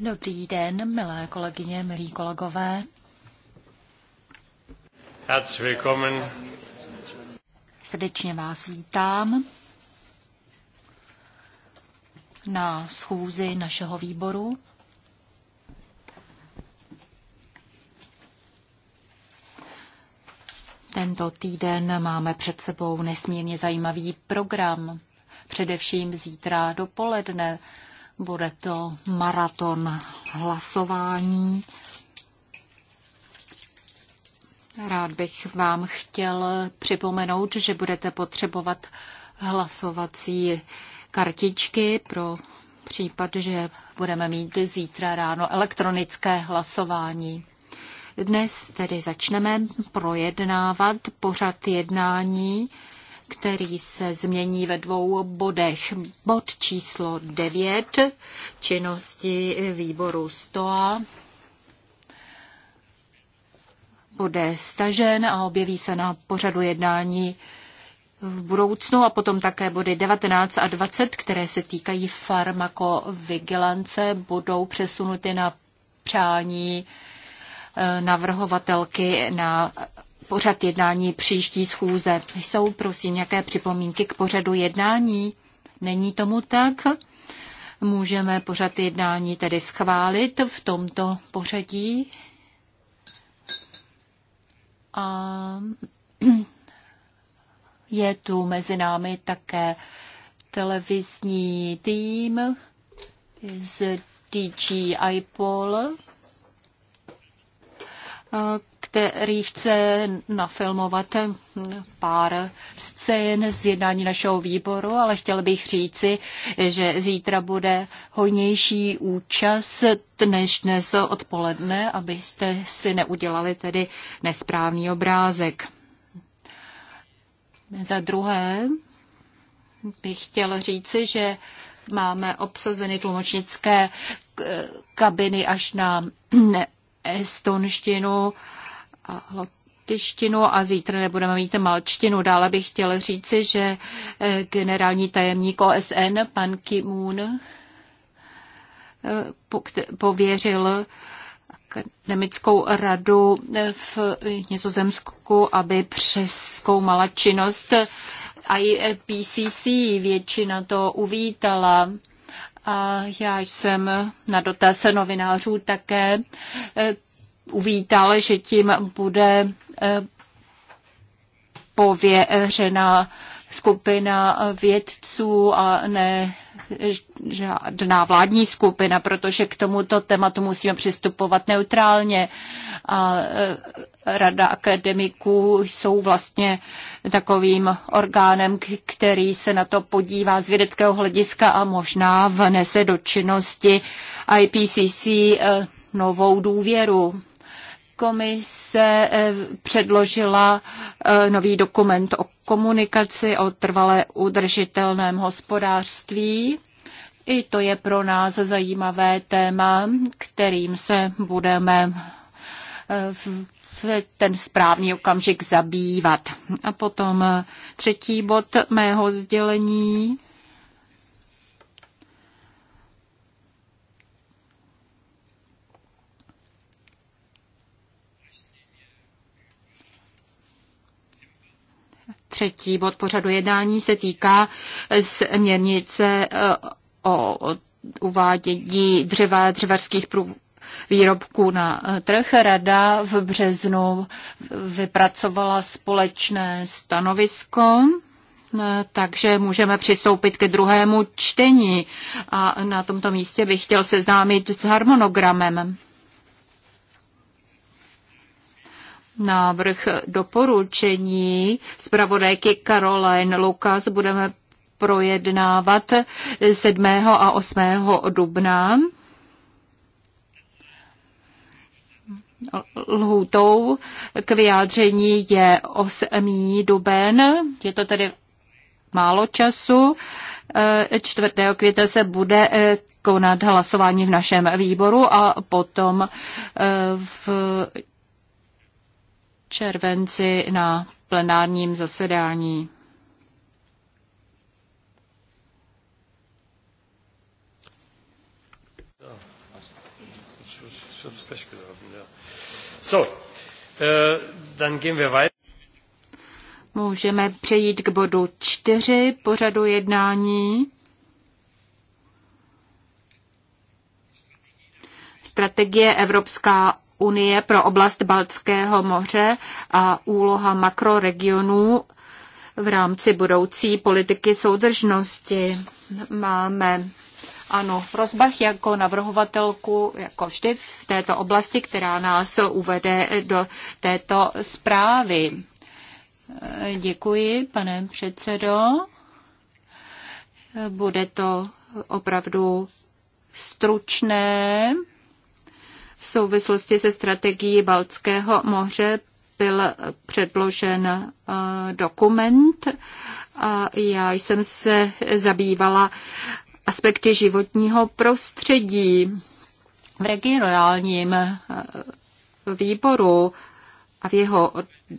Dobrý den, milé kolegyně, milí kolegové. Srdečně vás vítám na schůzi našeho výboru. Tento týden máme před sebou nesmírně zajímavý program především zítra dopoledne. Bude to maraton hlasování. Rád bych vám chtěl připomenout, že budete potřebovat hlasovací kartičky pro případ, že budeme mít zítra ráno elektronické hlasování. Dnes tedy začneme projednávat pořad jednání který se změní ve dvou bodech. Bod číslo 9 činnosti výboru STOA bude stažen a objeví se na pořadu jednání v budoucnu a potom také body 19 a 20, které se týkají farmakovigilance, budou přesunuty na přání eh, navrhovatelky na pořad jednání příští schůze. Jsou prosím nějaké připomínky k pořadu jednání? Není tomu tak? Můžeme pořad jednání tedy schválit v tomto pořadí. A je tu mezi námi také televizní tým z DJ iPol, který chce nafilmovat pár scén z jednání našeho výboru, ale chtěl bych říci, že zítra bude hojnější účast než dnes odpoledne, abyste si neudělali tedy nesprávný obrázek. Za druhé bych chtěl říci, že máme obsazeny tlumočnické kabiny až na estonštinu, a a zítra nebudeme mít malčtinu. Dále bych chtěl říci, že eh, generální tajemník OSN, pan Kimun, eh, pověřil akademickou radu eh, v Nizozemsku, aby přeskoumala činnost IPCC. Většina to uvítala. A já jsem na dotaz novinářů také uvítal, že tím bude eh, pověřena skupina vědců a ne žádná vládní skupina, protože k tomuto tématu musíme přistupovat neutrálně. A eh, Rada akademiků jsou vlastně takovým orgánem, který se na to podívá z vědeckého hlediska a možná vnese do činnosti IPCC eh, novou důvěru komise eh, předložila eh, nový dokument o komunikaci, o trvale udržitelném hospodářství. I to je pro nás zajímavé téma, kterým se budeme eh, v ten správný okamžik zabývat. A potom třetí bod mého sdělení Třetí bod pořadu jednání se týká směrnice eh, o uvádění dřeva, dřevarských výrobků na eh, trh. Rada v březnu vypracovala společné stanovisko, eh, takže můžeme přistoupit ke druhému čtení. A na tomto místě bych chtěl seznámit s harmonogramem. návrh doporučení zpravodajky Caroline Lukas budeme projednávat 7. a 8. dubna. Lhutou k vyjádření je 8. duben, je to tedy málo času. 4. E, května se bude e, konat hlasování v našem výboru a potom e, v červenci na plenárním zasedání. So, uh, dann gehen wir weiter. Můžeme přejít k bodu čtyři pořadu jednání. Strategie Evropská unie pro oblast Baltského moře a úloha makroregionů v rámci budoucí politiky soudržnosti. Máme ano, Rozbach jako navrhovatelku, jako vždy v této oblasti, která nás uvede do této zprávy. Děkuji, pane předsedo. Bude to opravdu stručné v souvislosti se strategií Baltského moře byl předložen eh, dokument já jsem se zabývala aspekty životního prostředí v regionálním eh, výboru a v jeho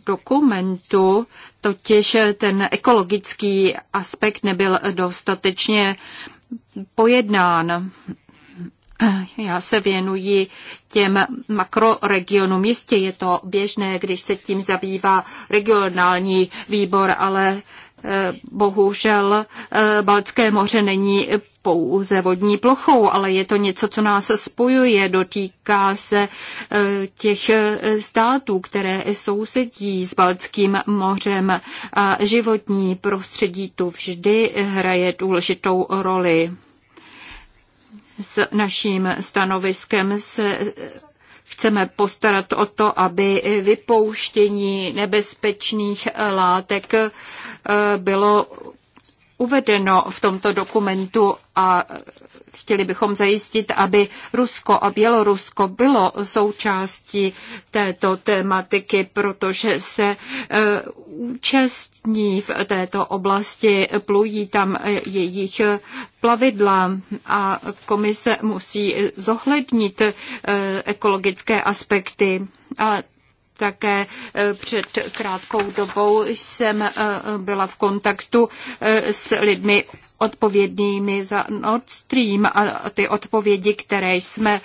dokumentu totiž ten ekologický aspekt nebyl dostatečně pojednán. Já se věnuji těm makroregionům. Jistě je to běžné, když se tím zabývá regionální výbor, ale eh, bohužel eh, Baltské moře není pouze vodní plochou, ale je to něco, co nás spojuje, dotýká se eh, těch států, které sousedí s Baltským mořem a životní prostředí tu vždy hraje důležitou roli. S naším stanoviskem se chceme postarat o to, aby vypouštění nebezpečných látek eh, bylo uvedeno v tomto dokumentu a chtěli bychom zajistit, aby Rusko a Bělorusko bylo součástí této tématiky, protože se e, účastní v této oblasti, plují tam jejich plavidla a komise musí zohlednit e, ekologické aspekty. A také eh, před krátkou dobou jsem eh, byla v kontaktu eh, s lidmi odpovědnými za Nord Stream a ty odpovědi, které jsme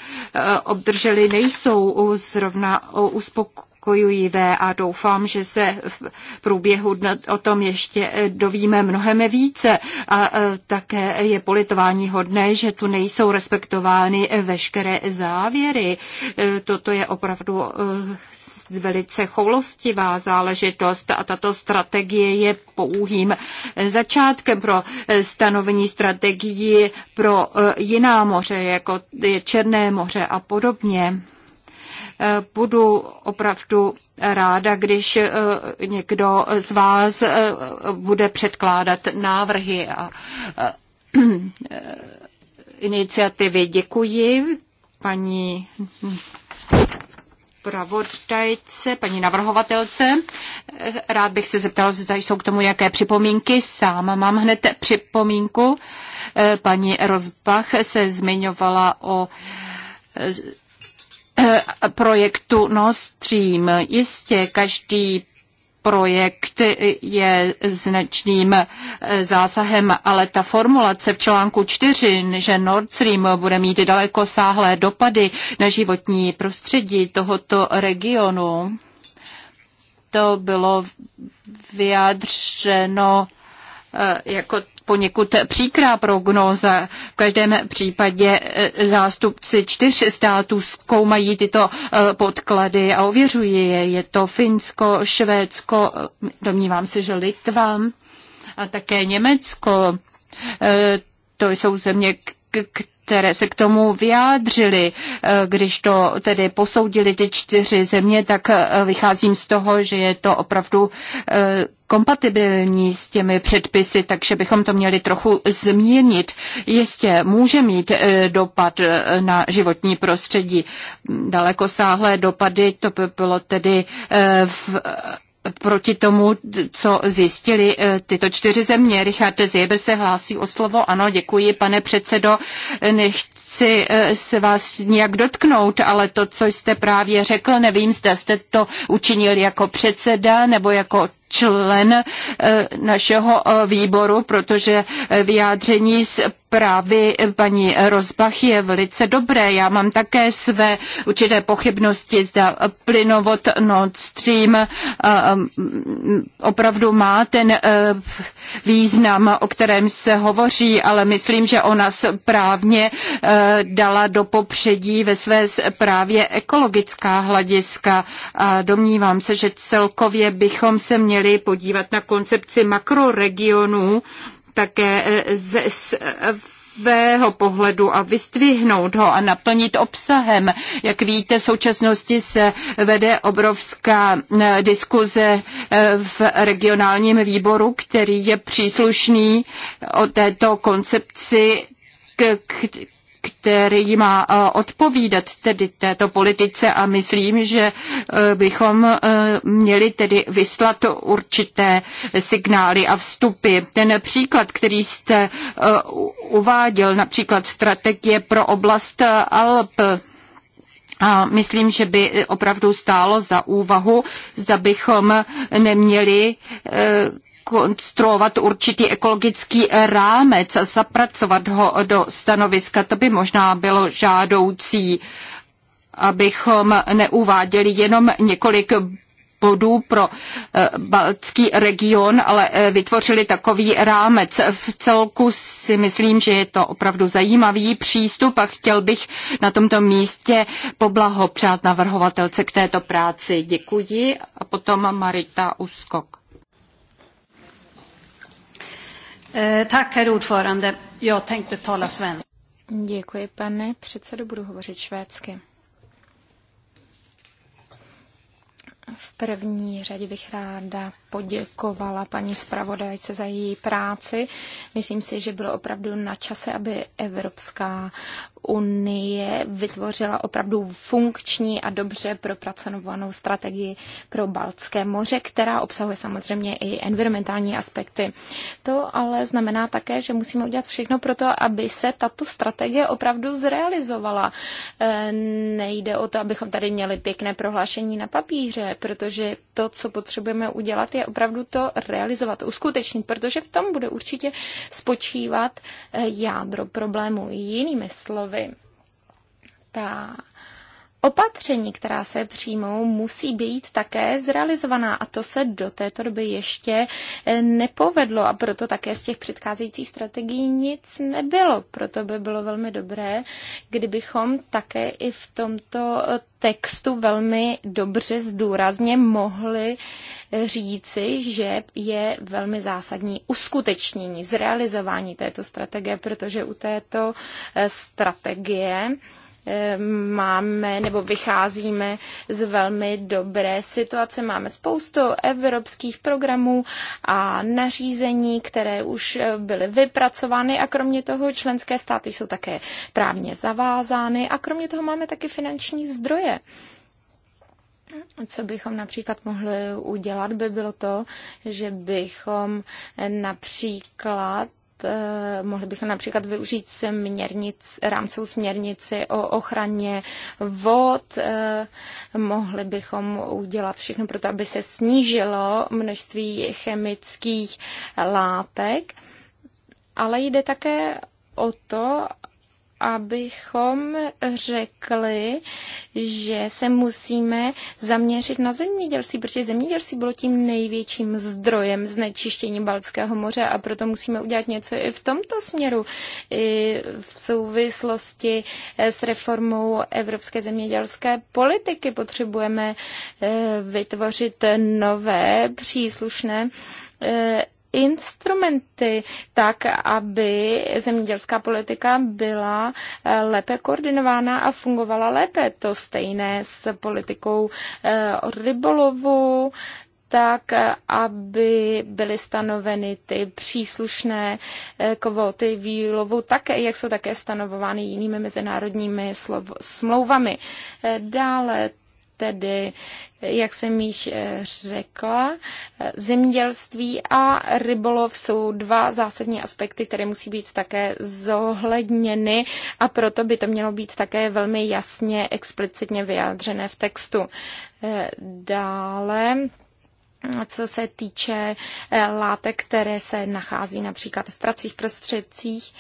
obdrželi, nejsou zrovna uspokojivé a doufám, že se v průběhu dne o tom ještě dovíme mnohem více. A také je politování hodné, že tu nejsou respektovány veškeré závěry. Toto je opravdu velice choulostivá záležitost a tato strategie je pouhým začátkem pro stanovení strategii pro e, jiná moře, jako je Černé moře a podobně e, budu opravdu ráda, když e, někdo z vás bude předkládat návrhy a iniciativy. Děkuji, paní zpravodajce, paní navrhovatelce. Rád bych se zeptal, zda jsou k tomu jaké připomínky. Sám mám hned připomínku. Paní Rozbach se zmiňovala o eh, projektu Nord Stream. Jistě každý projekt je značným eh, zásahem, ale ta formulace v článku 4, že Nord Stream bude mít daleko sáhlé dopady na životní prostředí tohoto regionu, to bylo vyjádřeno eh, jako poněkud příkrá prognóza. V každém případě e, zástupci čtyř států zkoumají tyto e, podklady a ověřují je. Je to Finsko, Švédsko, e, domnívám se, že Litva a také Německo. To jsou země, které se k tomu vyjádřili. Když to tedy posoudili ty čtyři země, tak vycházím z toho, že je to opravdu kompatibilní s těmi předpisy, takže bychom to měli trochu změnit. Jistě může mít e, dopad e, na životní prostředí. sáhlé dopady, to by bylo tedy e, v proti tomu, co zjistili tyto čtyři země. Richard Zieber se hlásí o slovo. Ano, děkuji, pane předsedo. Nechci se vás nějak dotknout, ale to, co jste právě řekl, nevím, zda jste to učinil jako předseda nebo jako člen eh, našeho eh, výboru, protože eh, vyjádření z právy paní Rozbach je velice dobré. Já mám také své určité pochybnosti, zda plynovod Nord Stream opravdu má ten význam, o kterém se hovoří, ale myslím, že ona správně dala do popředí ve své zprávě ekologická hlediska. A domnívám se, že celkově bychom se měli měli podívat na koncepci makroregionů také eh, z svého eh, pohledu a vystvihnout ho a naplnit obsahem. Jak víte, v současnosti se vede obrovská eh, diskuze v regionálním výboru, který je příslušný o této koncepci, k, k, který má eh, odpovídat tedy této politice a myslím, že eh, bychom eh, měli tedy vyslat určité signály a vstupy. Ten příklad, který jste uváděl, například strategie pro oblast Alp, a myslím, že by opravdu stálo za úvahu, zda bychom neměli konstruovat určitý ekologický rámec a zapracovat ho do stanoviska. To by možná bylo žádoucí, abychom neuváděli jenom několik bodů pro eh, baltský region, ale eh, vytvořili takový rámec. V celku si myslím, že je to opravdu zajímavý přístup a chtěl bych na tomto místě poblahopřát navrhovatelce k této práci. Děkuji. A potom Marita Uskok. Eh, herr ordförande. Jag tänkte tala svenska. Děkuji, pane předsedo, budu hovořit švédsky. V první řadě bych ráda poděkovala paní zpravodajce za její práci. Myslím si, že bylo opravdu na čase, aby Evropská unie vytvořila opravdu funkční a dobře propracovanou strategii pro Baltské moře, která obsahuje samozřejmě i environmentální aspekty. To ale znamená také, že musíme udělat všechno pro to, aby se tato strategie opravdu zrealizovala. E, nejde o to, abychom tady měli pěkné prohlášení na papíře, protože to, co potřebujeme udělat, je opravdu to realizovat, uskutečnit, protože v tom bude určitě spočívat e, jádro problému. Jinými slovy, zprávy. Ta opatření, která se přijmou, musí být také zrealizovaná a to se do této doby ještě eh, nepovedlo a proto také z těch předcházejících strategií nic nebylo. Proto by bylo velmi dobré, kdybychom také i v tomto eh, textu velmi dobře zdůrazně mohli eh, říci, že je velmi zásadní uskutečnění, zrealizování této strategie, protože u této strategie máme nebo vycházíme z velmi dobré situace. Máme spoustu evropských programů a nařízení, které už byly vypracovány a kromě toho členské státy jsou také právně zavázány a kromě toho máme také finanční zdroje. Co bychom například mohli udělat, by bylo to, že bychom například Eh, mohli bychom například využít směrnic, rámcovou směrnici o ochraně vod, eh, mohli bychom udělat všechno pro to, aby se snížilo množství chemických látek, ale jde také o to, abychom řekli, že se musíme zaměřit na zemědělství, protože zemědělství bylo tím největším zdrojem znečištění Balckého moře a proto musíme udělat něco i v tomto směru, i v souvislosti s reformou evropské zemědělské politiky. Potřebujeme eh, vytvořit nové příslušné eh, instrumenty tak, aby zemědělská politika byla eh, lépe koordinována a fungovala lépe. To stejné s politikou eh, rybolovu, tak, eh, aby byly stanoveny ty příslušné kvóty výlovu, tak, jak jsou také stanovovány jinými mezinárodními smlouvami. Dále tedy, jak jsem již eh, řekla, eh, zemědělství a rybolov jsou dva zásadní aspekty, které musí být také zohledněny a proto by to mělo být také velmi jasně, explicitně vyjádřené v textu. Eh, dále co se týče látek, které se nachází například v pracích prostředcích,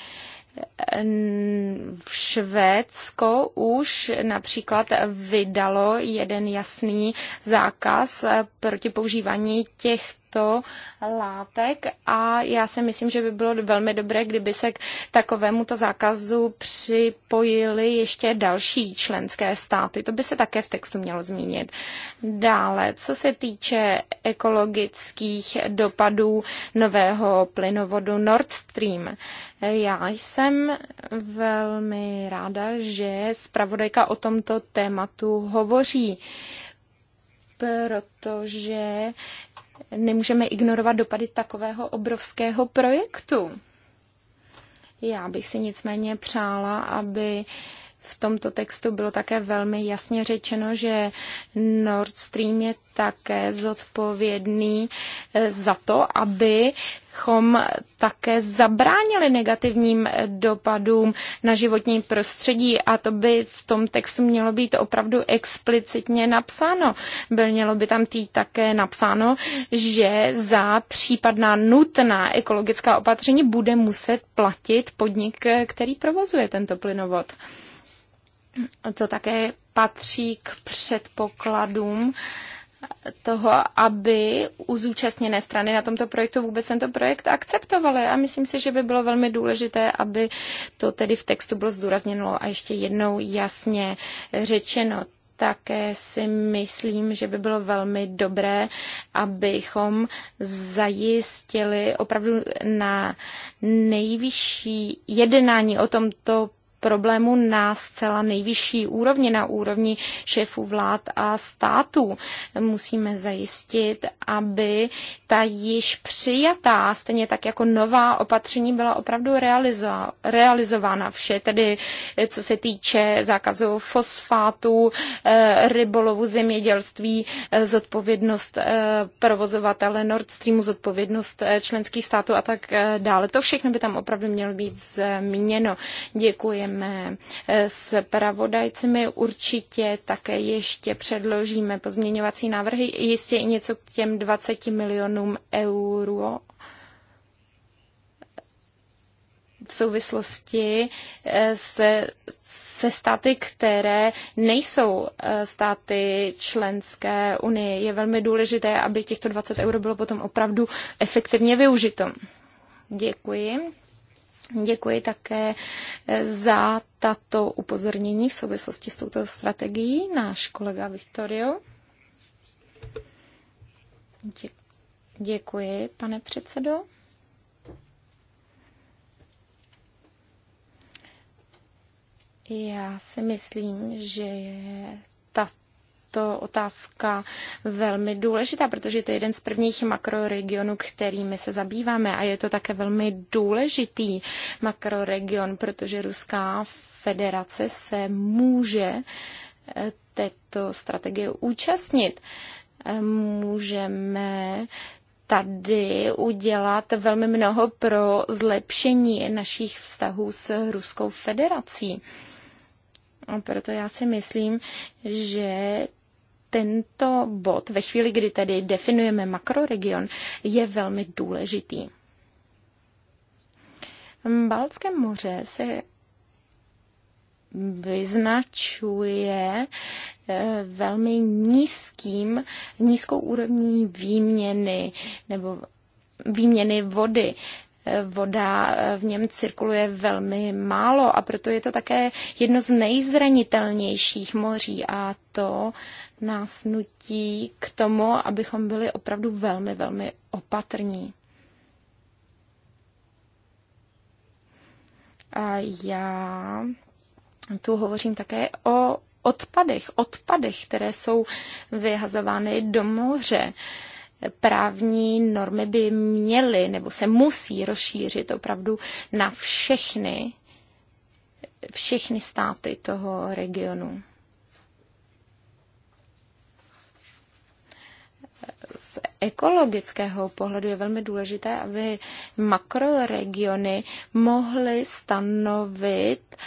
Švédsko už například vydalo jeden jasný zákaz proti používání těchto látek a já si myslím, že by bylo velmi dobré, kdyby se k takovémuto zákazu připojili ještě další členské státy. To by se také v textu mělo zmínit. Dále, co se týče ekologických dopadů nového plynovodu Nord Stream, já jsem velmi ráda, že zpravodajka o tomto tématu hovoří, protože nemůžeme ignorovat dopady takového obrovského projektu. Já bych si nicméně přála, aby v tomto textu bylo také velmi jasně řečeno, že Nord Stream je také zodpovědný eh, za to, aby abychom také zabránili negativním dopadům na životní prostředí a to by v tom textu mělo být opravdu explicitně napsáno. Byl mělo by tam tý také napsáno, že za případná nutná ekologická opatření bude muset platit podnik, eh, který provozuje tento plynovod to také patří k předpokladům toho, aby u zúčastněné strany na tomto projektu vůbec tento projekt akceptovaly. A myslím si, že by bylo velmi důležité, aby to tedy v textu bylo zdůrazněno a ještě jednou jasně řečeno také si myslím, že by bylo velmi dobré, abychom zajistili opravdu na nejvyšší jednání o tomto problému na zcela nejvyšší úrovni, na úrovni šéfů vlád a států. Musíme zajistit, aby ta již přijatá, stejně tak jako nová opatření byla opravdu realizována. Vše tedy, co se týče zákazu fosfátů, eh, rybolovu, zemědělství, eh, zodpovědnost eh, provozovatele Nord Streamu, zodpovědnost členských států a tak dále. To všechno by tam opravdu mělo být zmíněno. Děkujeme jsme s pravodajci, my určitě také ještě předložíme pozměňovací návrhy, jistě i něco k těm 20 milionům euro v souvislosti eh, se, se státy, které nejsou eh, státy členské unie. Je velmi důležité, aby těchto 20 euro bylo potom opravdu efektivně využito. Děkuji. Děkuji také eh, za tato upozornění v souvislosti s touto strategií. Náš kolega Viktorio. Děkuji, pane předsedo. Já si myslím, že je to otázka velmi důležitá, protože to je jeden z prvních makroregionů, kterými se zabýváme a je to také velmi důležitý makroregion, protože Ruská federace se může eh, této strategie účastnit. Eh, můžeme tady udělat velmi mnoho pro zlepšení našich vztahů s Ruskou federací. A proto já si myslím, že tento bod, ve chvíli, kdy tedy definujeme makroregion, je velmi důležitý. Balcké moře se vyznačuje eh, velmi nízkým, nízkou úrovní výměny nebo výměny vody voda v něm cirkuluje velmi málo a proto je to také jedno z nejzranitelnějších moří a to nás nutí k tomu, abychom byli opravdu velmi, velmi opatrní. A já tu hovořím také o odpadech, odpadech, které jsou vyhazovány do moře. Uh, právní normy by měly nebo se musí rozšířit opravdu na všechny, všechny státy toho regionu. z ekologického pohledu je velmi důležité, aby makroregiony mohly stanovit uh,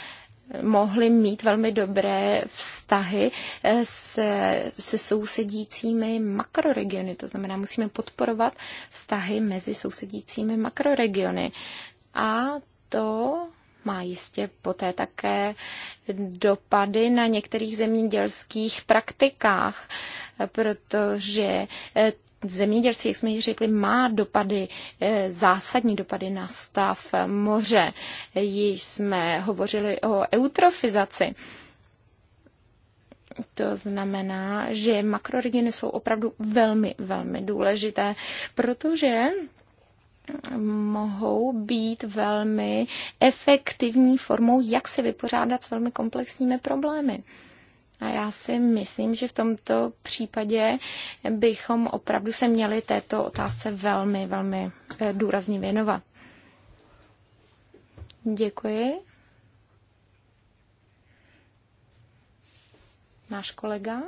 mohli mít velmi dobré vztahy eh, se, se sousedícími makroregiony. To znamená, musíme podporovat vztahy mezi sousedícími makroregiony. A to má jistě poté také dopady na některých zemědělských praktikách, eh, protože eh, zemědělství, jak jsme ji řekli, má dopady, eh, zásadní dopady na stav moře. Již jsme hovořili o eutrofizaci. To znamená, že makroregiony jsou opravdu velmi, velmi důležité, protože mohou být velmi efektivní formou, jak se vypořádat s velmi komplexními problémy. A já si myslím, že v tomto případě bychom opravdu se měli této otázce velmi, velmi eh, důrazně věnovat. Děkuji. Náš kolega.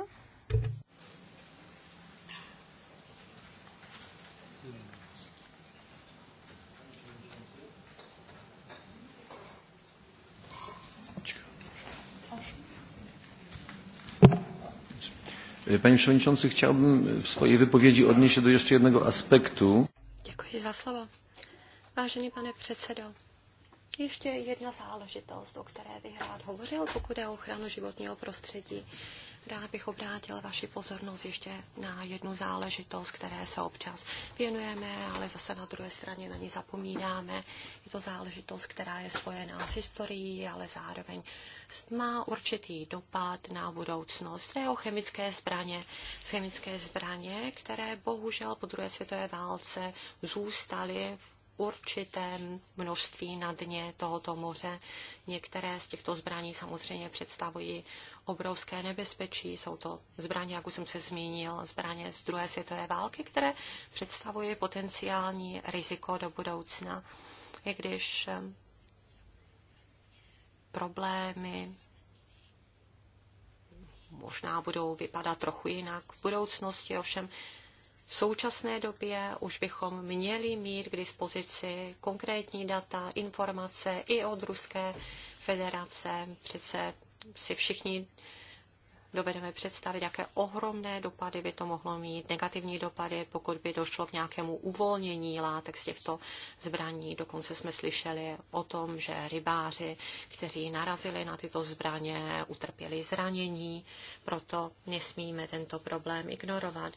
Panie Przewodniczący, chciałbym w swojej wypowiedzi odnieść się do ještě jednego aspektu. Děkuji za slovo. Vážený pane předsedo, ještě jedna záležitost, o které bych rád hovořil, pokud je o ochranu životního prostředí. Rád bych obrátil vaši pozornost ještě na jednu záležitost, které se občas věnujeme, ale zase na druhé straně na ní zapomínáme. Je to záležitost, která je spojená s historií, ale zároveň má určitý dopad na budoucnost. Jde o chemické zbraně. Chemické zbraně, které bohužel po druhé světové válce zůstaly v určitém množství na dně tohoto moře. Některé z těchto zbraní samozřejmě představují obrovské nebezpečí. Jsou to zbraně, jak už jsem se zmínil, zbraně z druhé světové války, které představují potenciální riziko do budoucna. I když problémy možná budou vypadat trochu jinak v budoucnosti, ovšem v současné době už bychom měli mít k dispozici konkrétní data, informace i od Ruské federace. Přece si všichni dovedeme představit, jaké ohromné dopady by to mohlo mít, negativní dopady, pokud by došlo k nějakému uvolnění látek z těchto zbraní. Dokonce jsme slyšeli o tom, že rybáři, kteří narazili na tyto zbraně, utrpěli zranění, proto nesmíme tento problém ignorovat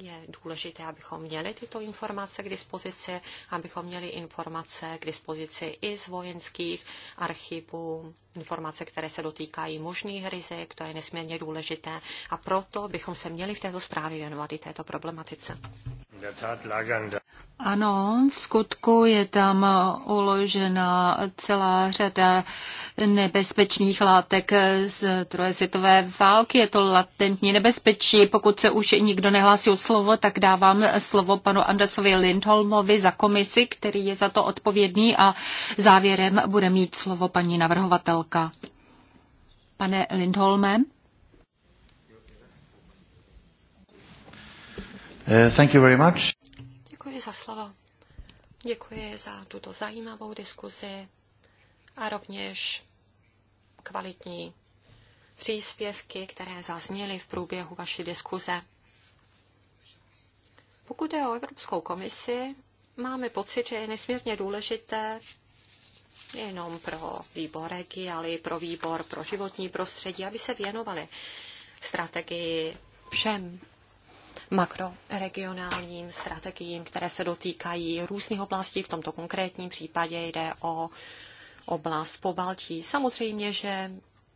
je důležité, abychom měli tyto informace k dispozici, abychom měli informace k dispozici i z vojenských archivů, informace, které se dotýkají možných rizik, to je nesmírně důležité a proto bychom se měli v této zprávě věnovat i této problematice. Ano, v skutku je tam uložena celá řada nebezpečných látek z druhé světové války. Je to latentní nebezpečí. Pokud se už nikdo nehlásí o slovo, tak dávám slovo panu Andersovi Lindholmovi za komisi, který je za to odpovědný a závěrem bude mít slovo paní navrhovatelka. Pane Lindholme. Eh, thank you very much. Děkuji za slovo. Děkuji za tuto zajímavou diskuzi a rovněž kvalitní příspěvky, které zazněly v průběhu vaší diskuze. Pokud je o Evropskou komisi, máme pocit, že je nesmírně důležité nejenom pro výbor regi, ale i pro výbor pro životní prostředí, aby se věnovali strategii všem makroregionálním strategiím, které se dotýkají různých oblastí. V tomto konkrétním případě jde o oblast po Baltí. Samozřejmě, že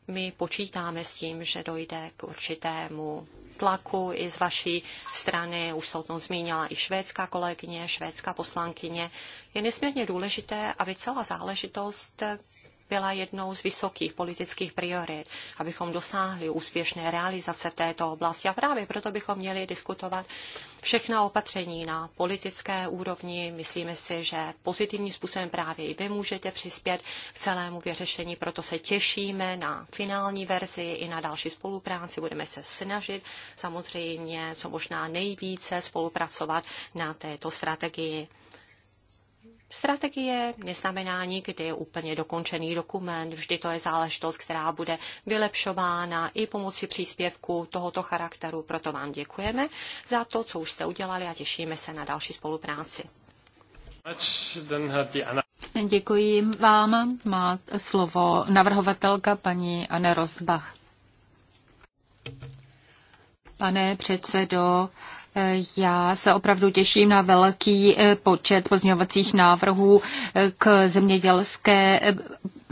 my počítáme s tím, že dojde k určitému tlaku i z vaší strany, už se o tom zmínila i švédská kolegyně, švédská poslankyně, je nesmírně důležité, aby celá záležitost byla jednou z vysokých politických priorit, abychom dosáhli úspěšné realizace v této oblasti. A právě proto bychom měli diskutovat všechna opatření na politické úrovni. Myslíme si, že pozitivním způsobem právě i vy můžete přispět k celému vyřešení, proto se těšíme na finální verzi i na další spolupráci. Budeme se snažit samozřejmě co možná nejvíce spolupracovat na této strategii. Strategie neznamená nikdy úplně dokončený dokument, vždy to je záležitost, která bude vylepšována i pomocí příspěvku tohoto charakteru. Proto vám děkujeme za to, co už jste udělali a těšíme se na další spolupráci. Děkuji vám. Má slovo navrhovatelka paní Anne Rosbach. Pane předsedo, já se opravdu těším na velký eh, počet pozměňovacích návrhů eh, k zemědělské eh,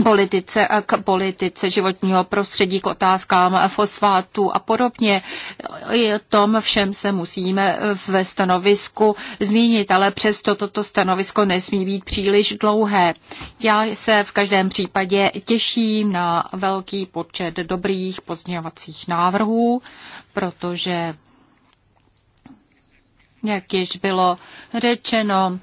politice a k politice životního prostředí, k otázkám fosfátu a podobně. O tom všem se musíme ve stanovisku zmínit, ale přesto toto stanovisko nesmí být příliš dlouhé. Já se v každém případě těším na velký počet dobrých pozměňovacích návrhů, protože jak již bylo řečeno,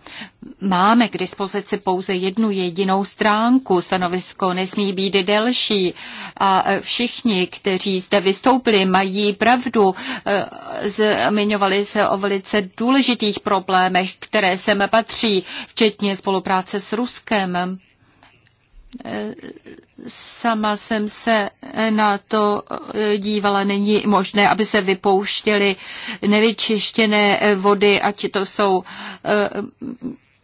máme k dispozici pouze jednu jedinou stránku. Stanovisko nesmí být delší a všichni, kteří zde vystoupili, mají pravdu. E, zmiňovali se o velice důležitých problémech, které sem patří, včetně spolupráce s Ruskem. Sama jsem se na to e, dívala. Není možné, aby se vypouštěly nevyčištěné e, vody, ať to jsou e,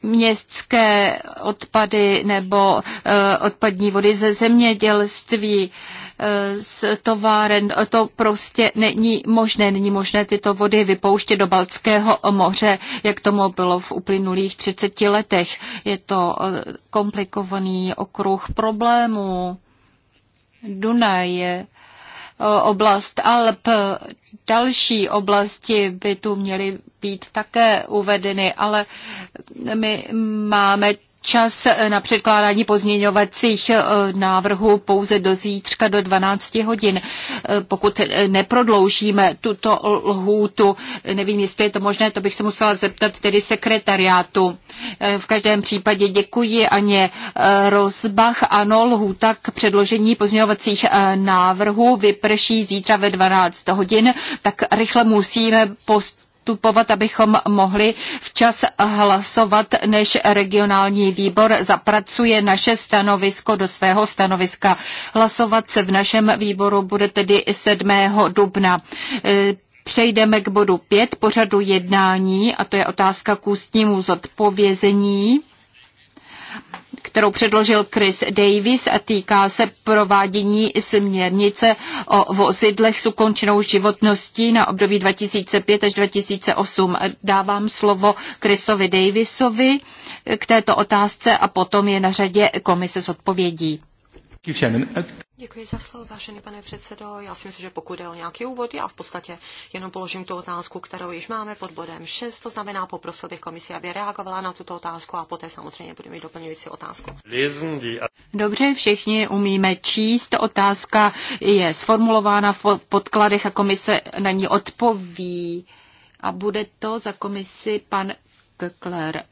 městské odpady nebo odpadní vody ze zemědělství z továren. To prostě není možné. Není možné tyto vody vypouštět do Baltského moře, jak tomu bylo v uplynulých 30 letech. Je to eh, komplikovaný okruh problémů. Dunaj je eh, oblast Alp, další oblasti by tu měly být také uvedeny, ale my máme čas eh, na předkládání pozměňovacích eh, návrhů pouze do zítřka do 12 hodin. Eh, pokud neprodloužíme tuto lhůtu, nevím, jestli je to možné, to bych se musela zeptat tedy sekretariátu. V každém případě děkuji Aně Rozbach. Ano, lhůta k předložení pozměňovacích návrhů vyprší zítra ve 12 hodin, tak rychle musíme post postupovat, abychom mohli včas hlasovat, než regionální výbor zapracuje naše stanovisko do svého stanoviska. Hlasovat se v našem výboru bude tedy 7. dubna. E, přejdeme k bodu 5 pořadu jednání, a to je otázka k ústnímu zodpovězení kterou předložil Chris Davis a týká se provádění směrnice o vozidlech s ukončenou životností na období 2005 až 2008. Dávám slovo Chrisovi Davisovi k této otázce a potom je na řadě komise s odpovědí. Uh, Děkuji za slovo, vážený pane předsedo. Já si myslím, že pokud je o nějaký úvod, já v podstatě jenom položím tu otázku, kterou již máme pod bodem 6, to znamená poprosil bych komisi, aby reagovala na tuto otázku a poté samozřejmě budeme mít doplňující otázku. Dobře, všichni umíme číst. Otázka je sformulována v podkladech a komise na ní odpoví. A bude to za komisi pan Kökler.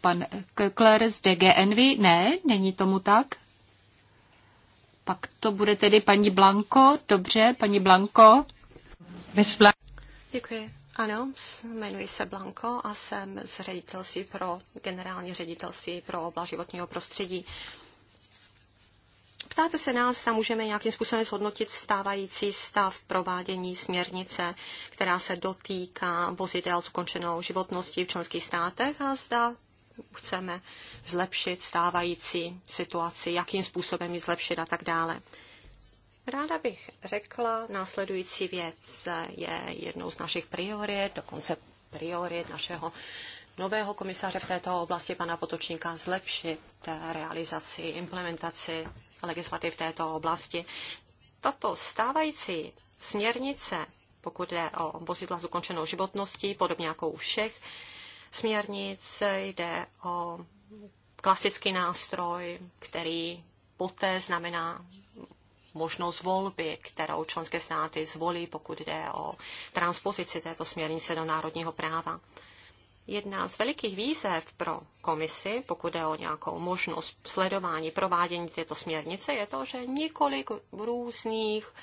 Pan Kökler z DGNV? Ne, není tomu tak? Pak to bude tedy paní Blanko. Dobře, paní Blanko. Děkuji. Ano, jmenuji se Blanko a jsem z ředitelství pro generální ředitelství pro oblast životního prostředí. Ptáte se nás, tam můžeme nějakým způsobem zhodnotit stávající stav provádění směrnice, která se dotýká vozidel s ukončenou životností v členských státech a zda chceme zlepšit stávající situaci, jakým způsobem ji zlepšit a tak dále. Ráda bych řekla následující věc. Je jednou z našich priorit, dokonce priorit našeho nového komisaře v této oblasti, pana Potočníka, zlepšit realizaci, implementaci legislativ v této oblasti. Tato stávající směrnice, pokud je o vozidla s ukončenou životností, podobně jako u všech směrnic, jde o klasický nástroj, který poté znamená možnost volby, kterou členské státy zvolí, pokud jde o transpozici této směrnice do národního práva. Jedna z velikých výzev pro komisi, pokud jde o nějakou možnost sledování, provádění této směrnice, je to, že několik různých uh,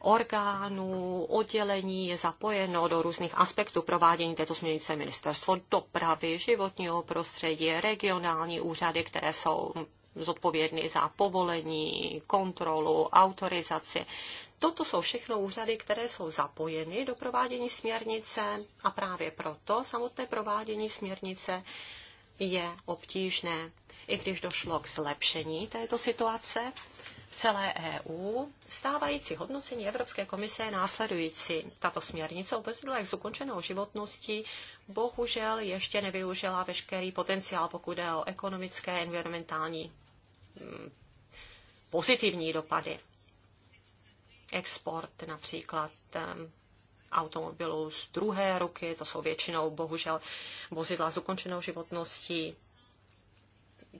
orgánů, oddělení je zapojeno do různých aspektů provádění této směrnice ministerstvo dopravy, životního prostředí, regionální úřady, které jsou zodpovědný za povolení, kontrolu, autorizaci. Toto jsou všechno úřady, které jsou zapojeny do provádění směrnice a právě proto samotné provádění směrnice je obtížné. I když došlo k zlepšení této situace, v celé EU. Stávající hodnocení Evropské komise je následující. Tato směrnice o bezdělech s ukončenou životností bohužel ještě nevyužila veškerý potenciál, pokud je o ekonomické, environmentální mm, pozitivní dopady. Export například automobilů z druhé ruky, to jsou většinou bohužel vozidla s ukončenou životností,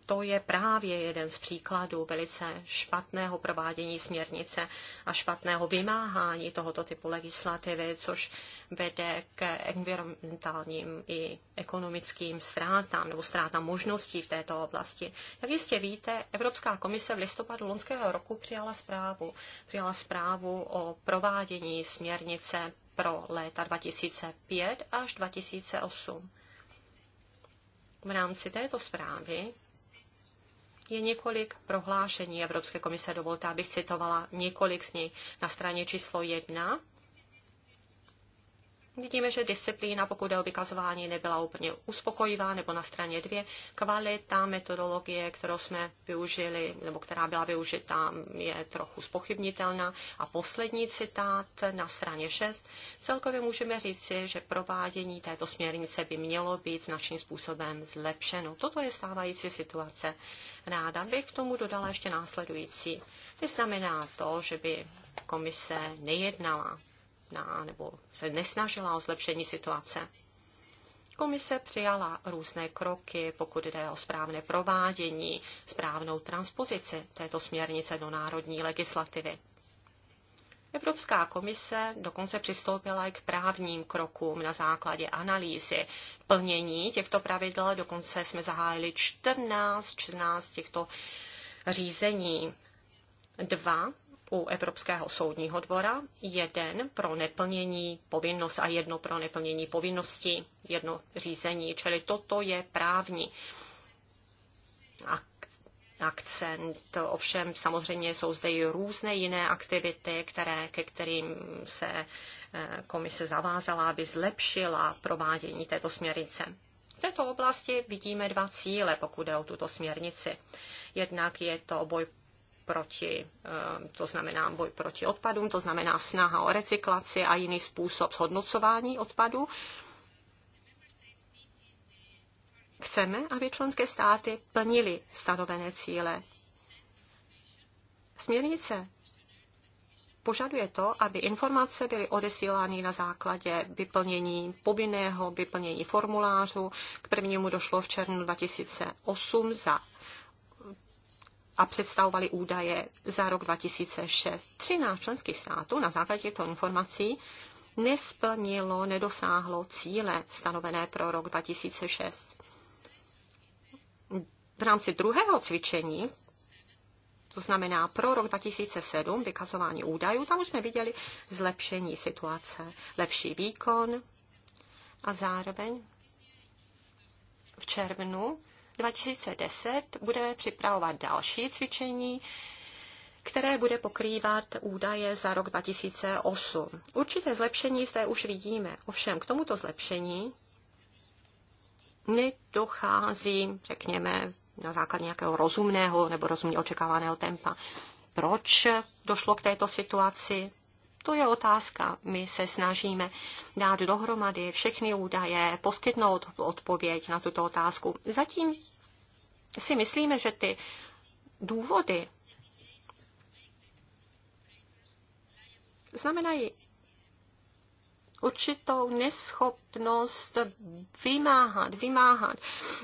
to je právě jeden z příkladů velice špatného provádění směrnice a špatného vymáhání tohoto typu legislativy, což vede k environmentálním i ekonomickým ztrátám nebo ztrátám možností v této oblasti. Jak jistě víte, Evropská komise v listopadu loňského roku přijala zprávu. Přijala zprávu o provádění směrnice pro léta 2005 až 2008. V rámci této zprávy je několik prohlášení Evropské komise. Dovolte, abych citovala několik z nich. Na straně číslo jedna. Vidíme, že disciplína, pokud je o vykazování, nebyla úplně uspokojivá, nebo na straně dvě kvalita metodologie, kterou jsme využili, nebo která byla využita, je trochu spochybnitelná. A poslední citát na straně 6. Celkově můžeme říci, že provádění této směrnice by mělo být značným způsobem zlepšeno. Toto je stávající situace. Ráda bych k tomu dodala ještě následující. To znamená to, že by komise nejednala na, nebo se nesnažila o zlepšení situace. Komise přijala různé kroky, pokud jde o správné provádění, správnou transpozici této směrnice do národní legislativy. Evropská komise dokonce přistoupila i k právním krokům na základě analýzy plnění těchto pravidel. Dokonce jsme zahájili 14, 14 těchto řízení. Dva u Evropského soudního dvora, jeden pro neplnění povinnost a jedno pro neplnění povinnosti, jedno řízení. Čili toto je právní akcent. Ovšem samozřejmě jsou zde i různé jiné aktivity, které, ke kterým se eh, komise zavázala, aby zlepšila provádění této směrnice. V této oblasti vidíme dva cíle, pokud jde o tuto směrnici. Jednak je to boj proti, eh, to znamená boj proti odpadům, to znamená snaha o recyklaci a jiný způsob zhodnocování odpadů. Chceme, aby členské státy plnily stanovené cíle. Směrnice požaduje to, aby informace byly odesílány na základě vyplnění povinného vyplnění formulářů. K prvnímu došlo v červnu 2008 za a představovali údaje za rok 2006. 13 členských států na základě těchto informací nesplnilo, nedosáhlo cíle stanovené pro rok 2006. V rámci druhého cvičení, to znamená pro rok 2007, vykazování údajů, tam už jsme viděli zlepšení situace, lepší výkon a zároveň v červnu 2010 budeme připravovat další cvičení, které bude pokrývat údaje za rok 2008. Určité zlepšení zde už vidíme. Ovšem k tomuto zlepšení nedochází, řekněme, na základě nějakého rozumného nebo rozumně očekávaného tempa. Proč došlo k této situaci? to je otázka. My se snažíme dát dohromady všechny údaje, poskytnout odpověď na tuto otázku. Zatím si myslíme, že ty důvody znamenají určitou neschopnost vymáhat, vymáhat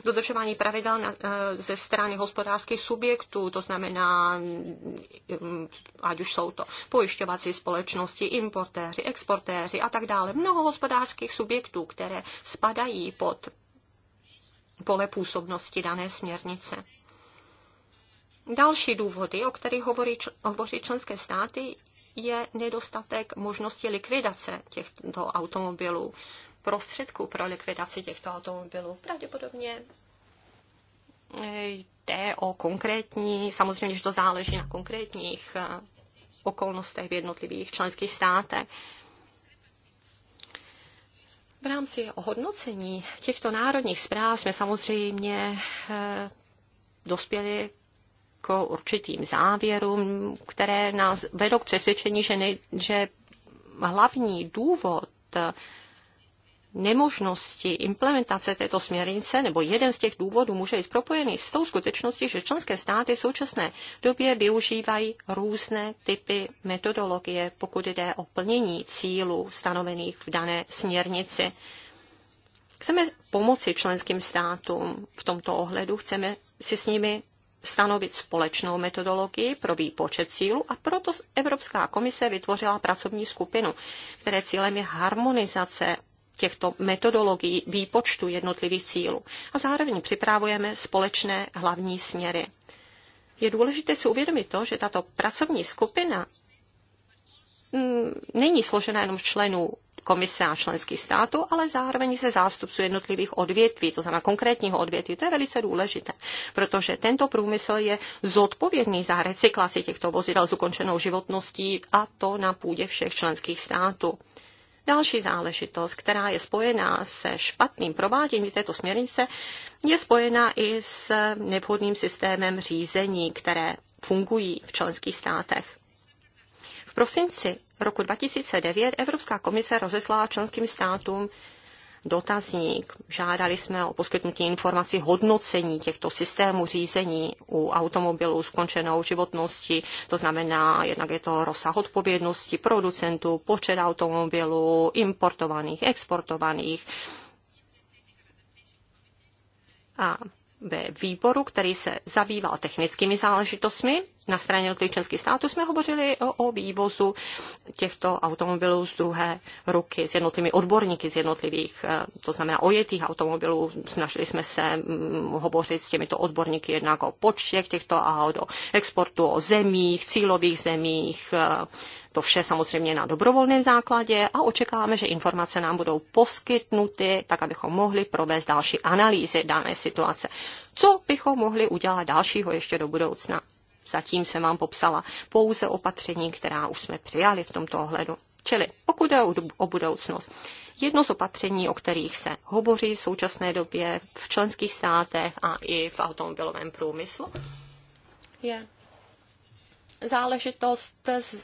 dodržování pravidel na, eh, ze strany hospodářských subjektů, to znamená, mm, ať už jsou to pojišťovací společnosti, importéři, exportéři a tak dále. Mnoho hospodářských subjektů, které spadají pod pole působnosti dané směrnice. Další důvody, o kterých hovoří, hovoří členské státy, je nedostatek možnosti likvidace těchto automobilů, prostředků pro likvidaci těchto automobilů. Pravděpodobně eh, jde o konkrétní, samozřejmě, že to záleží na konkrétních eh, okolnostech v jednotlivých členských státech. V rámci hodnocení těchto národních zpráv jsme samozřejmě eh, dospěli k jako určitým závěrům, které nás vedou k přesvědčení, že, ne, že hlavní důvod nemožnosti implementace této směrnice nebo jeden z těch důvodů může být propojený s tou skutečností, že členské státy v současné době využívají různé typy metodologie, pokud jde o plnění cílů stanovených v dané směrnici. Chceme pomoci členským státům v tomto ohledu, chceme si s nimi stanovit společnou metodologii pro výpočet cílu a proto Evropská komise vytvořila pracovní skupinu, které cílem je harmonizace těchto metodologií výpočtu jednotlivých cílů a zároveň připravujeme společné hlavní směry. Je důležité si uvědomit to, že tato pracovní skupina mm, není složena jenom z členů komise a členských států, ale zároveň se zástupců jednotlivých odvětví, to znamená konkrétního odvětví. To je velice důležité, protože tento průmysl je zodpovědný za recyklaci těchto vozidel s ukončenou životností a to na půdě všech členských států. Další záležitost, která je spojená se špatným prováděním této směrnice, je spojená i s nevhodným systémem řízení, které fungují v členských státech prosinci roku 2009 Evropská komise rozeslala členským státům dotazník. Žádali jsme o poskytnutí informací hodnocení těchto systémů řízení u automobilů s končenou životností. To znamená, jednak je to rozsah odpovědnosti producentů, počet automobilů, importovaných, exportovaných. A ve výboru, který se zabýval technickými záležitostmi, na straně jednotlivých členských států jsme hovořili o, o vývozu těchto automobilů z druhé ruky s jednotlivými odborníky z jednotlivých, eh, to znamená ojetých automobilů. Snažili jsme se mm, hovořit s těmito odborníky jednak o počtech těchto aut, o exportu, o zemích, cílových zemích, eh, to vše samozřejmě na dobrovolném základě a očekáváme, že informace nám budou poskytnuty, tak abychom mohli provést další analýzy dané situace. Co bychom mohli udělat dalšího ještě do budoucna? Zatím jsem vám popsala pouze opatření, která už jsme přijali v tomto ohledu. Čili pokud je o budoucnost, jedno z opatření, o kterých se hovoří v současné době v členských státech a i v automobilovém průmyslu, je záležitost z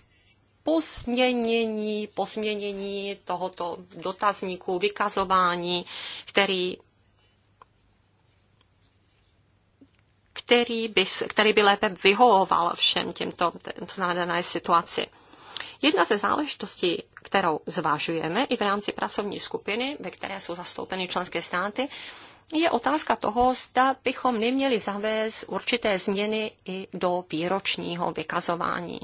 posměnění, posměnění tohoto dotazníku, vykazování, který který by, který by lépe vyhovoval všem těmto znamenané situaci. Jedna ze záležitostí, kterou zvažujeme i v rámci pracovní skupiny, ve které jsou zastoupeny členské státy, je otázka toho, zda bychom neměli zavést určité změny i do výročního vykazování.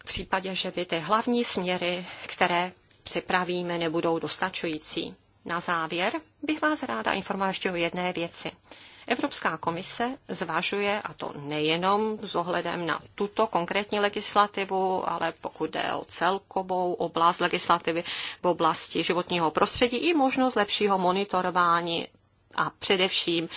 V případě, že by ty hlavní směry, které připravíme, nebudou dostačující. Na závěr bych vás ráda informovala ještě o jedné věci. Evropská komise zvažuje, a to nejenom s ohledem na tuto konkrétní legislativu, ale pokud jde o celkovou oblast legislativy v oblasti životního prostředí i možnost lepšího monitorování a především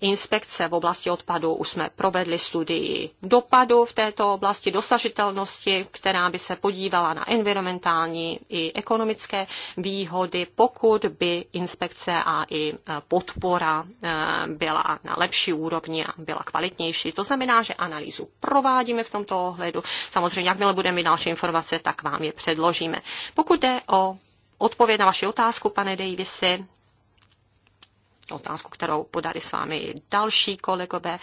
inspekce v oblasti odpadu. Už jsme provedli studii dopadu v této oblasti dosažitelnosti, která by se podívala na environmentální i ekonomické výhody, pokud by inspekce a i e, podpora e, byla na lepší úrovni a byla kvalitnější. To znamená, že analýzu provádíme v tomto ohledu. Samozřejmě, jakmile budeme mít další informace, tak vám je předložíme. Pokud jde o Odpověď na vaši otázku, pane Davisi, otázku, kterou podali s vámi i další kolegové.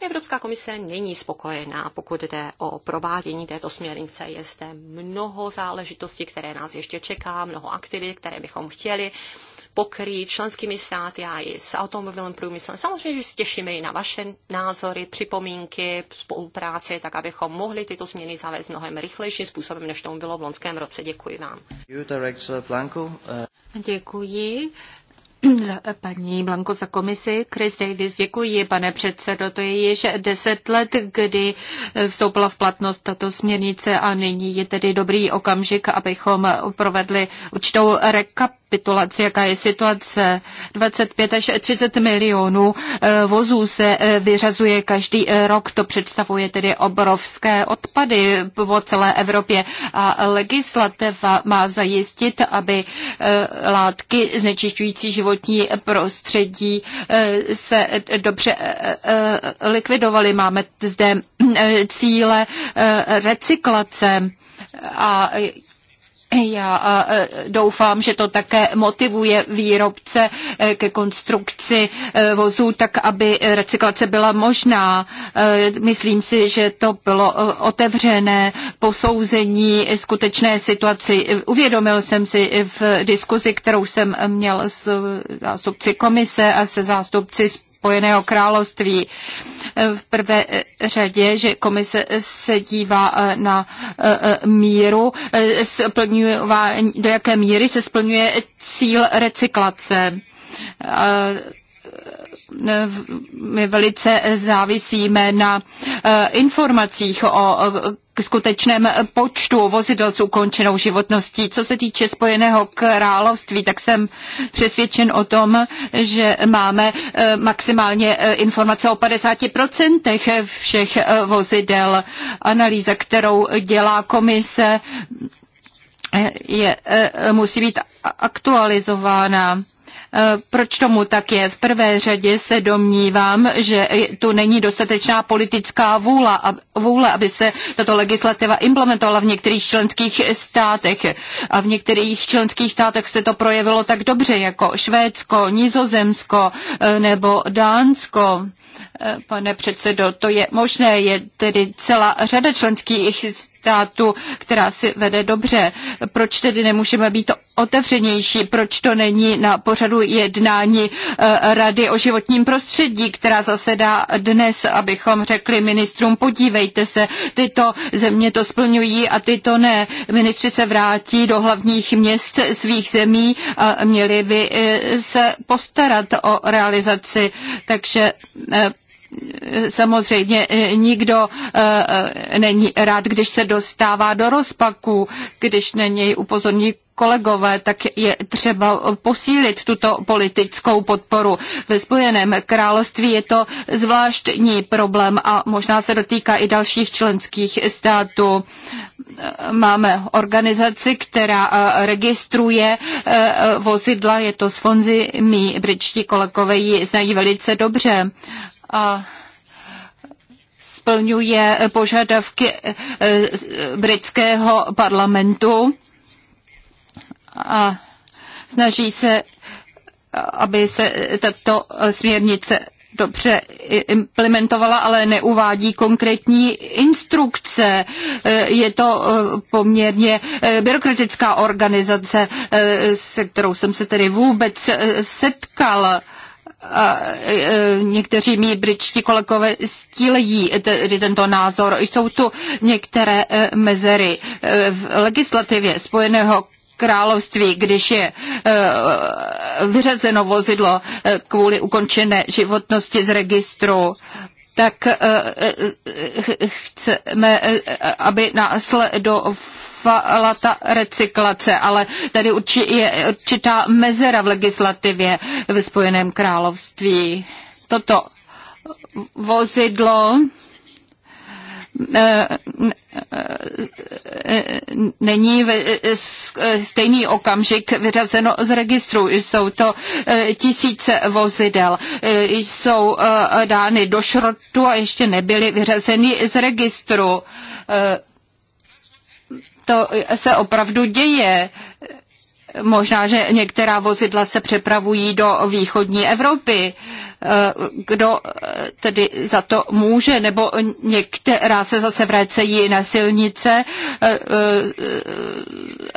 Evropská komise není spokojená, pokud jde o provádění této směrnice. Je zde mnoho záležitostí, které nás ještě čeká, mnoho aktivit, které bychom chtěli pokrýt členskými státy a i s automobilovým průmyslem. Samozřejmě, že se těšíme i na vaše názory, připomínky, spolupráci, tak abychom mohli tyto změny zavést mnohem rychlejším způsobem, než tomu bylo v loňském roce. Děkuji vám. Děkuji. Paní Blanko za komisi, Chris Davis, děkuji, pane předsedo. To je již deset let, kdy vstoupila v platnost tato směrnice a nyní je tedy dobrý okamžik, abychom provedli určitou rekap rekapitulaci, jaká je situace. 25 až 30 milionů eh, vozů se eh, vyřazuje každý eh, rok. To představuje tedy obrovské odpady po celé Evropě. A legislativa má zajistit, aby látky znečišťující životní prostředí se dobře likvidovaly. Máme zde cíle recyklace a já doufám, že to také motivuje výrobce e, ke konstrukci e, vozů, tak aby recyklace byla možná. E, myslím si, že to bylo otevřené posouzení skutečné situaci. Uvědomil jsem si v diskuzi, kterou jsem měl s zástupci komise a se zástupci společnosti, Spojeného království. V prvé řadě, že komise se dívá eh, na eh, míru, eh, do jaké míry se splňuje cíl recyklace my velice závisíme na eh, informacích o skutečném počtu vozidel s ukončenou životností. Co se týče Spojeného království, tak jsem přesvědčen o tom, že máme eh, maximálně eh, informace o 50% všech vozidel. Analýza, kterou dělá komise, je, musí být aktualizována. Eh, proč tomu tak je? V prvé řadě se domnívám, že tu není dostatečná politická vůle, vůle aby se tato legislativa implementovala v některých členských státech. A v některých členských státech se to projevilo tak dobře, jako Švédsko, Nizozemsko eh, nebo Dánsko. Eh, pane předsedo, to je možné, je tedy celá řada členských diktátu, která si vede dobře. Proč tedy nemůžeme být otevřenější? Proč to není na pořadu jednání eh, Rady o životním prostředí, která zasedá dnes, abychom řekli ministrům, podívejte se, tyto země to splňují a tyto ne. Ministři se vrátí do hlavních měst svých zemí a měli by eh, se postarat o realizaci. Takže eh, samozřejmě e, nikdo e, e, není rád, když se dostává do rozpaku, když na něj upozorní kolegové, tak je třeba posílit tuto politickou podporu. Ve Spojeném království je to zvláštní problém a možná se dotýká i dalších členských států. Máme organizaci, která registruje vozidla, je to z Fonzy, mý britští kolegové ji znají velice dobře a splňuje požadavky eh, eh, britského parlamentu a snaží se, aby se tato směrnice dobře implementovala, ale neuvádí konkrétní instrukce. Eh, je to poměrně byrokratická organizace, se kterou jsem se tedy vůbec setkal a e, e, někteří mý britští kolegové stílejí tento názor. Jsou tu některé e, mezery v legislativě Spojeného království, když je vyřazeno vozidlo kvůli ukončené životnosti z registru, tak chceme, aby následovalo fungovala ta recyklace, ale tady je určitá mezera v legislativě ve Spojeném království. Toto vozidlo eh, eh, není v stejný okamžik vyřazeno z registru. Jsou to eh, tisíce vozidel. Jsou dány do šrotu a ještě nebyly vyřazeny z registru to se opravdu děje. Možná, že některá vozidla se přepravují do východní Evropy. Eh, kdo eh, tedy za to může, nebo některá se zase vracejí na silnice eh,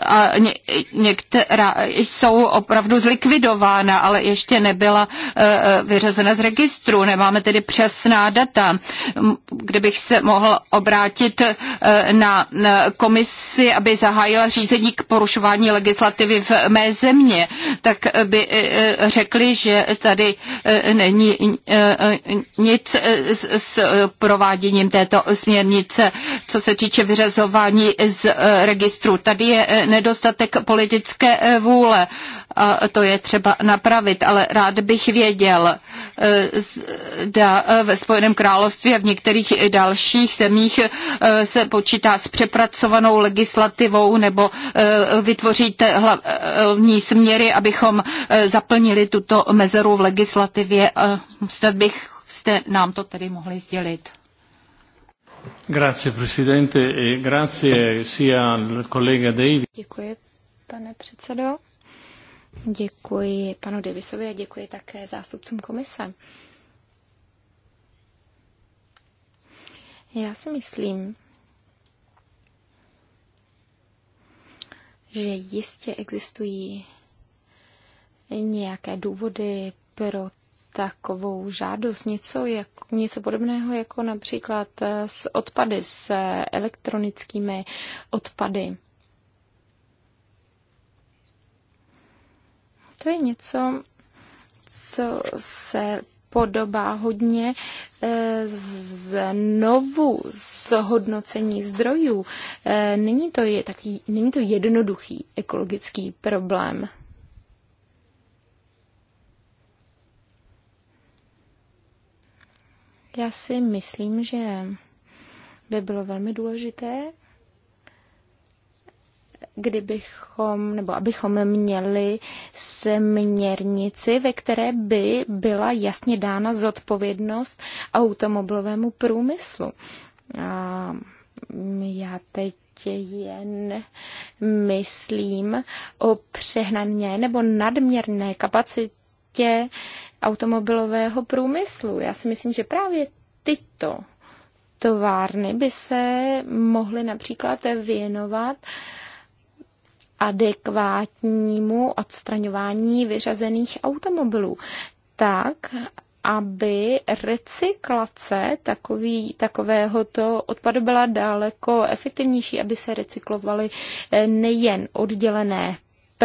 a některá jsou opravdu zlikvidována, ale ještě nebyla vyřazena z registru. Nemáme tedy přesná data. Kdybych se mohl obrátit na komisi, aby zahájila řízení k porušování legislativy v mé země, tak by řekli, že tady není ni eh, eh, nic eh, s prováděním této směrnice, co se týče vyřazování z registru. Tady je nedostatek politické vůle a to je třeba napravit, ale rád bych věděl, e, zda ve Spojeném království a v některých dalších zemích e, se počítá s přepracovanou legislativou nebo e, vytvoříte hlavní směry, abychom zaplnili tuto mezeru v legislativě. Snad bych jste nám to tedy mohli sdělit. Děkuji, pane předsedo. Děkuji panu Davisovi a děkuji také zástupcům komise. Já si myslím, že jistě existují nějaké důvody pro takovou žádost, něco, jak, něco podobného jako například s odpady, s elektronickými odpady. To je něco, co se podobá hodně eh, znovu zhodnocení zdrojů. Eh, není to, je takový, není to jednoduchý ekologický problém. Já si myslím, že by bylo velmi důležité, kdybychom, nebo abychom měli směrnici, ve které by byla jasně dána zodpovědnost automobilovému průmyslu. A já teď jen myslím o přehnané nebo nadměrné kapacitě automobilového průmyslu. Já si myslím, že právě tyto továrny by se mohly například věnovat uh, adekvátnímu odstraňování vyřazených automobilů, tak, aby recyklace takový, takovéhoto odpadu byla daleko efektivnější, aby se recyklovaly eh, nejen oddělené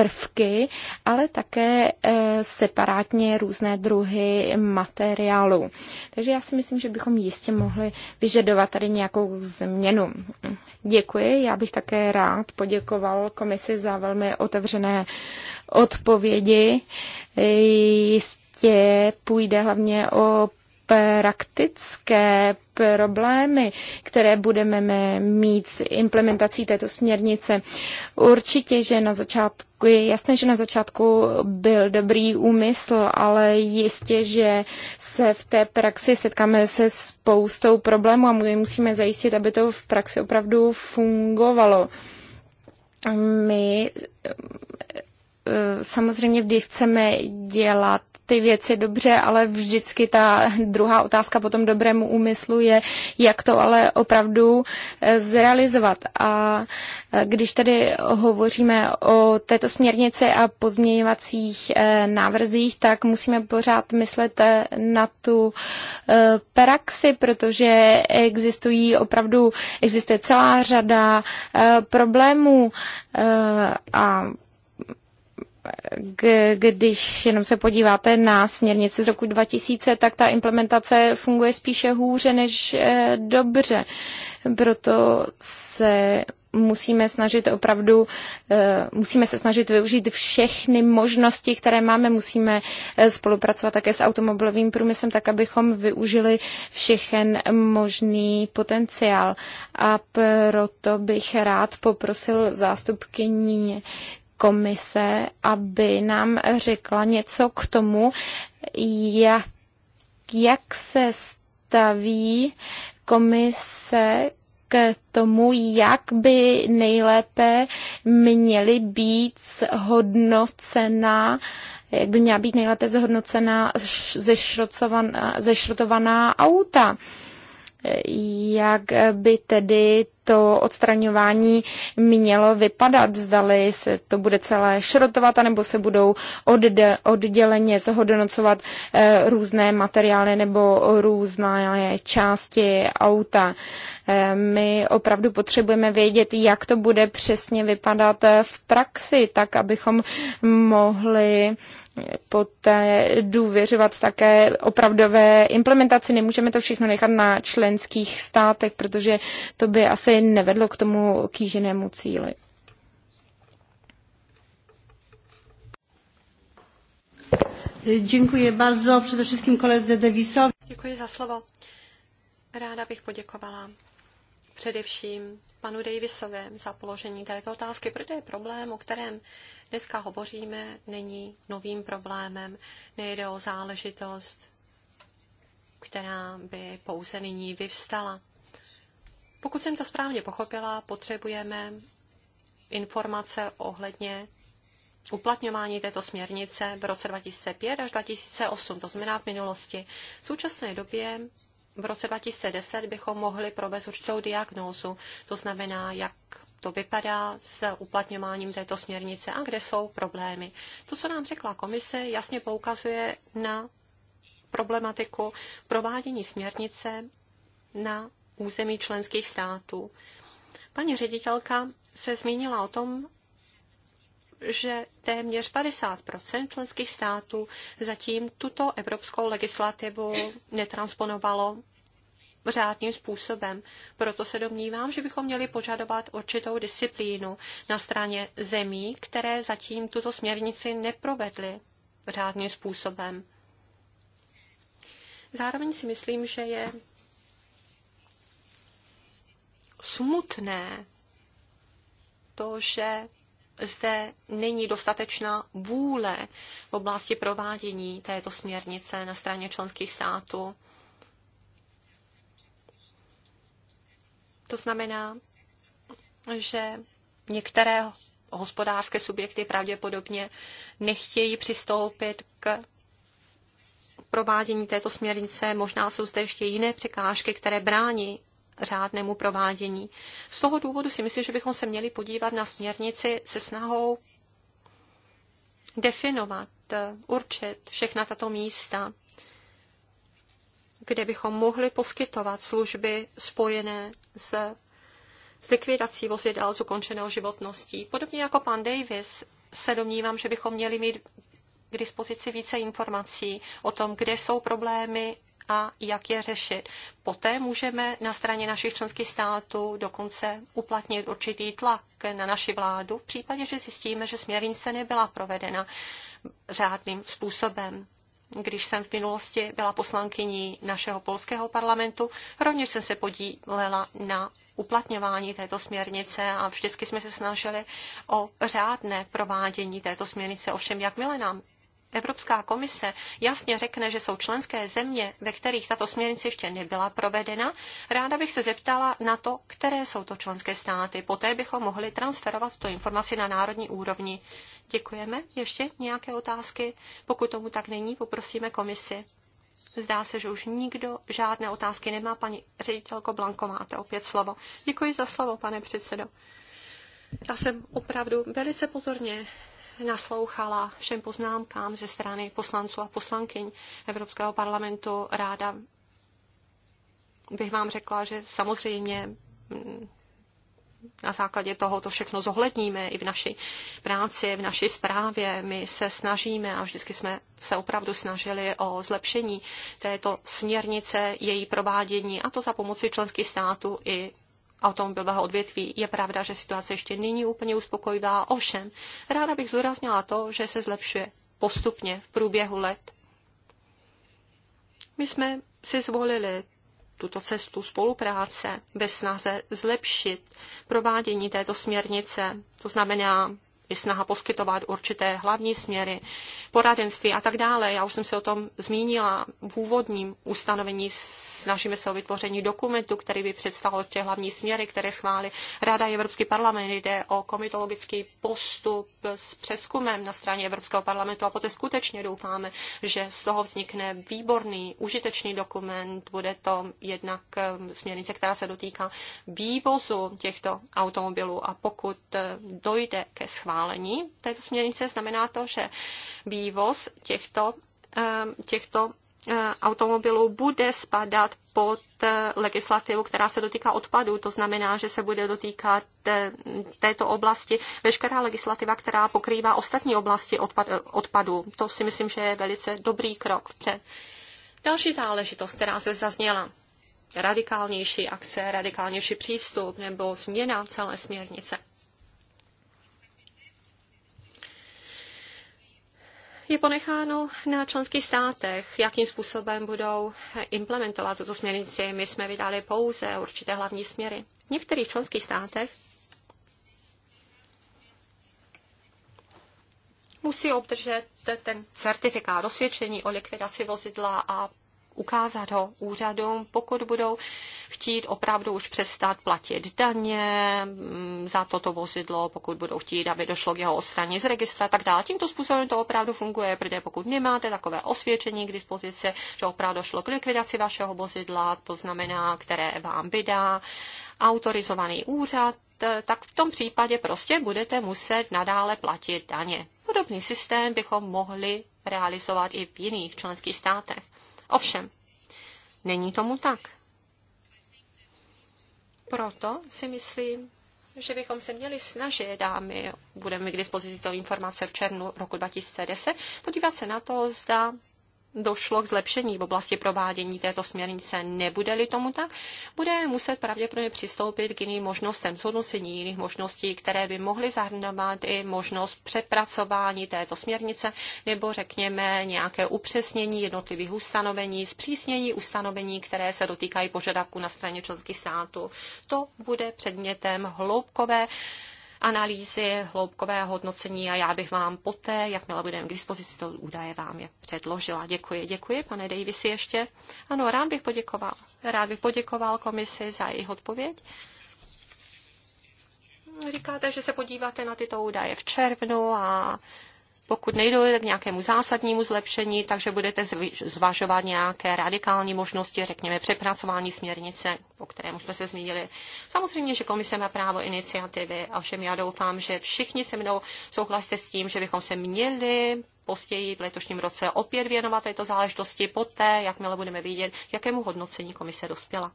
prvky, ale také eh, separátně různé druhy materiálu. Takže já si myslím, že bychom jistě mohli vyžadovat tady nějakou změnu. Děkuji, já bych také rád poděkoval komisi za velmi otevřené odpovědi. Jistě půjde hlavně o praktické problémy, které budeme mít s implementací této směrnice. Určitě, že na začátku, je jasné, že na začátku byl dobrý úmysl, ale jistě, že se v té praxi setkáme se spoustou problémů a my musíme zajistit, aby to v praxi opravdu fungovalo. My eh, samozřejmě vždy chceme dělat ty věci dobře, ale vždycky ta druhá otázka po tom dobrému úmyslu je, jak to ale opravdu eh, zrealizovat. A eh, když tedy hovoříme o této směrnici a pozměňovacích eh, návrzích, tak musíme pořád myslet na tu praxi, protože existují opravdu, existuje celá řada problémů a když jenom se podíváte na směrnici z roku 2000, tak ta implementace funguje spíše hůře než eh, dobře. Proto se musíme snažit opravdu, eh, musíme se snažit využít všechny možnosti, které máme. Musíme eh, spolupracovat také s automobilovým průmyslem, tak abychom využili všechen možný potenciál. A proto bych rád poprosil zástupkyni komise, aby nám řekla něco k tomu, jak, jak se staví komise k tomu, jak by nejlépe měly být zhodnocena, jak by měla být nejlépe zhodnocena zešrotovaná auta jak by tedy to odstraňování mělo vypadat, zdali se to bude celé šrotovat, anebo se budou odděleně zhodnocovat eh, různé materiály nebo různé části auta. Eh, my opravdu potřebujeme vědět, jak to bude přesně vypadat v praxi, tak abychom mohli poté důvěřovat také opravdové implementaci. Nemůžeme to všechno nechat na členských státech, protože to by asi nevedlo k tomu kýženému cíli. Děkuji bardzo především koledze Děkuji za slovo. Ráda bych poděkovala především panu Davisovi za položení této otázky, protože problém, o kterém dneska hovoříme, není novým problémem. Nejde o záležitost, která by pouze nyní vyvstala. Pokud jsem to správně pochopila, potřebujeme informace ohledně uplatňování této směrnice v roce 2005 až 2008, to znamená v minulosti. V současné době v roce 2010 bychom mohli provést určitou diagnózu, to znamená, jak to vypadá s uplatňováním této směrnice a kde jsou problémy. To, co nám řekla komise, jasně poukazuje na problematiku provádění směrnice na území členských států. Paní ředitelka se zmínila o tom, že téměř 50 členských států zatím tuto evropskou legislativu netransponovalo řádným způsobem. Proto se domnívám, že bychom měli požadovat určitou disciplínu na straně zemí, které zatím tuto směrnici neprovedly řádným způsobem. Zároveň si myslím, že je smutné to, že zde není dostatečná vůle v oblasti provádění této směrnice na straně členských států. To znamená, že některé hospodářské subjekty pravděpodobně nechtějí přistoupit k provádění této směrnice. Možná jsou zde ještě jiné překážky, které brání řádnému provádění. Z toho důvodu si myslím, že bychom se měli podívat na směrnici se snahou definovat, eh, určit všechna tato místa, kde bychom mohli poskytovat služby spojené s, s likvidací vozidel z ukončeného životností. Podobně jako pan Davis se domnívám, že bychom měli mít k dispozici více informací o tom, kde jsou problémy, a jak je řešit. Poté můžeme na straně našich členských států dokonce uplatnit určitý tlak na naši vládu v případě, že zjistíme, že směrnice nebyla provedena řádným způsobem. Když jsem v minulosti byla poslankyní našeho polského parlamentu, rovněž jsem se podílela na uplatňování této směrnice a vždycky jsme se snažili o řádné provádění této směrnice. Ovšem, jakmile nám Evropská komise jasně řekne, že jsou členské země, ve kterých tato směrnice ještě nebyla provedena, ráda bych se zeptala na to, které jsou to členské státy. Poté bychom mohli transferovat tu informaci na národní úrovni. Děkujeme. Ještě nějaké otázky? Pokud tomu tak není, poprosíme komisi. Zdá se, že už nikdo žádné otázky nemá. Paní ředitelko Blanko, máte opět slovo. Děkuji za slovo, pane předsedo. Já jsem opravdu velice pozorně naslouchala všem poznámkám ze strany poslanců a poslankyň Evropského parlamentu. Ráda bych vám řekla, že samozřejmě mm, na základě toho to všechno zohledníme i v naší práci, v naší zprávě. My se snažíme a vždycky jsme se opravdu snažili o zlepšení této směrnice, její provádění a to za pomoci členských států i automobilového odvětví. Je pravda, že situace ještě není úplně uspokojivá, ovšem ráda bych zúraznila to, že se zlepšuje postupně v průběhu let. My jsme si zvolili tuto cestu spolupráce ve snaze zlepšit provádění této směrnice, to znamená i snaha poskytovat určité hlavní směry, poradenství a tak dále. Já už jsem se o tom zmínila v úvodním ustanovení. Snažíme se o vytvoření dokumentu, který by představil ty hlavní směry, které schválí Rada Evropský parlament. Jde o komitologický postup s přeskumem na straně Evropského parlamentu a poté skutečně doufáme, že z toho vznikne výborný, užitečný dokument. Bude to jednak ehm, směrnice, která se dotýká vývozu těchto automobilů a pokud ehm, dojde ke schválení, schválení této směrnice, znamená to, že vývoz těchto, těchto eh, automobilů bude spadat pod eh, legislativu, která se dotýká odpadů. To znamená, že se bude dotýkat eh, této oblasti veškerá legislativa, která pokrývá ostatní oblasti odpad, odpadů. To si myslím, že je velice dobrý krok vpřed. Další záležitost, která se zazněla, radikálnější akce, radikálnější přístup nebo změna celé směrnice. je ponecháno na členských státech, jakým způsobem budou implementovat tuto směrnici. My jsme vydali pouze určité hlavní směry. V některých členských státech musí obdržet ten certifikát, osvědčení o likvidaci vozidla a ukázat ho úřadům, pokud budou chtít opravdu už přestat platit daně mm, za toto vozidlo, pokud budou chtít, aby došlo k jeho odstranění z registra a tak dále. Tímto způsobem to opravdu funguje, protože pokud nemáte takové osvědčení k dispozici, že opravdu došlo k likvidaci vašeho vozidla, to znamená, které vám vydá autorizovaný úřad, tak v tom případě prostě budete muset nadále platit daně. Podobný systém bychom mohli realizovat i v jiných členských státech. Ovšem, není tomu tak. Proto si myslím, že bychom se měli snažit, a my budeme k dispozici to informace v černu roku 2010, podívat se na to, zda došlo k zlepšení v oblasti provádění této směrnice. Nebude-li tomu tak, bude muset pravděpodobně přistoupit k jiným možnostem, zhodnocení jiných možností, které by mohly zahrnovat i možnost přepracování této směrnice nebo řekněme nějaké upřesnění jednotlivých ustanovení, zpřísnění ustanovení, které se dotýkají požadavků na straně členských států. To bude předmětem hloubkové analýzy, hloubkové hodnocení a já bych vám poté, jakmile budeme k dispozici, to údaje vám je předložila. Děkuji, děkuji, pane Davisi ještě. Ano, rád bych poděkoval. Rád bych poděkoval komisi za jejich odpověď. Říkáte, že se podíváte na tyto údaje v červnu a pokud nejdojde k nějakému zásadnímu zlepšení, takže budete zvažovat nějaké radikální možnosti, řekněme přepracování směrnice, o kterém jsme se zmínili. Samozřejmě, že komise má právo iniciativy, všem já doufám, že všichni se mnou souhlasíte s tím, že bychom se měli později v letošním roce opět věnovat této záležitosti poté, jakmile budeme vidět, jakému hodnocení komise dospěla.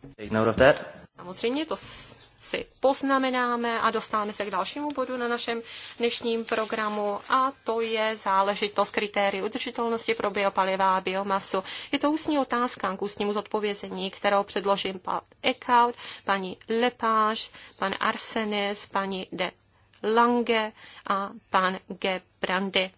Samozřejmě to si poznamenáme a dostáváme se k dalšímu bodu na našem dnešním programu a to je záležitost kritérií udržitelnosti pro biopaliva a biomasu. Je to ústní otázka k ústnímu zodpovězení, kterou předložím pan Eckhout, paní Lepáš, pan Arsenis, paní De Lange a pan G. Brandy.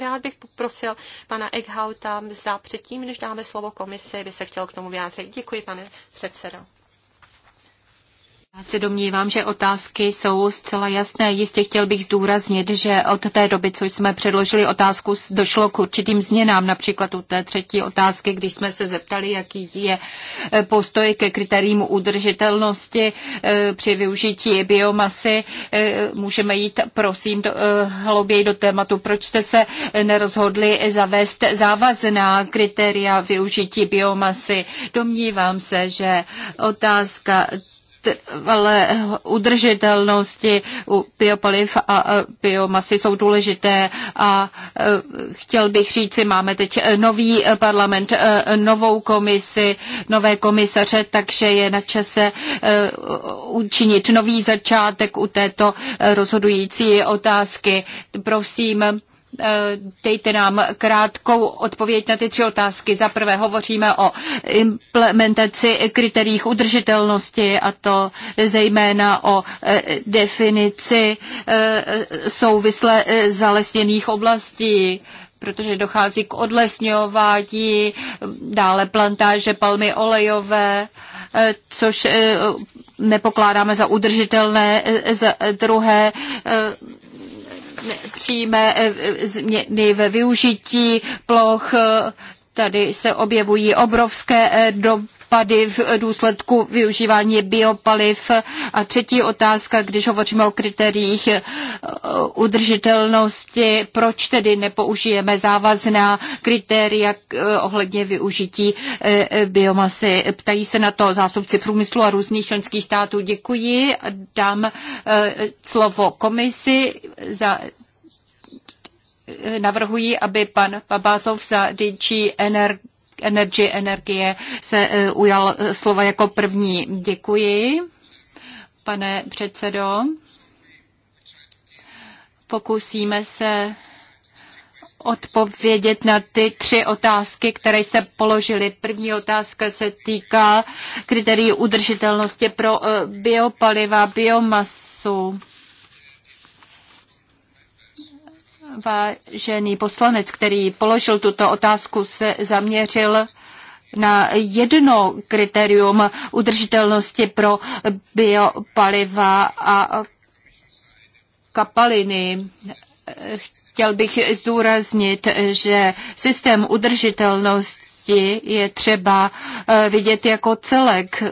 Rád bych poprosil pana Eckhouta, zda předtím, než dáme slovo komisi, by se chtěl k tomu vyjádřit. Děkuji, pane předsedo. Já se domnívám, že otázky jsou zcela jasné. Jistě chtěl bych zdůraznit, že od té doby, co jsme předložili otázku, došlo k určitým změnám. Například u té třetí otázky, když jsme se zeptali, jaký je e, postoj ke kritériím udržitelnosti e, při využití biomasy. E, můžeme jít, prosím, do, hlouběji do tématu. Proč jste se nerozhodli zavést závazná kritéria využití biomasy? Domnívám se, že otázka trvalé udržitelnosti u biopaliv a biomasy jsou důležité a e, chtěl bych říci, máme teď nový parlament, e, novou komisi, nové komisaře, takže je na čase e, učinit nový začátek u této rozhodující otázky. Prosím, Eh, dejte nám krátkou odpověď na ty tři otázky. Za prvé hovoříme o implementaci kritériích udržitelnosti a to zejména o eh, definici eh, souvisle zalesněných oblastí protože dochází k odlesňování, dále plantáže palmy olejové, což nepokládáme za udržitelné. Za druhé přímé eh, eh, změny ve využití ploch. Eh, Tady se objevují obrovské dopady odpady v důsledku využívání biopaliv. A třetí otázka, když hovoříme o kritériích eh, udržitelnosti, proč tedy nepoužijeme závazná kritéria eh, ohledně využití eh, biomasy. Ptají se na to zástupci průmyslu a různých členských států. Děkuji. Dám slovo komisi za navrhuji, aby pan Babázov za DG Energy Energy Energie se eh, ujal eh, slova jako první. Děkuji, pane předsedo. Pokusíme se odpovědět na ty tři otázky, které jste položili. První otázka se týká kritérií udržitelnosti pro eh, biopaliva, biomasu. Vážený poslanec, který položil tuto otázku, se zaměřil na jedno kritérium udržitelnosti pro biopaliva a kapaliny. Chtěl bych zdůraznit, že systém udržitelnosti je třeba eh, vidět jako celek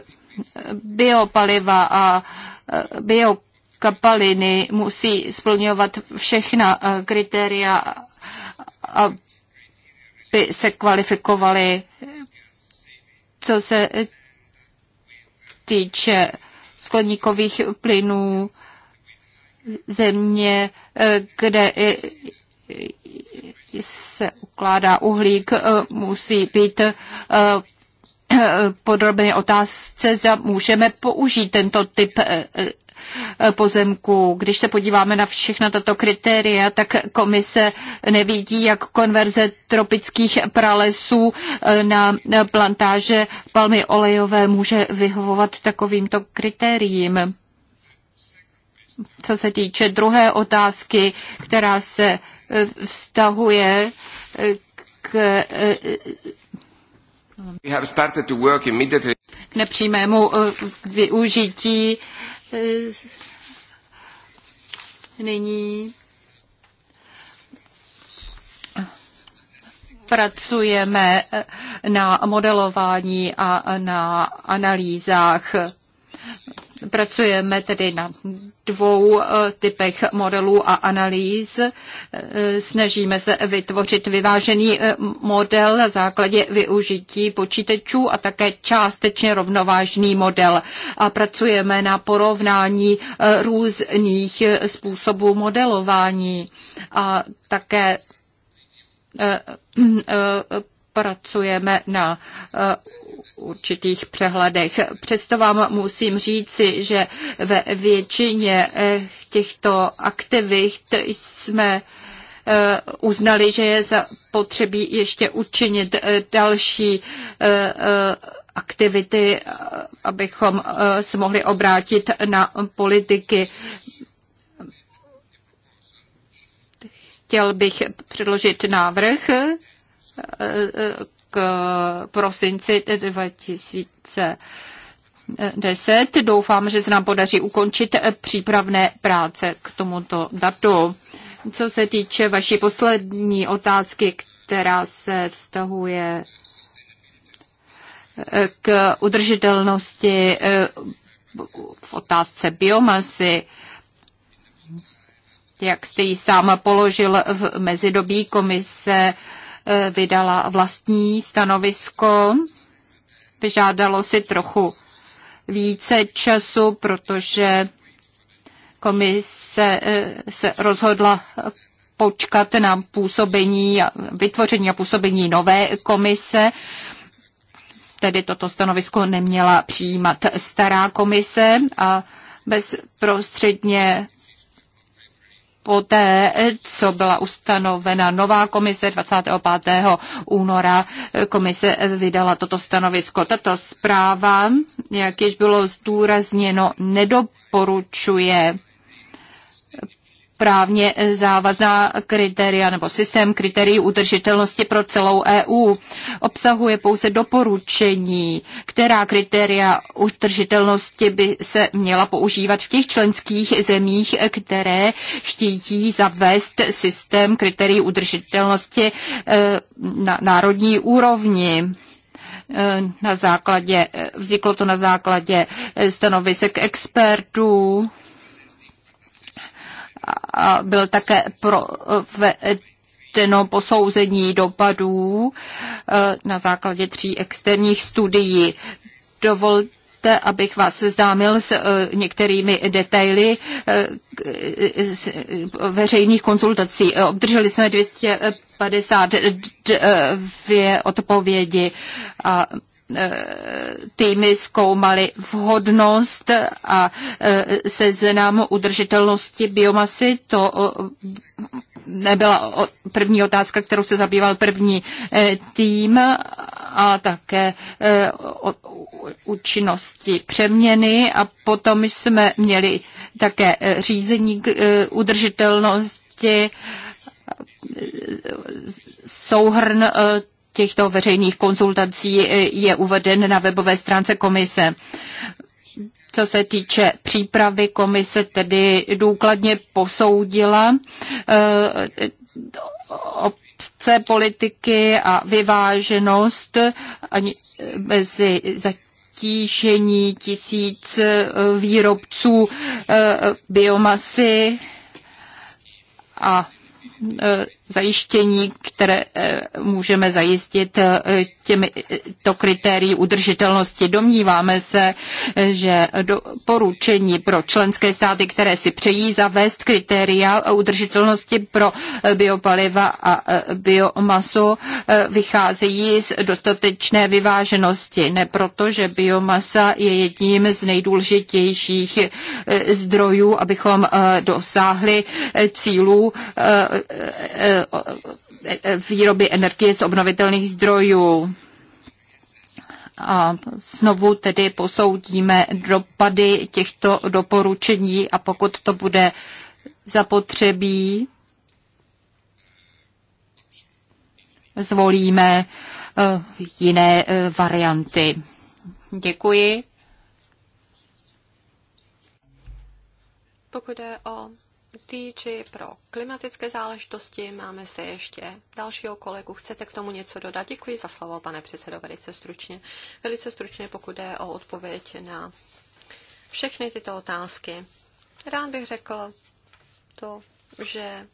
biopaliva a eh, biokapaliny kapaliny musí splňovat všechna eh, kritéria, aby se kvalifikovali, Co se týče skleníkových plynů, země, eh, kde se ukládá uhlík, eh, musí být podrobně otázce, zda můžeme použít tento typ Eh, pozemků. Když se podíváme na všechno tato kritéria, tak komise nevidí, jak konverze tropických pralesů eh, na plantáže palmy olejové může vyhovovat takovýmto kritériím. Co se týče druhé otázky, která se eh, vztahuje k k nepřímému využití Eh, nyní pracujeme na modelování a na analýzách Pracujeme tedy na dvou eh, typech modelů a analýz. Eh, snažíme se vytvořit vyvážený eh, model na základě využití počítačů a také částečně rovnovážný model. A pracujeme na porovnání různých způsobů modelování a také pracujeme na eh, určitých přehledech. Přesto vám musím říci, že ve většině eh, těchto aktivit jsme eh, uznali, že je zapotřebí ještě učinit další aktivity, abychom se mohli obrátit na politiky. Chtěl bych předložit návrh k prosinci 2010. Doufám, že se nám podaří ukončit přípravné práce k tomuto datu. Co se týče vaší poslední otázky, která se vztahuje eh, k udržitelnosti eh, v otázce biomasy, jak jste ji sám položil v mezidobí komise, vydala vlastní stanovisko. Vyžádalo si trochu více času, protože komise eh, se rozhodla počkat na působení, vytvoření a působení nové komise. Tedy toto stanovisko neměla přijímat stará komise a bezprostředně poté, co byla ustanovena nová komise 25. února, komise vydala toto stanovisko. Tato zpráva, jak již bylo zdůrazněno, nedoporučuje právně eh, závazná kritéria nebo systém kritérií udržitelnosti pro celou EU. Obsahuje pouze doporučení, která kritéria udržitelnosti by se měla používat v těch členských zemích, eh, které chtějí zavést systém kritérií udržitelnosti eh, na národní úrovni na základě, vzniklo to na základě stanovisek expertů a byl také provedeno posouzení dopadů eh, na základě tří externích studií. Dovolte abych vás seznámil s eh, některými detaily eh, veřejných konzultací. Obdrželi jsme 252 odpovědi a Eh, týmy zkoumaly vhodnost a eh, seznam udržitelnosti biomasy. To eh, nebyla první otázka, kterou se zabýval první tým a také o účinnosti přeměny a potom jsme měli také řízení udržitelnosti souhrn těchto veřejných konzultací eh, je uveden na webové stránce komise. Co se týče přípravy, komise tedy důkladně posoudila eh, obce politiky a vyváženost eh, mezi zatížení tisíc výrobců biomasy a zajištění, které eh, můžeme zajistit eh, těmito eh, kritérií udržitelnosti. Domníváme se, že doporučení pro členské státy, které si přejí zavést kritéria udržitelnosti pro biopaliva a biomasu, vycházejí z dostatečné vyváženosti. Ne proto, že biomasa je jedním z nejdůležitějších zdrojů, abychom dosáhli cílů Eh, výroby energie z obnovitelných zdrojů. A znovu tedy posoudíme dopady těchto doporučení a pokud to bude zapotřebí, zvolíme eh, jiné eh, varianty. Děkuji. Pokud je o DG pro klimatické záležitosti. Máme zde ještě dalšího kolegu. Chcete k tomu něco dodat? Děkuji za slovo, pane předsedo, velice stručně. Velice stručně, pokud jde o odpověď na všechny tyto otázky. Rád bych řekl to, že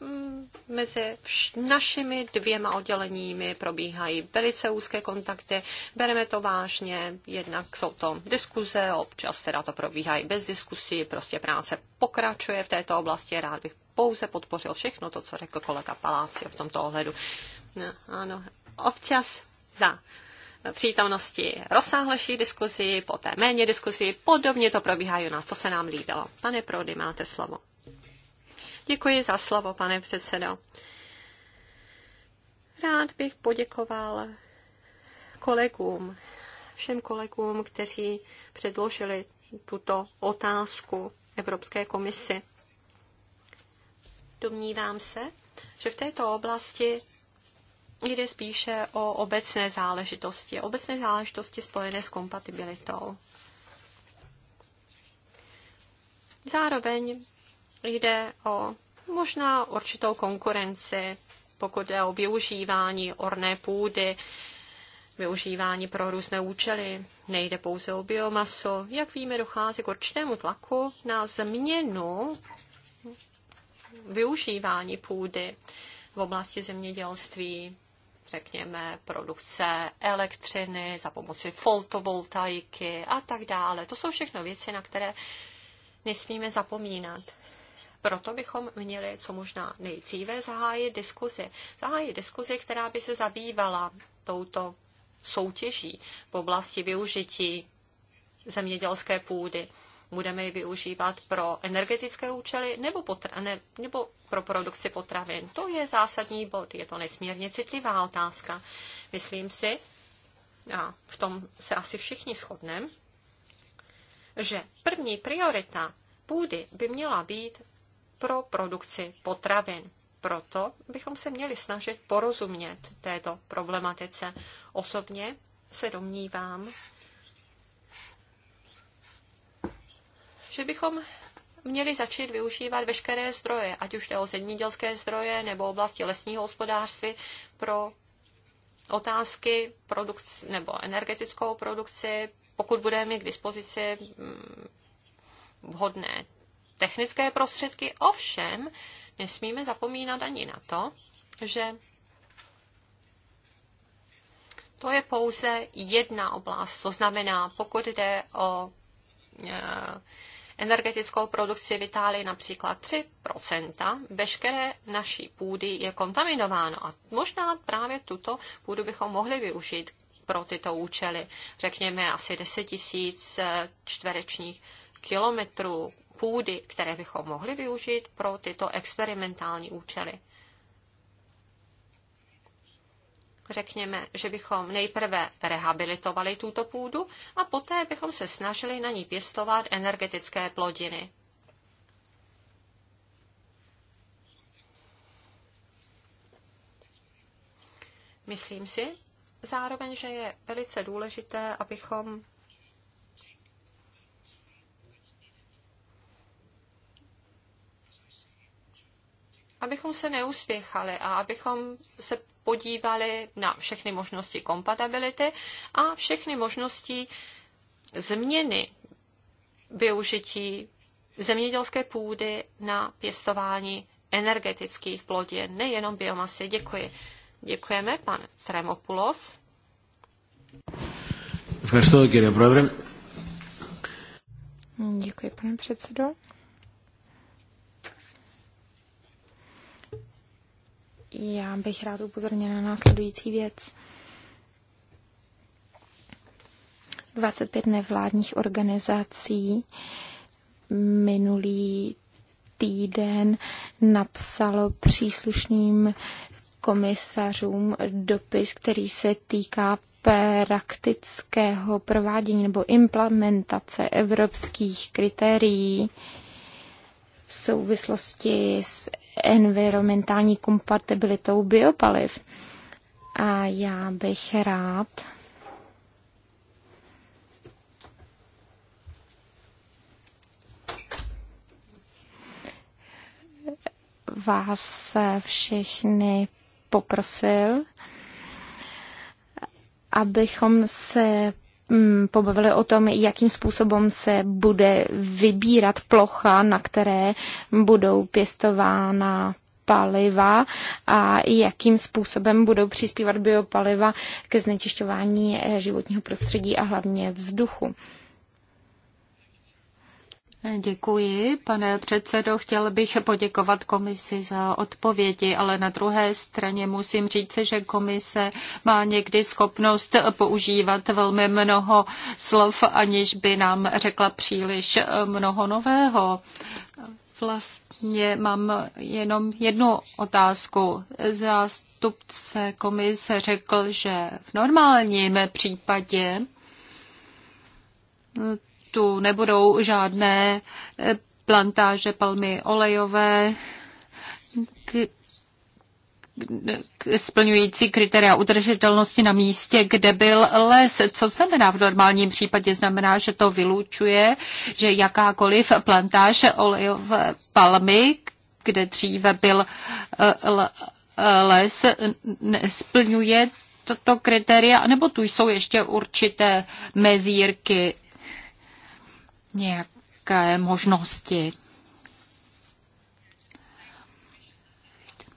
Mm, mezi našimi dvěma odděleními probíhají velice úzké kontakty, bereme to vážně, jednak jsou to diskuze, občas teda to probíhají bez diskusí, prostě práce pokračuje v této oblasti, rád bych pouze podpořil všechno to, co řekl kolega Paláci v tomto ohledu. No, ano, občas za přítomnosti rozsáhlejší diskuzi, poté méně diskuzi, podobně to probíhá u nás, to se nám líbilo. Pane Prody, máte slovo. Děkuji za slovo, pane předsedo. Rád bych poděkoval kolegům, všem kolegům, kteří předložili tuto otázku Evropské komisi. Domnívám se, že v této oblasti jde spíše o obecné záležitosti, obecné záležitosti spojené s kompatibilitou. Zároveň jde o možná určitou konkurenci, pokud jde o využívání orné půdy, využívání pro různé účely. Nejde pouze o biomasu. Jak víme, dochází k určitému tlaku na změnu využívání půdy v oblasti zemědělství, řekněme, produkce elektřiny za pomoci fotovoltaiky a tak dále. To jsou všechno věci, na které nesmíme zapomínat. Proto bychom měli co možná nejdříve zahájit diskuzi. Zahájit diskuzi, která by se zabývala touto soutěží v oblasti využití zemědělské půdy. Budeme ji využívat pro energetické účely nebo, potra- ne, nebo pro produkci potravin. To je zásadní bod, je to nesmírně citlivá otázka. Myslím si, a v tom se asi všichni shodneme, že první priorita půdy by měla být pro produkci potravin. Proto bychom se měli snažit porozumět této problematice. Osobně se domnívám, že bychom měli začít využívat veškeré zdroje, ať už jde o zemědělské zdroje nebo oblasti lesního hospodářství pro otázky produkci, nebo energetickou produkci, pokud budeme mít k dispozici mm, vhodné technické prostředky, ovšem nesmíme zapomínat ani na to, že to je pouze jedna oblast. To znamená, pokud jde o e, energetickou produkci v Itálii například 3 veškeré naší půdy je kontaminováno. A možná právě tuto půdu bychom mohli využít pro tyto účely. Řekněme asi 10 tisíc e, čtverečních kilometrů půdy, které bychom mohli využít pro tyto experimentální účely. Řekněme, že bychom nejprve rehabilitovali tuto půdu a poté bychom se snažili na ní pěstovat energetické plodiny. Myslím si zároveň, že je velice důležité, abychom abychom se neuspěchali a abychom se podívali na všechny možnosti kompatibility a všechny možnosti změny využití zemědělské půdy na pěstování energetických plodin, nejenom biomasy. Děkuji. Děkujeme, pan Sremopulos. Děkuji, pane předsedo. Já bych rád upozornila na následující věc. 25 nevládních organizací minulý týden napsalo příslušným komisařům dopis, který se týká praktického provádění nebo implementace evropských kritérií v souvislosti s environmentální kompatibilitou biopaliv. A já bych rád vás všechny poprosil, abychom se Mm, pobavili o tom, jakým způsobem se bude vybírat plocha, na které budou pěstována paliva a jakým způsobem budou přispívat biopaliva ke znečišťování eh, životního prostředí a hlavně vzduchu. Děkuji, pane předsedo. Chtěl bych poděkovat komisi za odpovědi, ale na druhé straně musím říct, že komise má někdy schopnost používat velmi mnoho slov, aniž by nám řekla příliš mnoho nového. Vlastně mám jenom jednu otázku. Zástupce komise řekl, že v normálním případě tu nebudou žádné eh, plantáže palmy olejové, k, k, splňující kritéria udržitelnosti na místě, kde byl les. Co znamená v normálním případě? Znamená, že to vylučuje, že jakákoliv plantáž olejové palmy, kde dříve byl eh, eh, les, splňuje toto kritéria, nebo tu jsou ještě určité mezírky nějaké možnosti.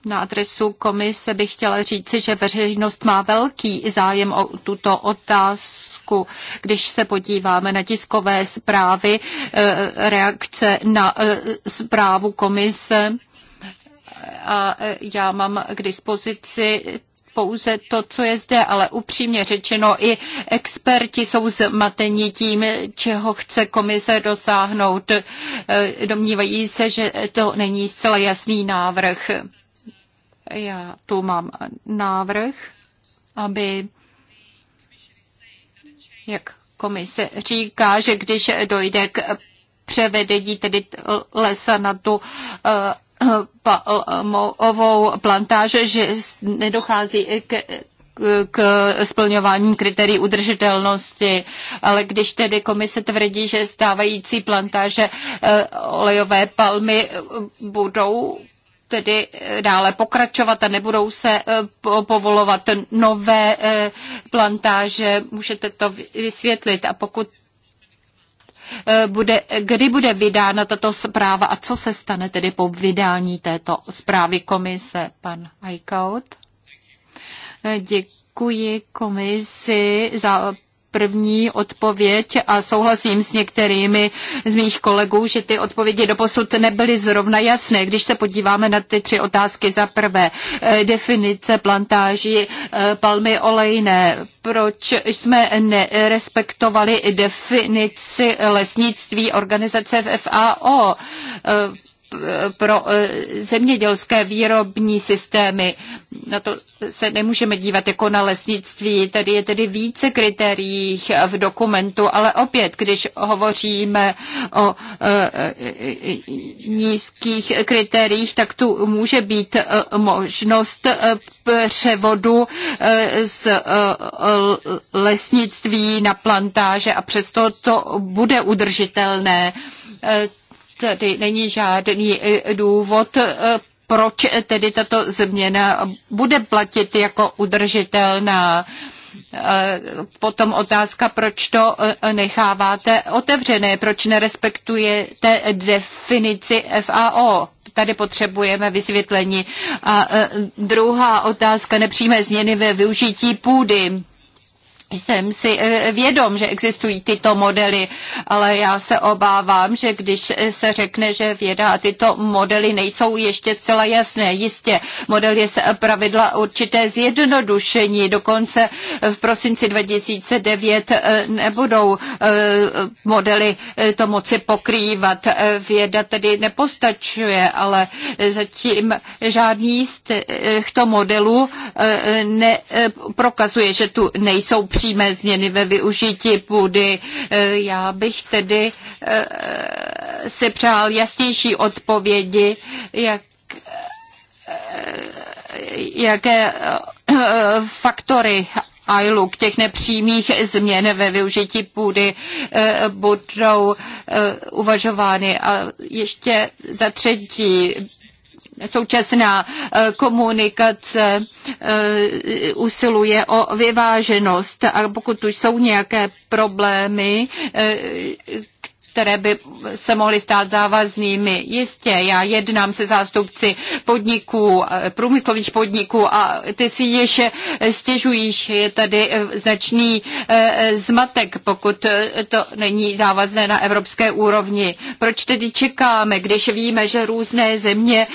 Na adresu komise bych chtěla říci, že veřejnost má velký zájem o tuto otázku. Když se podíváme na tiskové zprávy, e, reakce na e, zprávu komise, a e, já mám k dispozici pouze to, co je zde, ale upřímně řečeno i experti jsou zmateni tím, čeho chce komise dosáhnout. E, domnívají se, že to není zcela jasný návrh. Já tu mám návrh, aby, jak komise říká, že když dojde k převedení tedy lesa na tu e, palmovou plantáže, že nedochází k k splňování kritérií udržitelnosti, ale když tedy komise tvrdí, že stávající plantáže eh, olejové palmy eh, budou tedy eh, dále pokračovat a nebudou se povolovat nové plantáže. Můžete to vysvětlit a pokud Eh, bude, kdy bude vydána tato zpráva a co se stane tedy po vydání této zprávy komise, pan Aikaut. Eh, děkuji komisi za první odpověď a souhlasím s některými z mých kolegů, že ty odpovědi doposud nebyly zrovna jasné. Když se podíváme na ty tři otázky za prvé, eh, definice plantáží eh, palmy olejné, proč jsme nerespektovali definici lesnictví organizace v FAO, eh, pro eh, zemědělské výrobní systémy. Na to se nemůžeme dívat jako na lesnictví, tady je tedy více kritérií v dokumentu, ale opět, když hovoříme o eh, nízkých kritériích, tak tu může být eh, možnost převodu z lesnictví na plantáže a přesto to bude udržitelné Tady není žádný e, důvod, e, proč tedy tato změna bude platit jako udržitelná. E, potom otázka, proč to necháváte otevřené, proč nerespektujete definici FAO. Tady potřebujeme vysvětlení. A druhá otázka, nepřímé změny ve využití půdy jsem si e, vědom, že existují tyto modely, ale já se obávám, že když se řekne, že věda a tyto modely nejsou ještě zcela jasné, jistě, model je pravidla určité zjednodušení, dokonce v prosinci 2009 e, nebudou e, modely to moci pokrývat. Věda tedy nepostačuje, ale zatím žádný z těchto modelů neprokazuje, že tu nejsou přímé změny ve využití půdy. E, já bych tedy e, si přál jasnější odpovědi, jak e, jaké faktory ILUK, těch nepřímých změn ve využití půdy budou uvažovány. A ještě za třetí současná eh, komunikace eh, usiluje o vyváženost a pokud tu jsou nějaké problémy, eh, které by se mohly stát závaznými. Jistě, já jednám se zástupci podniků, průmyslových podniků a ty si již stěžují, že je tady eh, značný eh, zmatek, pokud eh, to není závazné na evropské úrovni. Proč tedy čekáme, když víme, že různé země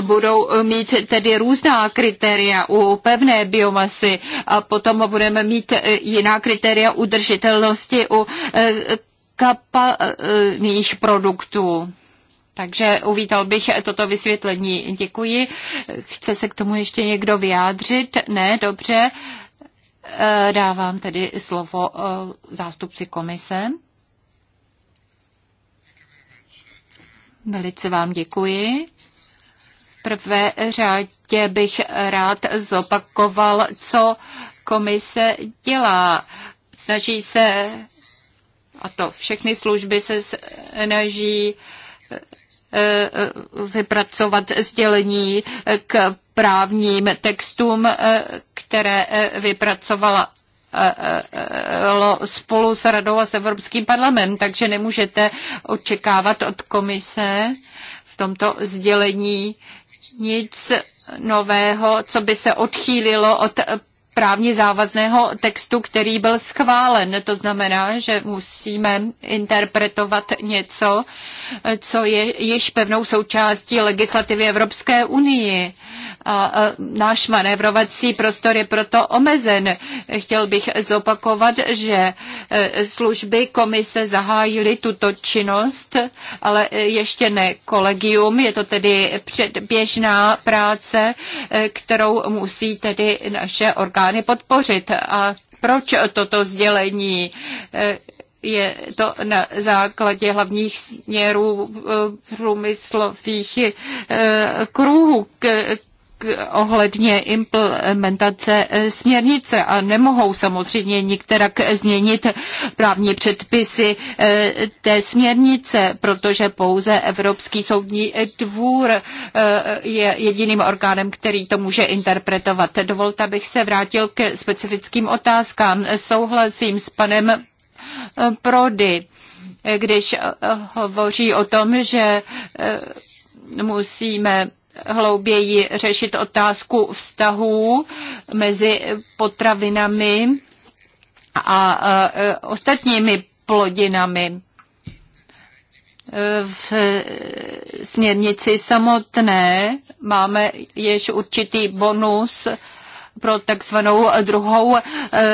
budou mít tedy různá kritéria u pevné biomasy a potom budeme mít jiná kritéria udržitelnosti u kapalných produktů. Takže uvítal bych toto vysvětlení. Děkuji. Chce se k tomu ještě někdo vyjádřit? Ne, dobře. E, dávám tedy slovo e, zástupci komise. Velice vám děkuji. V prvé řádě bych rád zopakoval, co komise dělá. Snaží se a to všechny služby se snaží e, e, vypracovat sdělení k právním textům, e, které vypracovala spolu s Radou a s Evropským parlamentem, takže nemůžete očekávat od komise v tomto sdělení nic nového, co by se odchýlilo od právně závazného textu, který byl schválen. To znamená, že musíme interpretovat něco, co je již pevnou součástí legislativy Evropské unie a náš manévrovací prostor je proto omezen. Chtěl bych zopakovat, že e, služby komise zahájily tuto činnost, ale e, ještě ne kolegium, je to tedy předběžná práce, e, kterou musí tedy naše orgány podpořit. A proč toto sdělení? je to na základě hlavních směrů průmyslových kruhů, ohledně implementace eh, směrnice a nemohou samozřejmě nikterak změnit právní předpisy eh, té směrnice, protože pouze Evropský soudní dvůr eh, je jediným orgánem, který to může interpretovat. Dovolte, abych se vrátil k specifickým otázkám. Souhlasím s panem Prody, když hovoří o tom, že musíme hlouběji řešit otázku vztahů mezi potravinami a ostatními plodinami. V směrnici samotné máme jež určitý bonus pro takzvanou druhou e,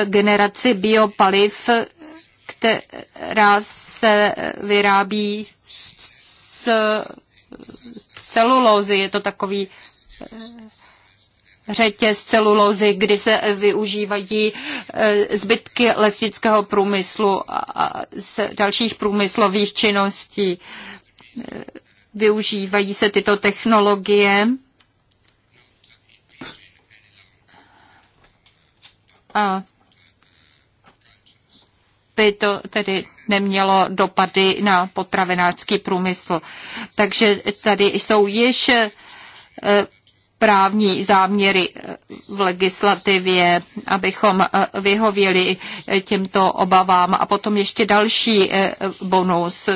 generaci biopaliv, která se vyrábí z celulózy. Je to takový eh, řetěz celulózy, kdy se využívají eh, zbytky lesnického průmyslu a z dalších průmyslových činností. Eh, využívají se tyto technologie. A aby to tedy nemělo dopady na potravinářský průmysl. Takže tady jsou již eh, právní záměry eh, v legislativě, abychom eh, vyhověli těmto obavám. A potom ještě další bonus.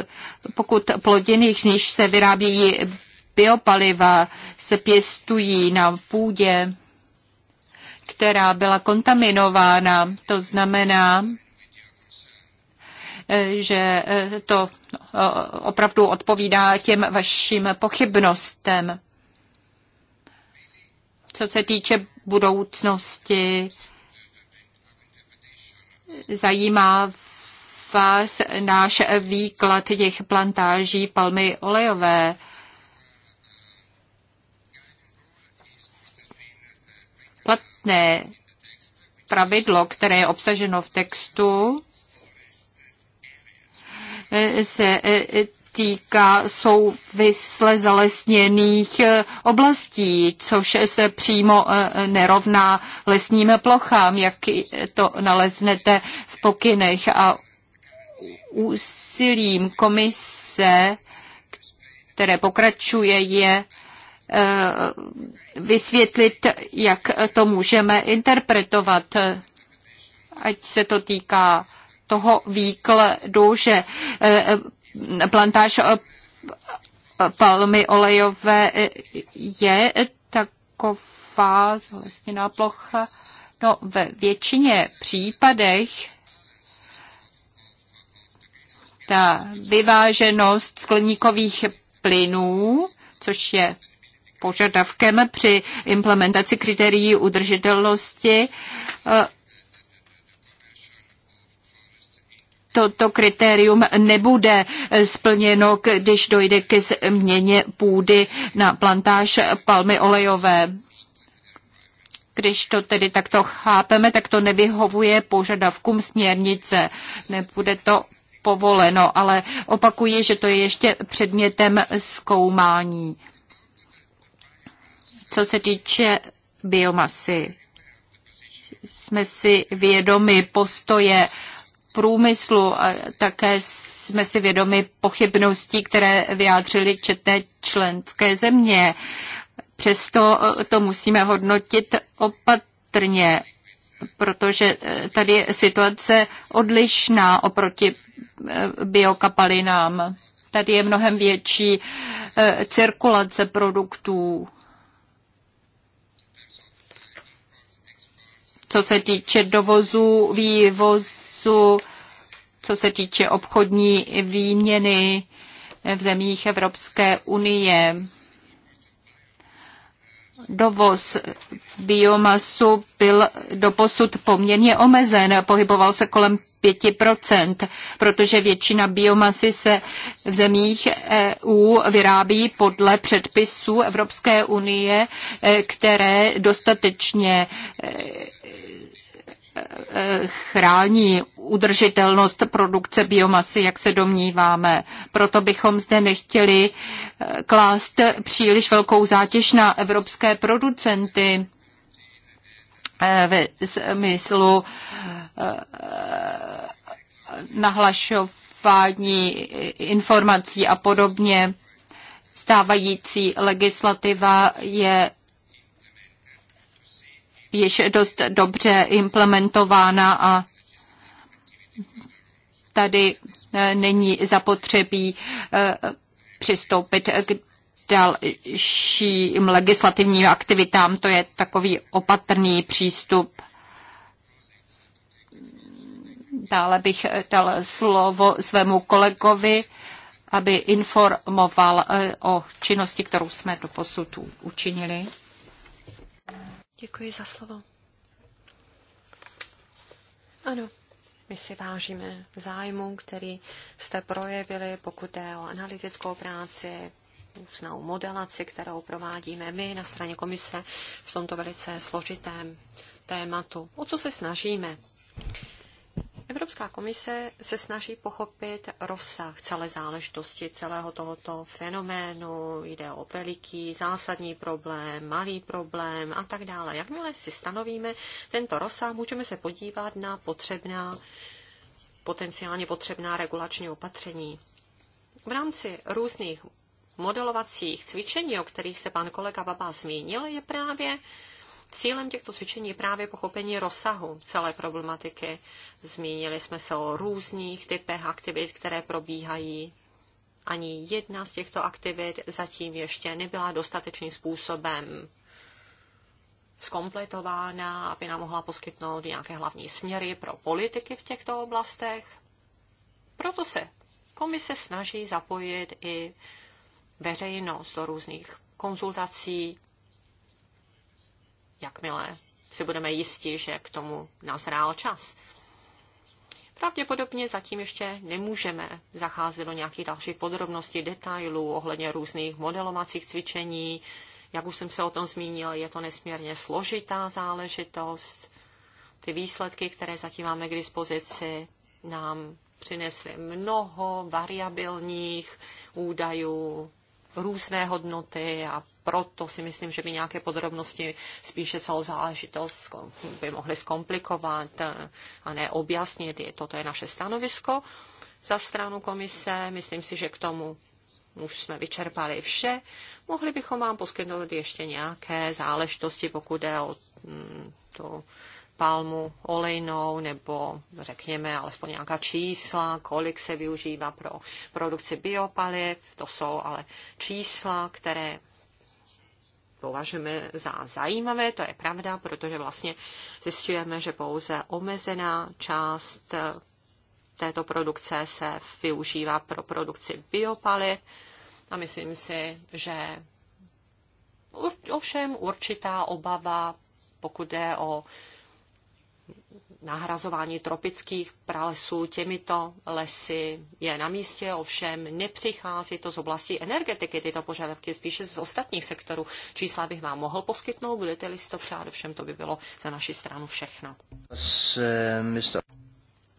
Pokud plodiny, z níž se vyrábějí biopaliva, se pěstují na půdě, která byla kontaminována, to znamená, že eh, to eh, opravdu odpovídá těm vašim pochybnostem. Co se týče budoucnosti, zajímá vás náš výklad těch plantáží palmy olejové. Platné pravidlo, které je obsaženo v textu, Eh, se eh, týká souvisle zalesněných eh, oblastí, což se přímo nerovná lesním plochám, jak to naleznete v pokynech a úsilím komise, které pokračuje, je vysvětlit, jak to můžeme interpretovat, ať se to týká toho výkladu, že eh, eh, plantáž eh, palmy olejové je taková zlesněná plocha. No, ve většině případech ta vyváženost skleníkových plynů, což je požadavkem při implementaci kritérií udržitelnosti, toto kritérium nebude eh, splněno, když dojde ke změně půdy na plantáž palmy olejové. Když to tedy takto chápeme, tak to nevyhovuje požadavkům směrnice. Nebude to povoleno, ale opakuji, že to je ještě předmětem zkoumání. Co se týče biomasy, jsme si vědomi postoje průmyslu a také jsme si vědomi pochybností, které vyjádřili četné členské země. Přesto eh, to musíme hodnotit opatrně, protože eh, tady je situace odlišná oproti eh, biokapalinám. Tady je mnohem větší cirkulace produktů co se týče dovozu, vývozu, co se týče obchodní výměny v zemích Evropské unie dovoz biomasu byl doposud poměrně omezen, pohyboval se kolem 5%, protože většina biomasy se v zemích EU vyrábí podle předpisů Evropské unie, e, které dostatečně e, chrání udržitelnost produkce biomasy, jak se domníváme. Proto bychom zde nechtěli eh, klást příliš velkou zátěž na evropské producenty eh, ve smyslu eh, nahlašování informací a podobně. Stávající legislativa je již dost dobře implementována a tady e, není zapotřebí e, přistoupit k dalším legislativním aktivitám. To je takový opatrný přístup. Dále bych e, dal slovo svému kolegovi, aby informoval o činnosti, kterou jsme do posud učinili. Děkuji za slovo. Ano, my si vážíme zájmu, který jste projevili, pokud jde o analytickou práci, různou modelaci, kterou provádíme my na straně komise v tomto velice složitém tématu. O co se snažíme? Evropská komise se snaží pochopit rozsah celé záležitosti, celého tohoto fenoménu. Jde o veliký, zásadní problém, malý problém a tak dále. Jakmile si stanovíme tento rozsah, můžeme se podívat na potřebná, potenciálně potřebná regulační opatření. V rámci různých modelovacích cvičení, o kterých se pan kolega Baba zmínil, je právě Cílem těchto cvičení je právě pochopení rozsahu celé problematiky. Zmínili jsme se o různých typech aktivit, které probíhají. Ani jedna z těchto aktivit zatím ještě nebyla dostatečným způsobem zkompletována, aby nám mohla poskytnout nějaké hlavní směry pro politiky v těchto oblastech. Proto se komise snaží zapojit i veřejnost do různých konzultací, jakmile si budeme jistí, že k tomu nazrál čas. Pravděpodobně zatím ještě nemůžeme zacházet do nějakých dalších podrobností, detailů ohledně různých modelovacích cvičení. Jak už jsem se o tom zmínil, je to nesmírně složitá záležitost. Ty výsledky, které zatím máme k dispozici, nám přinesly mnoho variabilních údajů, různé hodnoty a proto si myslím, že by nějaké podrobnosti spíše celou záležitost by mohly zkomplikovat eh, a ne objasnit. Je, toto je naše stanovisko za stranu komise. Myslím si, že k tomu už jsme vyčerpali vše. Mohli bychom vám poskytnout ještě nějaké záležitosti, pokud jde o mm, tu palmu olejnou, nebo řekněme alespoň nějaká čísla, kolik se využívá pro produkci biopaliv. To jsou ale čísla, které považujeme za zajímavé, to je pravda, protože vlastně zjišťujeme, že pouze omezená část eh, této produkce se využívá pro produkci biopaliv a myslím si, že ovšem určitá obava, pokud jde o nahrazování tropických pralesů těmito lesy je na místě, ovšem nepřichází to z oblasti energetiky, tyto požadavky spíše z ostatních sektorů. Čísla bych vám mohl poskytnout, budete-li si to přát, ovšem to by bylo za naši stranu všechno.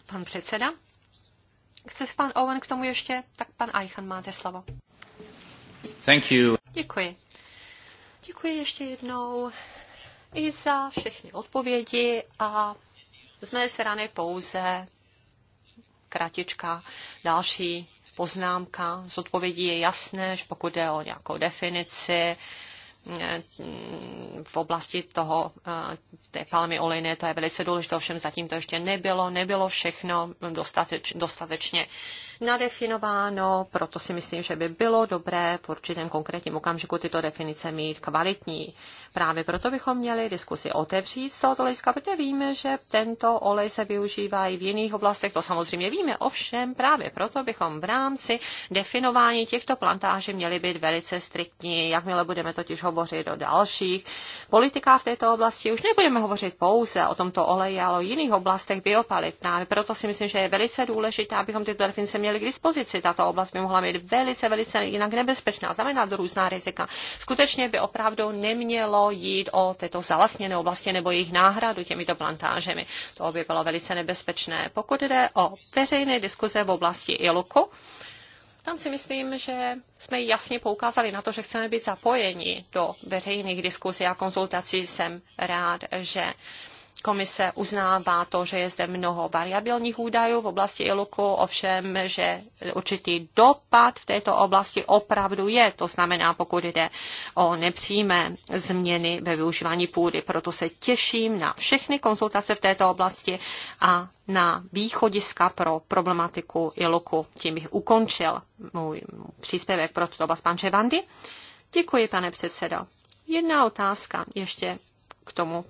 Pan předseda? Chce se pan Owen k tomu ještě? Tak pan Eichan, máte slovo. Thank you. Děkuji. Děkuji ještě jednou i za všechny odpovědi a z mé strany pouze kratička další poznámka. Z odpovědí je jasné, že pokud jde o nějakou definici, mm, v oblasti toho, eh, té palmy olejné, to je velice důležité, ovšem zatím to ještě nebylo, nebylo všechno dostateč, dostatečně nadefinováno, proto si myslím, že by bylo dobré v určitém konkrétním okamžiku tyto definice mít kvalitní. Právě proto bychom měli diskusi otevřít z tohoto hlediska, protože víme, že tento olej se využívá i v jiných oblastech, to samozřejmě víme, ovšem právě proto bychom v rámci definování těchto plantáží měli být velice striktní, jakmile budeme totiž hovořit o dalších politikách v této oblasti. Už nebudeme hovořit pouze o tomto oleji, ale o jiných oblastech biopaliv. Právě proto si myslím, že je velice důležité, abychom tyto definice měli měli k dispozici. Tato oblast by mohla být velice, velice jinak nebezpečná, znamená různá rizika. Skutečně by opravdu nemělo jít o této zalasněné oblasti nebo jejich náhradu těmito plantážemi. To by bylo velice nebezpečné. Pokud jde o veřejné diskuze v oblasti iluku, tam si myslím, že jsme jasně poukázali na to, že chceme být zapojeni do veřejných diskuzí a konzultací. Jsem rád, že Komise uznává to, že je zde mnoho variabilních údajů v oblasti iluku, ovšem, že určitý dopad v této oblasti opravdu je. To znamená, pokud jde o nepřímé změny ve využívání půdy. Proto se těším na všechny konzultace v této oblasti a na východiska pro problematiku iluku. Tím bych ukončil můj příspěvek pro tuto oblast. Pan Ževandy? Děkuji, pane předsedo. Jedna otázka ještě k tomu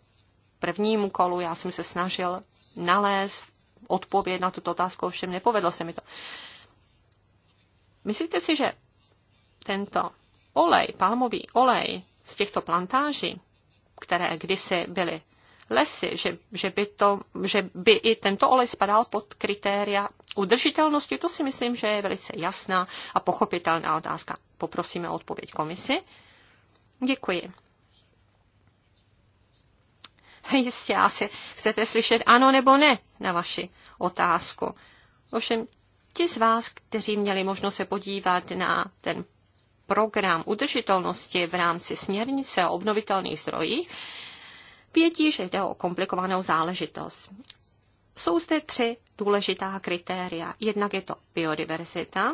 prvním kolu. Já jsem se snažil nalézt odpověď na tuto otázku, ovšem nepovedlo se mi to. Myslíte si, že tento olej, palmový olej z těchto plantáží, které kdysi byly lesy, že, že, by to, že by i tento olej spadal pod kritéria udržitelnosti, to si myslím, že je velice jasná a pochopitelná otázka. Poprosíme o odpověď komisi. Děkuji. Jistě asi chcete slyšet ano nebo ne na vaši otázku. Ovšem, ti z vás, kteří měli možnost se podívat na ten program udržitelnosti v rámci směrnice o obnovitelných zdrojích, vědí, že jde o komplikovanou záležitost. Jsou zde tři důležitá kritéria. Jednak je to biodiverzita,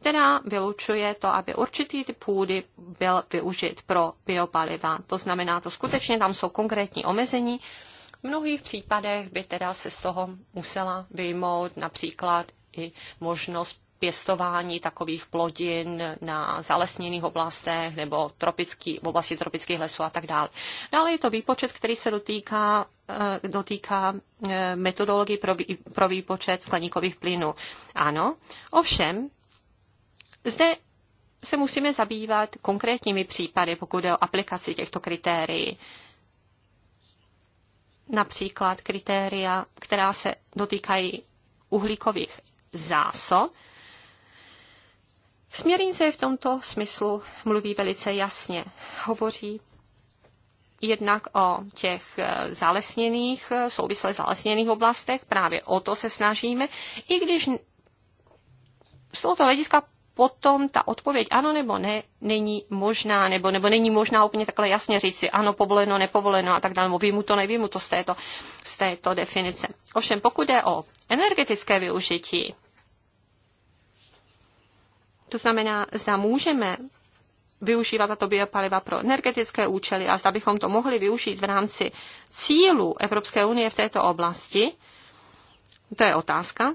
která vylučuje to, aby určitý typ půdy byl využit pro biopaliva. To znamená, to skutečně tam jsou konkrétní omezení. V mnohých případech by teda se z toho musela vyjmout například i možnost pěstování takových plodin na zalesněných oblastech nebo tropický, v oblasti tropických lesů a tak dále. Dále je to výpočet, který se dotýká, eh, dotýká eh, metodologii pro, pro výpočet skleníkových plynů. Ano, ovšem, zde se musíme zabývat konkrétními případy, pokud jde o aplikaci těchto kritérií. Například kritéria, která se dotýkají uhlíkových zásob. Směrnice v tomto smyslu mluví velice jasně. Hovoří jednak o těch eh, zalesněných, eh, souvisle zalesněných oblastech, právě o to se snažíme, i když z tohoto hlediska potom ta odpověď ano nebo ne není možná, nebo, nebo není možná úplně takhle jasně si ano, povoleno, nepovoleno a tak dále, nebo vím mu to, nevím mu to z této, z této definice. Ovšem, pokud jde o energetické využití, to znamená, zda můžeme využívat tato biopaliva pro energetické účely a zda bychom to mohli využít v rámci cílů Evropské unie v této oblasti, to je otázka.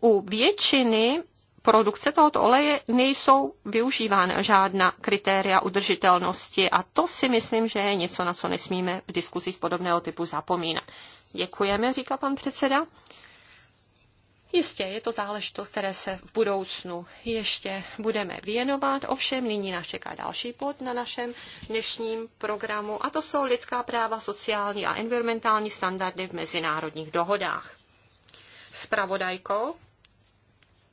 U většiny produkce tohoto oleje nejsou využívána žádná kritéria udržitelnosti a to si myslím, že je něco, na co nesmíme v diskuzích podobného typu zapomínat. Děkujeme, říká pan předseda. Jistě, je to záležitost, které se v budoucnu ještě budeme věnovat. Ovšem, nyní nás čeká další bod na našem dnešním programu, a to jsou lidská práva, sociální a environmentální standardy v mezinárodních dohodách. Spravodajkou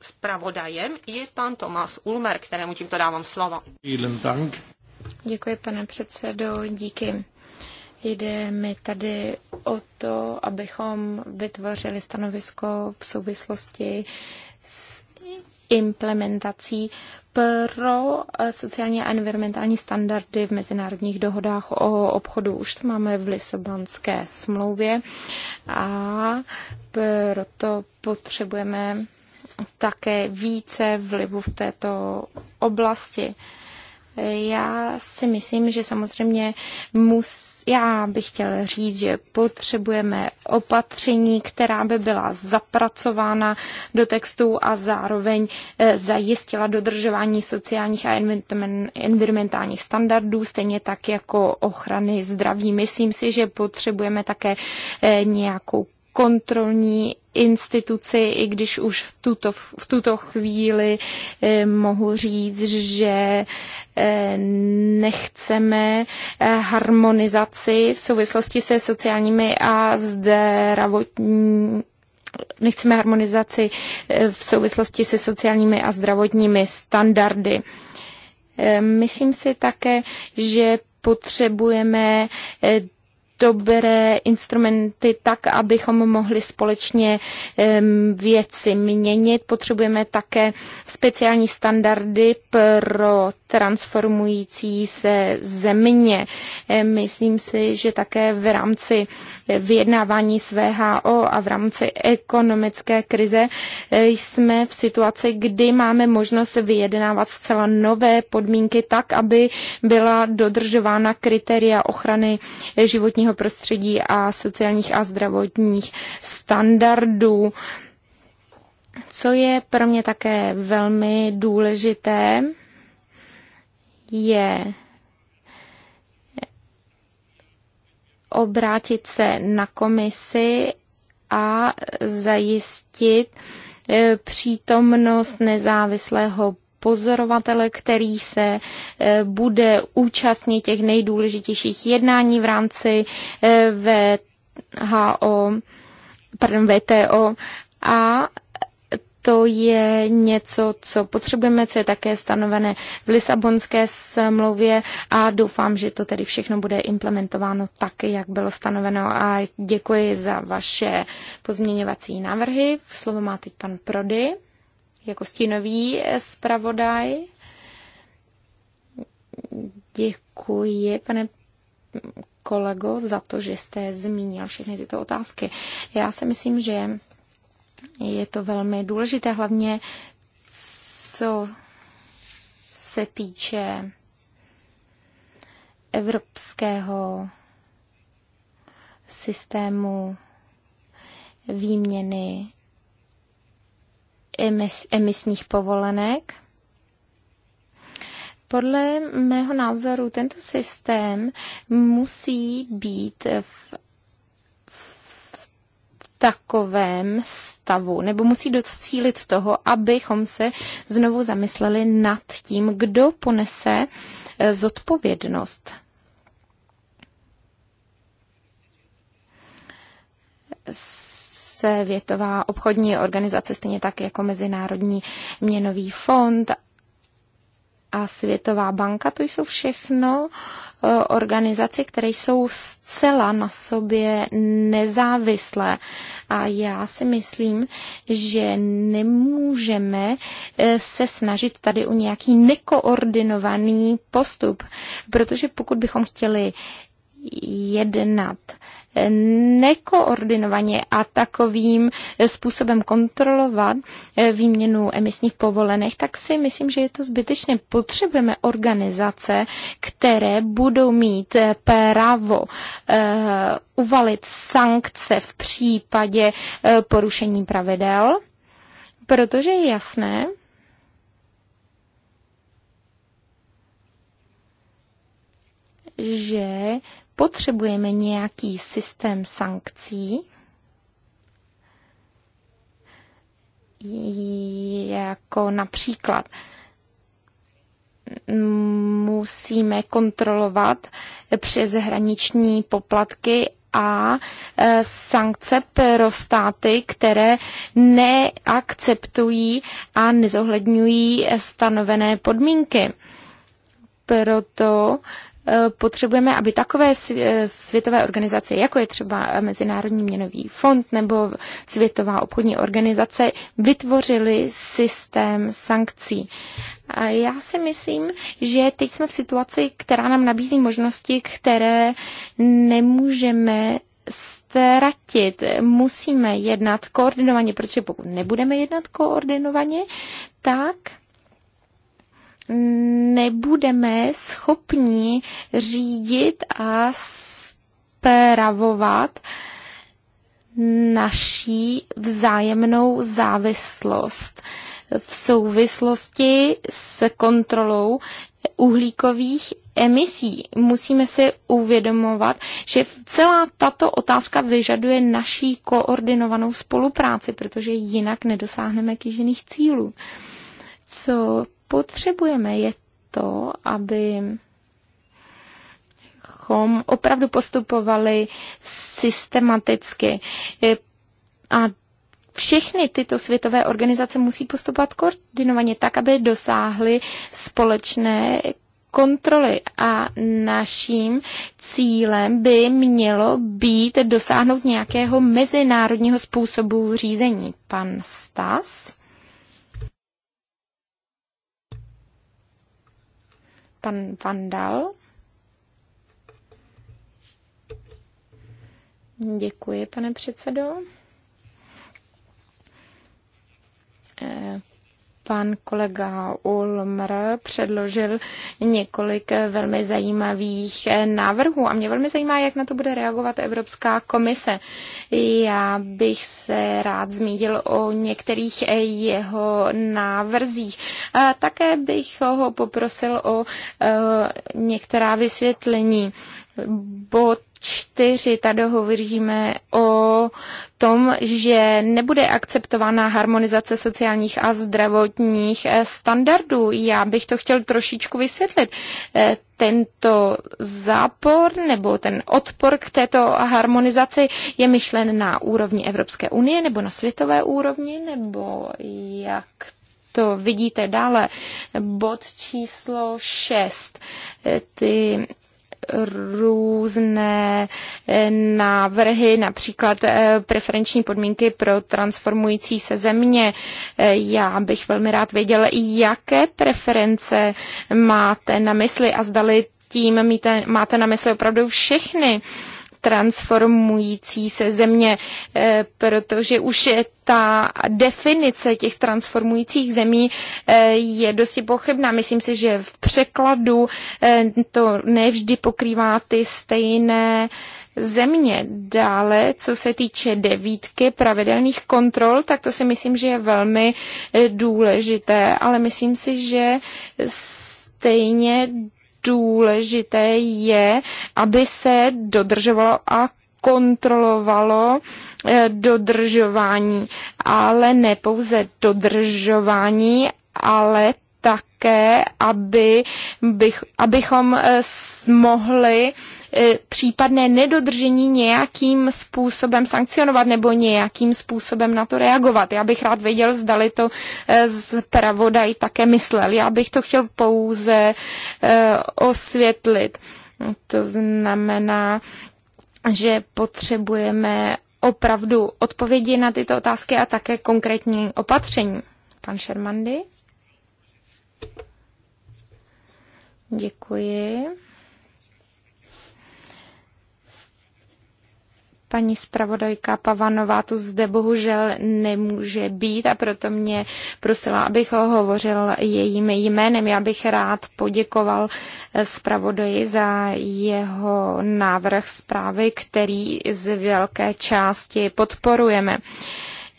zpravodajem je pan Tomas Ulmer, kterému tímto dávám slovo. Děkuji, pane předsedo, díky. Jde mi tady o to, abychom vytvořili stanovisko v souvislosti s implementací pro sociální a environmentální standardy v mezinárodních dohodách o obchodu. Už to máme v Lisabonské smlouvě a proto potřebujeme také více vlivu v této oblasti. Já si myslím, že samozřejmě mus, já bych chtěl říct, že potřebujeme opatření, která by byla zapracována do textu a zároveň eh, zajistila dodržování sociálních a environmentálních standardů, stejně tak jako ochrany zdraví. Myslím si, že potřebujeme také eh, nějakou kontrolní instituci, i když už v tuto, v tuto chvíli eh, mohu říct, že eh, nechceme eh, harmonizaci v souvislosti se sociálními a zdravotní nechceme harmonizaci v souvislosti se sociálními a zdravotními standardy. Myslím si také, že potřebujeme dobré instrumenty tak, abychom mohli společně věci měnit. Potřebujeme také speciální standardy pro transformující se země. Myslím si, že také v rámci vyjednávání s VHO a v rámci ekonomické krize e, jsme v situaci, kdy máme možnost vyjednávat zcela nové podmínky tak, aby byla dodržována kritéria ochrany životního životního prostředí a sociálních a zdravotních standardů. Co je pro mě také velmi důležité, je obrátit se na komisi a zajistit eh, přítomnost nezávislého pozorovatele, který se eh, bude účastnit těch nejdůležitějších jednání v rámci eh, VHO, pardon, VTO a to je něco, co potřebujeme, co je také stanovené v Lisabonské smlouvě a doufám, že to tedy všechno bude implementováno tak, jak bylo stanoveno a děkuji za vaše pozměňovací návrhy. Slovo má teď pan Prody jako stínový zpravodaj. Děkuji, pane kolego, za to, že jste zmínil všechny tyto otázky. Já si myslím, že je to velmi důležité, hlavně co se týče evropského systému výměny emis, emisních povolenek. Podle mého názoru tento systém musí být v takovém stavu, nebo musí docílit toho, abychom se znovu zamysleli nad tím, kdo ponese eh, zodpovědnost. S Světová obchodní organizace, stejně tak jako Mezinárodní měnový fond a Světová banka, to jsou všechno eh, organizace, které jsou zcela na sobě nezávislé. A já si myslím, že nemůžeme eh, se snažit tady o nějaký nekoordinovaný postup, protože pokud bychom chtěli jednat nekoordinovaně a takovým způsobem kontrolovat eh, výměnu emisních povolenek, tak si myslím, že je to zbytečné. Potřebujeme organizace, které budou mít eh, právo eh, uvalit sankce v případě porušení pravidel, protože je jasné, že potřebujeme nějaký systém sankcí, jako například musíme kontrolovat přeshraniční poplatky a e, sankce pro státy, které neakceptují a nezohledňují stanovené podmínky. Proto Eh, potřebujeme, aby takové eh, světové organizace, jako je třeba Mezinárodní měnový fond nebo Světová obchodní organizace, vytvořily systém sankcí. A já si myslím, že teď jsme v situaci, která nám nabízí možnosti, které nemůžeme ztratit. Musíme jednat koordinovaně, protože pokud nebudeme jednat koordinovaně, tak nebudeme schopni řídit a spravovat naší vzájemnou závislost v souvislosti s kontrolou uhlíkových emisí. Musíme si uvědomovat, že celá tato otázka vyžaduje naší koordinovanou spolupráci, protože jinak nedosáhneme kýžených cílů. Co potřebujeme, je to, aby opravdu postupovali systematicky. A všechny tyto světové organizace musí postupovat koordinovaně tak, aby dosáhly společné kontroly a naším cílem by mělo být dosáhnout nějakého mezinárodního způsobu řízení. Pan Stas? Pan Vandal. Děkuji, pane předsedo. Eh, pan kolega Ulmr předložil několik velmi zajímavých návrhů a mě velmi zajímá, jak na to bude reagovat Evropská komise. Já bych se rád zmínil o některých jeho návrzích. A také bych ho poprosil o e, některá vysvětlení bod 4, tady hovoříme o tom, že nebude akceptována harmonizace sociálních a zdravotních eh, standardů. Já bych to chtěl trošičku vysvětlit. Eh, tento zápor nebo ten odpor k této harmonizaci je myšlen na úrovni Evropské unie nebo na světové úrovni, nebo jak to vidíte dále. Bod číslo 6. Eh, ty různé eh, návrhy, například eh, preferenční podmínky pro transformující se země. Eh, já bych velmi rád věděl, jaké preference máte na mysli a zdali tím máte na mysli opravdu všechny transformující se země, eh, protože už je ta definice těch transformujících zemí eh, je dosti pochybná. Myslím si, že v překladu eh, to nevždy pokrývá ty stejné země. Dále, co se týče devítky pravidelných kontrol, tak to si myslím, že je velmi důležité, ale myslím si, že stejně důležité je, aby se dodržovalo a kontrolovalo eh, dodržování, ale ne pouze dodržování, ale také, aby, bych, abychom eh, mohli eh, případné nedodržení nějakým způsobem sankcionovat nebo nějakým způsobem na to reagovat. Já bych rád věděl, zdali to eh, zpravodaj také myslel. Já bych to chtěl pouze osvětlit. To znamená, že potřebujeme opravdu odpovědi na tyto otázky a také konkrétní opatření. Pan Šermandy? Děkuji. paní zpravodajka Pavanová tu zde bohužel nemůže být a proto mě prosila, abych ho hovořil jejím jménem. Já bych rád poděkoval zpravodaji za jeho návrh zprávy, který z velké části podporujeme.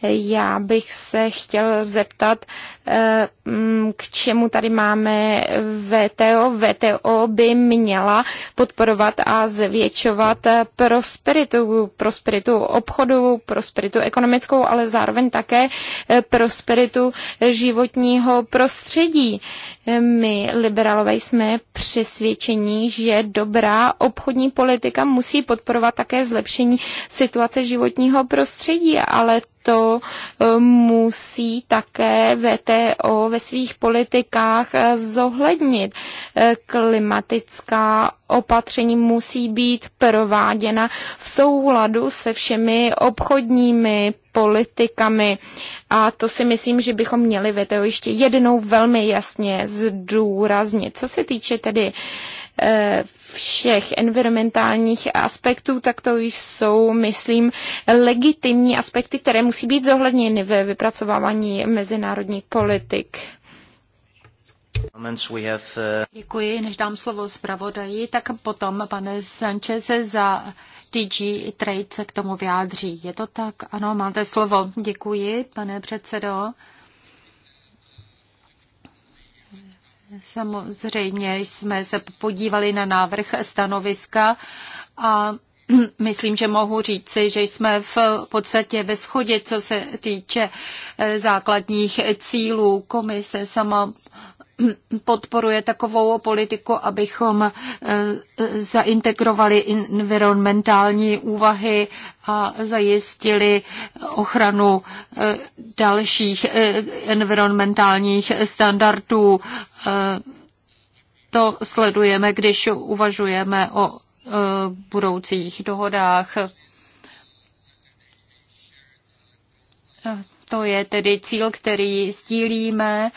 Já bych se chtěl zeptat, Eh, mm, k čemu tady máme VTO. VTO by měla podporovat a zvětšovat prosperitu, prosperitu obchodu, prosperitu ekonomickou, ale zároveň také eh, prosperitu životního prostředí. Eh, my, liberálové, jsme přesvědčení, že dobrá obchodní politika musí podporovat také zlepšení situace životního prostředí, ale to musí také VTO VTO ve svých politikách eh, zohlednit. Eh, klimatická opatření musí být prováděna v souladu se všemi obchodními politikami. A to si myslím, že bychom měli VTO e ještě jednou velmi jasně zdůraznit. Co se týče tedy Eh, všech environmentálních aspektů, tak to už jsou, myslím, legitimní aspekty, které musí být zohledněny ve vypracovávání mezinárodních politik. Eh, Děkuji, než dám slovo zpravodaji, tak potom pane Sanchez za DG Trade se k tomu vyjádří. Je to tak? Ano, máte slovo. Děkuji, pane předsedo. Samozřejmě jsme se podívali na návrh stanoviska a myslím, že mohu říci, že jsme v podstatě ve shodě, co se týče eh, základních cílů. Komise sama podporuje takovou politiku, abychom eh, zaintegrovali environmentální úvahy a zajistili ochranu eh, dalších eh, environmentálních standardů. To sledujeme, když uvažujeme o budoucích dohodách. To je tedy cíl, který sdílíme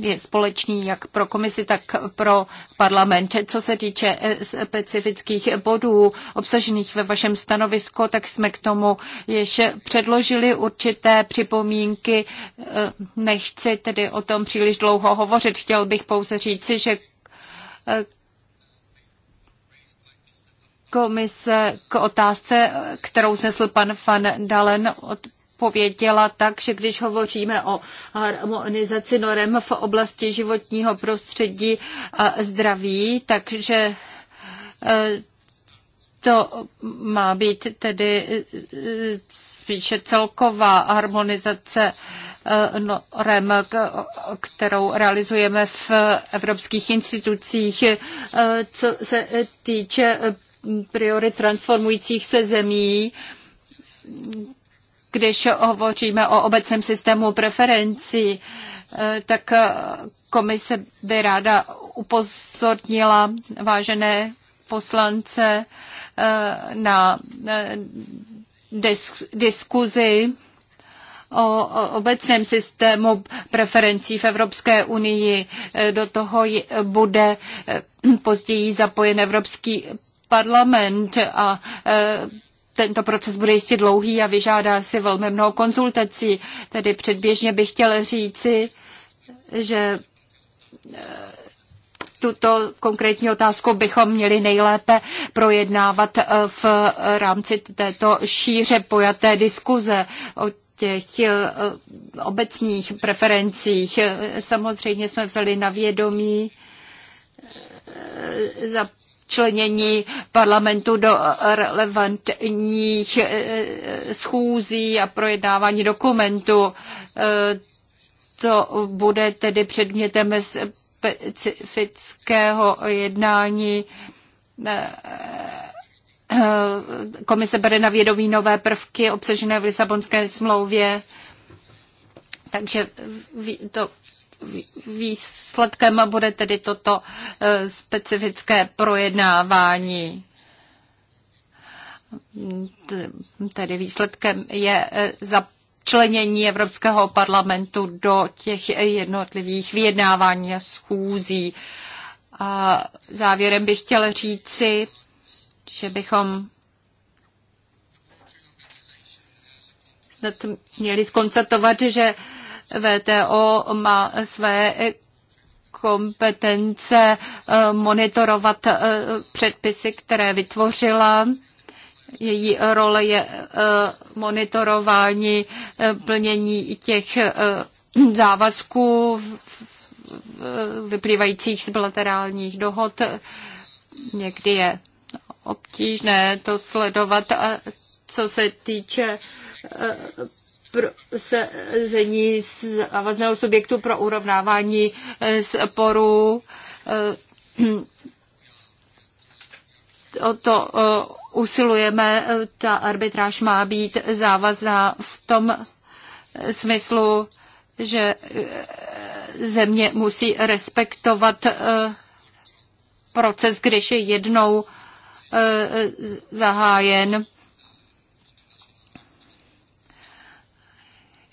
je společný jak pro komisi, tak pro parlament. Co se týče eh, specifických bodů obsažených ve vašem stanovisku, tak jsme k tomu ještě předložili určité připomínky. Eh, nechci tedy o tom příliš dlouho hovořit. Chtěl bych pouze říci, že eh, komise k otázce, kterou znesl pan Van Dalen, odpověděla tak, že když hovoříme o harmonizaci norem v oblasti životního prostředí a zdraví, takže e, to má být tedy e, spíše celková harmonizace e, norem, kterou realizujeme v evropských institucích, co se týče priory transformujících se zemí když hovoříme o obecném systému preferencí, eh, tak komise by ráda upozornila vážené poslance eh, na eh, diskuzi o obecném systému preferencí v Evropské unii. Do toho bude později zapojen Evropský parlament a tento proces bude jistě dlouhý a vyžádá si velmi mnoho konzultací. Tedy předběžně bych chtěl říci, že eh, tuto konkrétní otázku bychom měli nejlépe projednávat eh, v rámci této šíře pojaté diskuze o těch eh, obecních preferencích. Samozřejmě jsme vzali na vědomí za členění parlamentu do relevantních eh, schůzí a projednávání dokumentu. Eh, to bude tedy předmětem specifického jednání eh, komise bere na vědomí nové prvky obsažené v Lisabonské smlouvě. Takže to výsledkem bude tedy toto eh, specifické projednávání. Tedy výsledkem je eh, začlenění Evropského parlamentu do těch jednotlivých vyjednávání a schůzí. A závěrem bych chtěl říci, že bychom snad měli skoncentovat, že VTO má své kompetence eh, monitorovat eh, předpisy, které vytvořila. Její role je eh, monitorování plnění těch závazků vyplývajících z bilaterálních dohod. Někdy je obtížné to sledovat, co se týče z závazného subjektu pro urovnávání sporů. Eh, o to eh, usilujeme. Ta arbitráž má být závazná v tom smyslu, že eh, země musí respektovat proces, když je jednou zahájen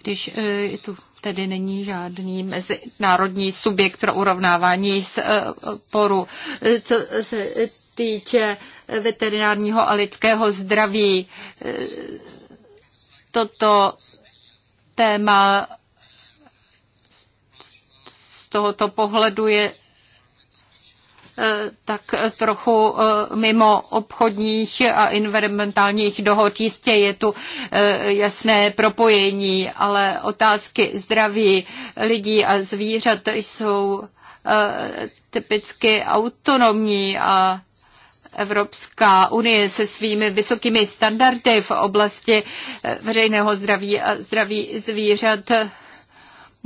když eh, tu tedy není žádný mezinárodní subjekt pro urovnávání sporu. Eh, eh, co se týče veterinárního a lidského zdraví, toto téma z tohoto pohledu je Eh, tak eh, trochu eh, mimo obchodních a environmentálních dohod. Jistě je tu jasné propojení, ale otázky zdraví lidí a zvířat jsou typicky autonomní a Evropská unie se svými vysokými standardy v oblasti veřejného zdraví a zdraví zvířat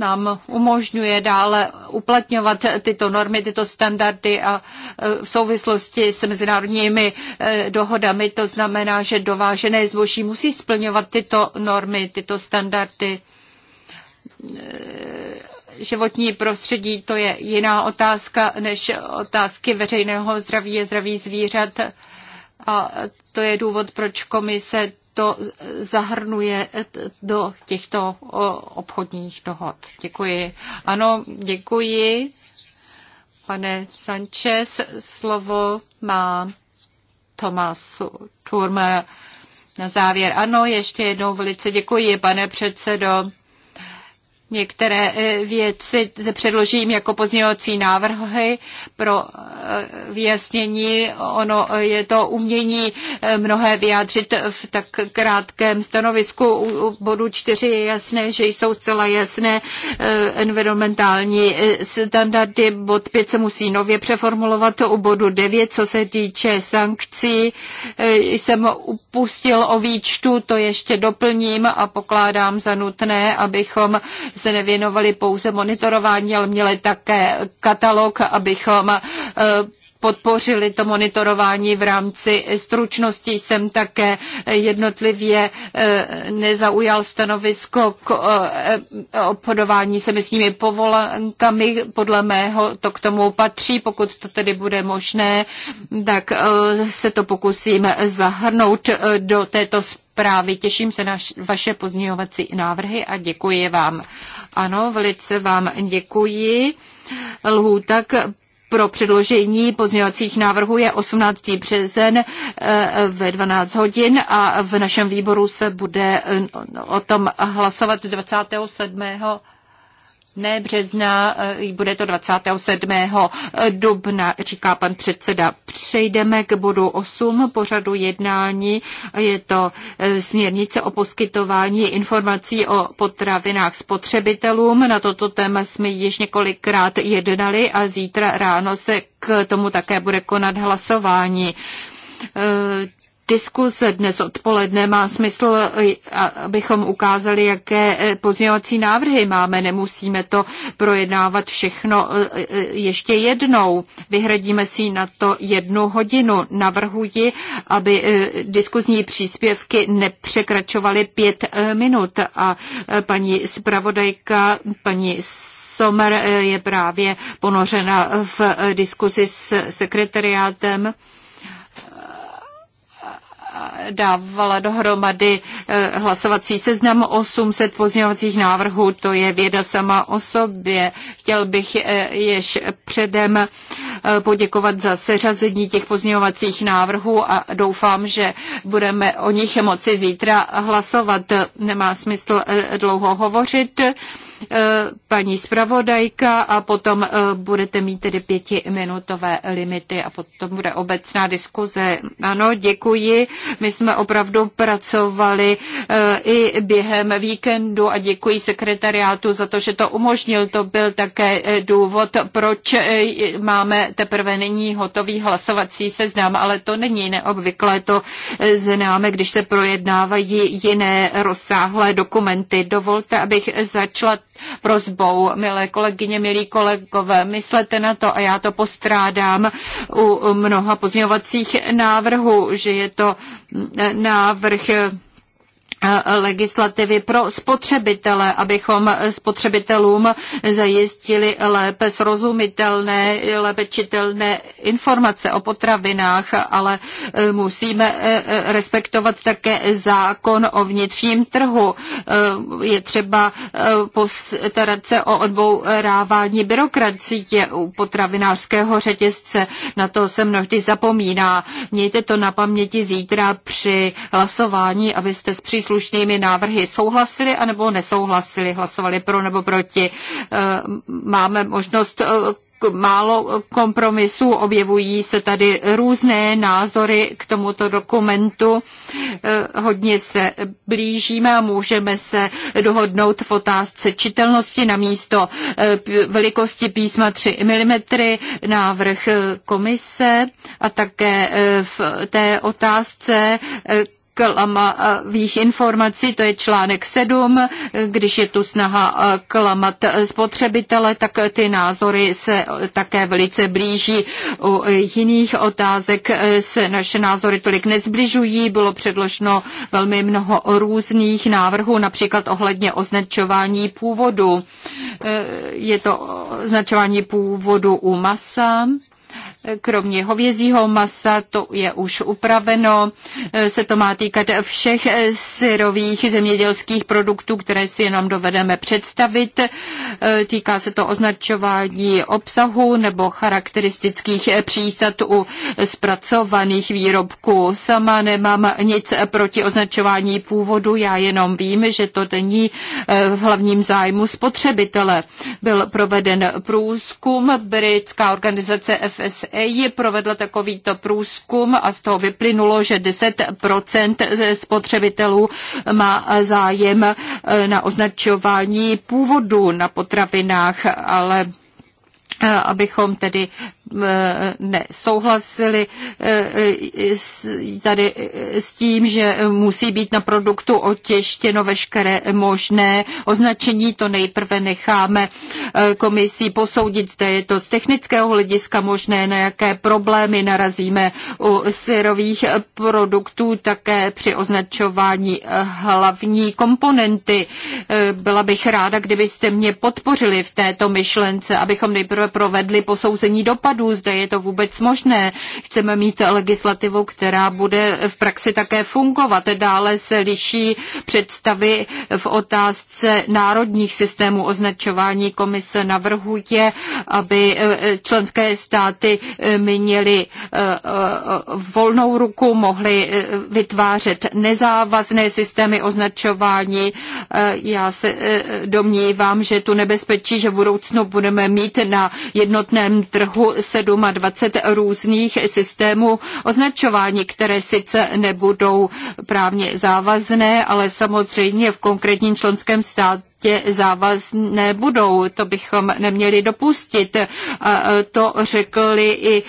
nám umožňuje dále uplatňovat tyto normy, tyto standardy a e, v souvislosti s mezinárodními e, dohodami. To znamená, že dovážené zboží musí splňovat tyto normy, tyto standardy e, životní prostředí, to je jiná otázka než otázky veřejného zdraví a zdraví zvířat. A to je důvod, proč komise to zahrnuje do těchto obchodních dohod. Děkuji. Ano, děkuji. Pane Sanchez, slovo má Tomas Turmer. Na závěr, ano, ještě jednou velice děkuji, pane předsedo. Některé eh, věci předložím jako pozměňovací návrhy pro eh, vyjasnění. Ono eh, je to umění mnohé vyjádřit v tak krátkém stanovisku. U bodu čtyři je jasné, že jsou zcela jasné environmentální standardy. Bod pět se musí nově přeformulovat. U bodu devět, co se týče sankcí, jsem upustil o výčtu, to ještě doplním a pokládám za nutné, abychom se nevěnovali pouze monitorování, ale měli také katalog, abychom eh, podpořili to monitorování v rámci stručnosti. Jsem také jednotlivě eh, nezaujal stanovisko k eh, eh, obchodování se místními povolankami. Podle mého to k tomu patří. Pokud to tedy bude možné, tak se to pokusím zahrnout do této zprávy. Těším se na vaše pozměňovací návrhy a děkuji vám. Ano, velice vám děkuji. Lhůta k pro předložení pozměňovacích návrhů je 18. březen eh, ve 12 hodin a v našem výboru se bude eh, o tom hlasovat 27 ne března, eh, bude to 27. dubna, říká pan předseda. Přejdeme k bodu 8 pořadu jednání. Je to eh, směrnice o poskytování informací o potravinách spotřebitelům. Na toto téma jsme již několikrát jednali a zítra ráno se k tomu také bude konat hlasování eh, diskuse dnes odpoledne má smysl, eh, abychom ukázali, jaké eh, pozměňovací návrhy máme. Nemusíme to projednávat všechno eh, ještě jednou. Vyhradíme si na to jednu hodinu. Navrhuji, aby diskuzní příspěvky nepřekračovaly pět minut. A paní zpravodajka, paní Somer je právě ponořena v diskuzi s sekretariátem dávala dohromady eh, hlasovací seznam 800 pozměňovacích návrhů, to je věda sama o sobě. Chtěl bych eh, jež předem eh, poděkovat za seřazení těch pozměňovacích návrhů a doufám, že budeme o nich moci zítra hlasovat. Nemá smysl dlouho hovořit paní zpravodajka a potom eh, budete mít tedy pětiminutové limity a potom bude obecná diskuze. Ano, děkuji. My jsme opravdu pracovali eh, i během víkendu a děkuji sekretariátu za to, že to umožnil. To byl také eh, důvod, proč máme teprve nyní hotový hlasovací seznam, ale to není neobvyklé, to známe, když se projednávají jiné rozsáhlé dokumenty. Dovolte, abych začala prozbou. Milé kolegyně, milí kolegové, myslete na to a já to postrádám u mnoha pozměňovacích návrhů, že je to návrh Eh, legislativy pro spotřebitele, abychom spotřebitelům zajistili lépe srozumitelné, lépe čitelné informace o potravinách, ale eh, musíme eh, respektovat také zákon o vnitřním trhu. Je třeba postarat se o odbourávání byrokracie u potravinářského řetězce. Na to se mnohdy zapomíná. Mějte to na paměti zítra při hlasování, abyste zpřísnili příslušnými návrhy souhlasili anebo nesouhlasili, hlasovali pro nebo proti. E, máme možnost e, málo kompromisů, objevují se tady různé názory k tomuto dokumentu. E, hodně se blížíme a můžeme se dohodnout v otázce čitelnosti na místo velikosti písma 3 mm, návrh komise a také v té otázce, vých informací, to je článek 7, když je tu snaha eh, klamat eh, spotřebitele, tak eh, ty názory se také velice blíží. U jiných otázek se naše názory tolik nezbližují, bylo předloženo velmi mnoho různých návrhů, například ohledně označování původu. Je to označování původu u masa, kromě hovězího masa, to je už upraveno, eh, se to má týkat všech eh, syrových zemědělských produktů, které si jenom dovedeme představit. Eh, týká se to označování obsahu nebo charakteristických přísad u zpracovaných výrobků. Sama nemám nic proti označování původu, já jenom vím, že to není v hlavním zájmu spotřebitele. Byl proveden průzkum, britská organizace FSA EI provedla takovýto průzkum a z toho vyplynulo, že 10% spotřebitelů má zájem eh, na označování původu na potravinách, ale eh, abychom tedy nesouhlasili eh, eh, tady eh, s tím, že musí být na produktu otěštěno veškeré možné označení. To nejprve necháme komisí posoudit, zda je to z technického hlediska možné, na jaké problémy narazíme u syrových produktů, také při označování hlavní komponenty. Byla bych ráda, kdybyste mě podpořili v této myšlence, abychom nejprve provedli posouzení dopadu úřadů, zda je to vůbec možné. Chceme mít legislativu, která bude v praxi také fungovat. Dále se liší představy v otázce národních systémů označování. Komise navrhuje, aby eh, členské státy eh, měly eh, volnou ruku, mohly vytvářet nezávazné systémy označování. Já se domnívám, že tu nebezpečí, že v budoucnu budeme mít na jednotném trhu 27 různých systémů označování, které sice nebudou právně závazné, ale samozřejmě v konkrétním členském státu závazné budou. To bychom neměli dopustit. A to řekli i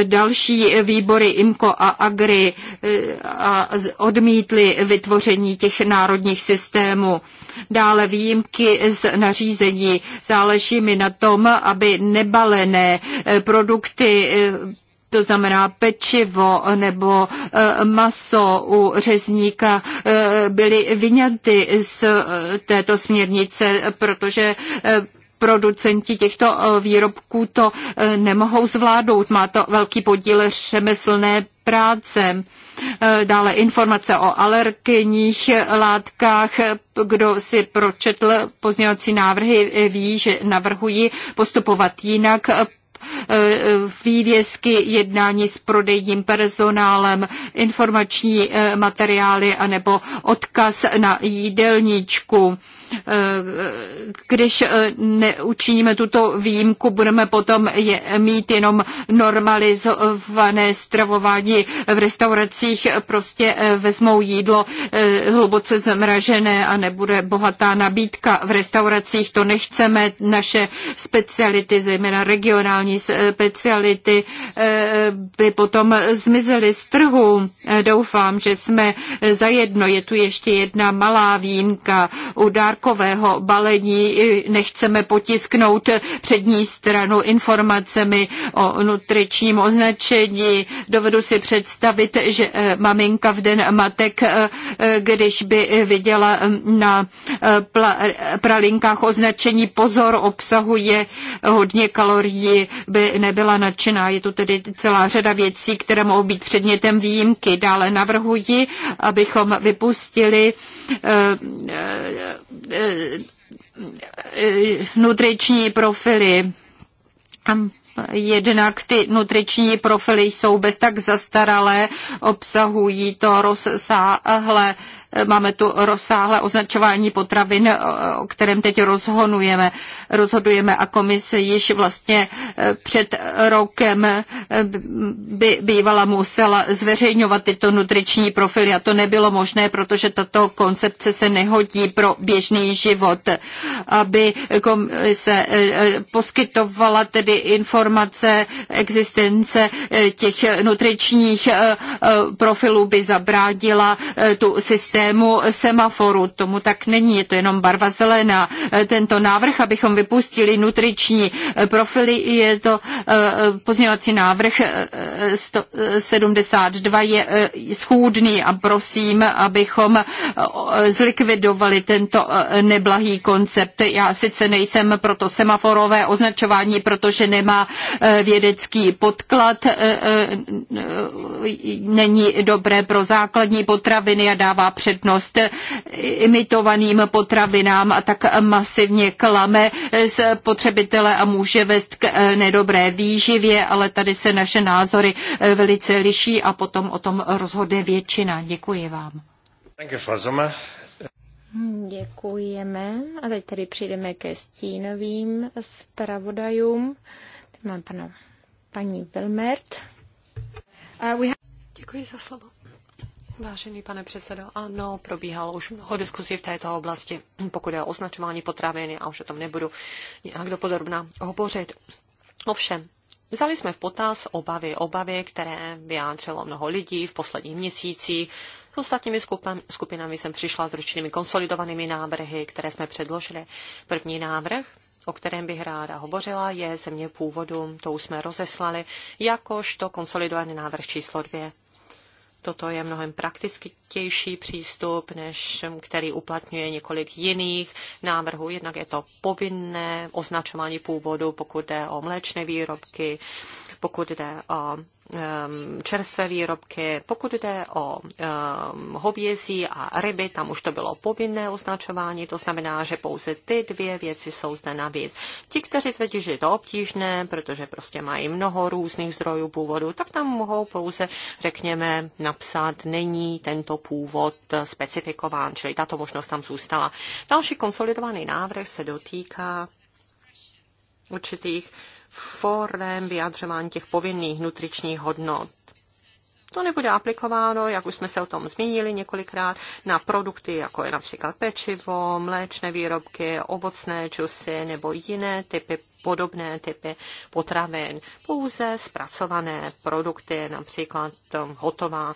e, další výbory IMCO a AGRI e, a odmítli vytvoření těch národních systémů. Dále výjimky z nařízení. Záleží mi na tom, aby nebalené eh, produkty eh, to znamená pečivo nebo eh, maso u řezníka byly vyňaty z této směrnice, protože producenti těchto výrobků to nemohou zvládnout. Má to velký podíl řemeslné práce. Eh, dále informace o alergenních látkách. Kdo si pročetl pozměňovací návrhy, ví, že navrhuji postupovat jinak eh, vývězky, jednání s prodejním personálem, informační eh, materiály anebo odkaz na jídelníčku. Eh, když eh, neučiníme tuto výjimku, budeme potom je, mít jenom normalizované stravování v restauracích. Prostě eh, vezmou jídlo hluboce zmražené a nebude bohatá nabídka v restauracích. To nechceme. Naše speciality, zejména regionální speciality, by potom zmizely z trhu. Doufám, že jsme zajedno. Je tu ještě jedna malá výjimka. U dár dárkového balení. Nechceme potisknout přední stranu informacemi o nutričním označení. Dovedu si představit, že eh, maminka v den matek, eh, eh, když by viděla na pralinkách označení pozor obsahuje hodně kalorií, by nebyla nadšená. Je tu tedy celá řada věcí, které mohou být předmětem výjimky. Dále navrhuji, abychom vypustili Eh, eh, nutriční profily Jednak ty nutriční profily jsou bez tak zastaralé, obsahují to rozsáhlé máme tu rozsáhlé označování potravin, o kterém teď rozhodujeme. Rozhodujeme a komise již vlastně eh, před rokem eh, by bývala musela zveřejňovat tyto nutriční profily a to nebylo možné, protože tato koncepce se nehodí pro běžný život, aby komise eh, poskytovala tedy informace informace, existence eh, těch nutričních eh, eh, profilů by zabrádila tu systému semaforu. Tomu tak není, je to jenom barva zelená. Tento návrh, abychom vypustili nutriční profily, je to pozměňovací návrh 172 je schůdný a prosím, abychom zlikvidovali tento neblahý koncept. Já sice nejsem proto semaforové označování, protože nemá Eh, vědecký podklad eh, eh, není dobré pro základní potraviny a dává přednost imitovaným potravinám a tak masivně klame z potřebitele a může vést k nedobré výživě, ale tady se naše názory velice liší a potom o tom rozhodne většina. Děkuji vám. Děkujeme. A teď tady přijdeme ke stínovým zpravodajům. Mám pana, Paní Wilmert. Uh, Děkuji za slovo. Vážený pane předsedo, ano, probíhalo už mnoho diskuzí v této oblasti, pokud je o označování potraviny a už o tom nebudu nějak dopodrobná hovořit. Ovšem, vzali jsme v potaz obavy, obavy, které vyjádřilo mnoho lidí v posledních měsících. S ostatními skupinami jsem přišla s ručnými konsolidovanými návrhy, které jsme předložili. První návrh o kterém bych ráda hovořila, je země původu, to už jsme rozeslali, jakožto konsolidovaný návrh číslo dvě. Toto je mnohem praktičtější přístup, než který uplatňuje několik jiných návrhů. Jednak je to povinné označování původu, pokud jde o mléčné výrobky, pokud jde o Ehm, čerstvé výrobky. Pokud jde o ehm, hovězí a ryby, tam už to bylo povinné označování, to znamená, že pouze ty dvě věci jsou zde navíc. Ti, kteří tvrdí, že je to obtížné, protože prostě mají mnoho různých zdrojů původu, tak tam mohou pouze, řekněme, napsat, není tento původ specifikován, čili tato možnost tam zůstala. Další konsolidovaný návrh se dotýká určitých uh, forem vyjadřování těch povinných nutričních hodnot. To nebude aplikováno, jak už jsme se o tom zmínili několikrát, na produkty, jako je například pečivo, mléčné výrobky, ovocné čusy nebo jiné typy podobné typy potravin. Pouze zpracované produkty, například um, hotová,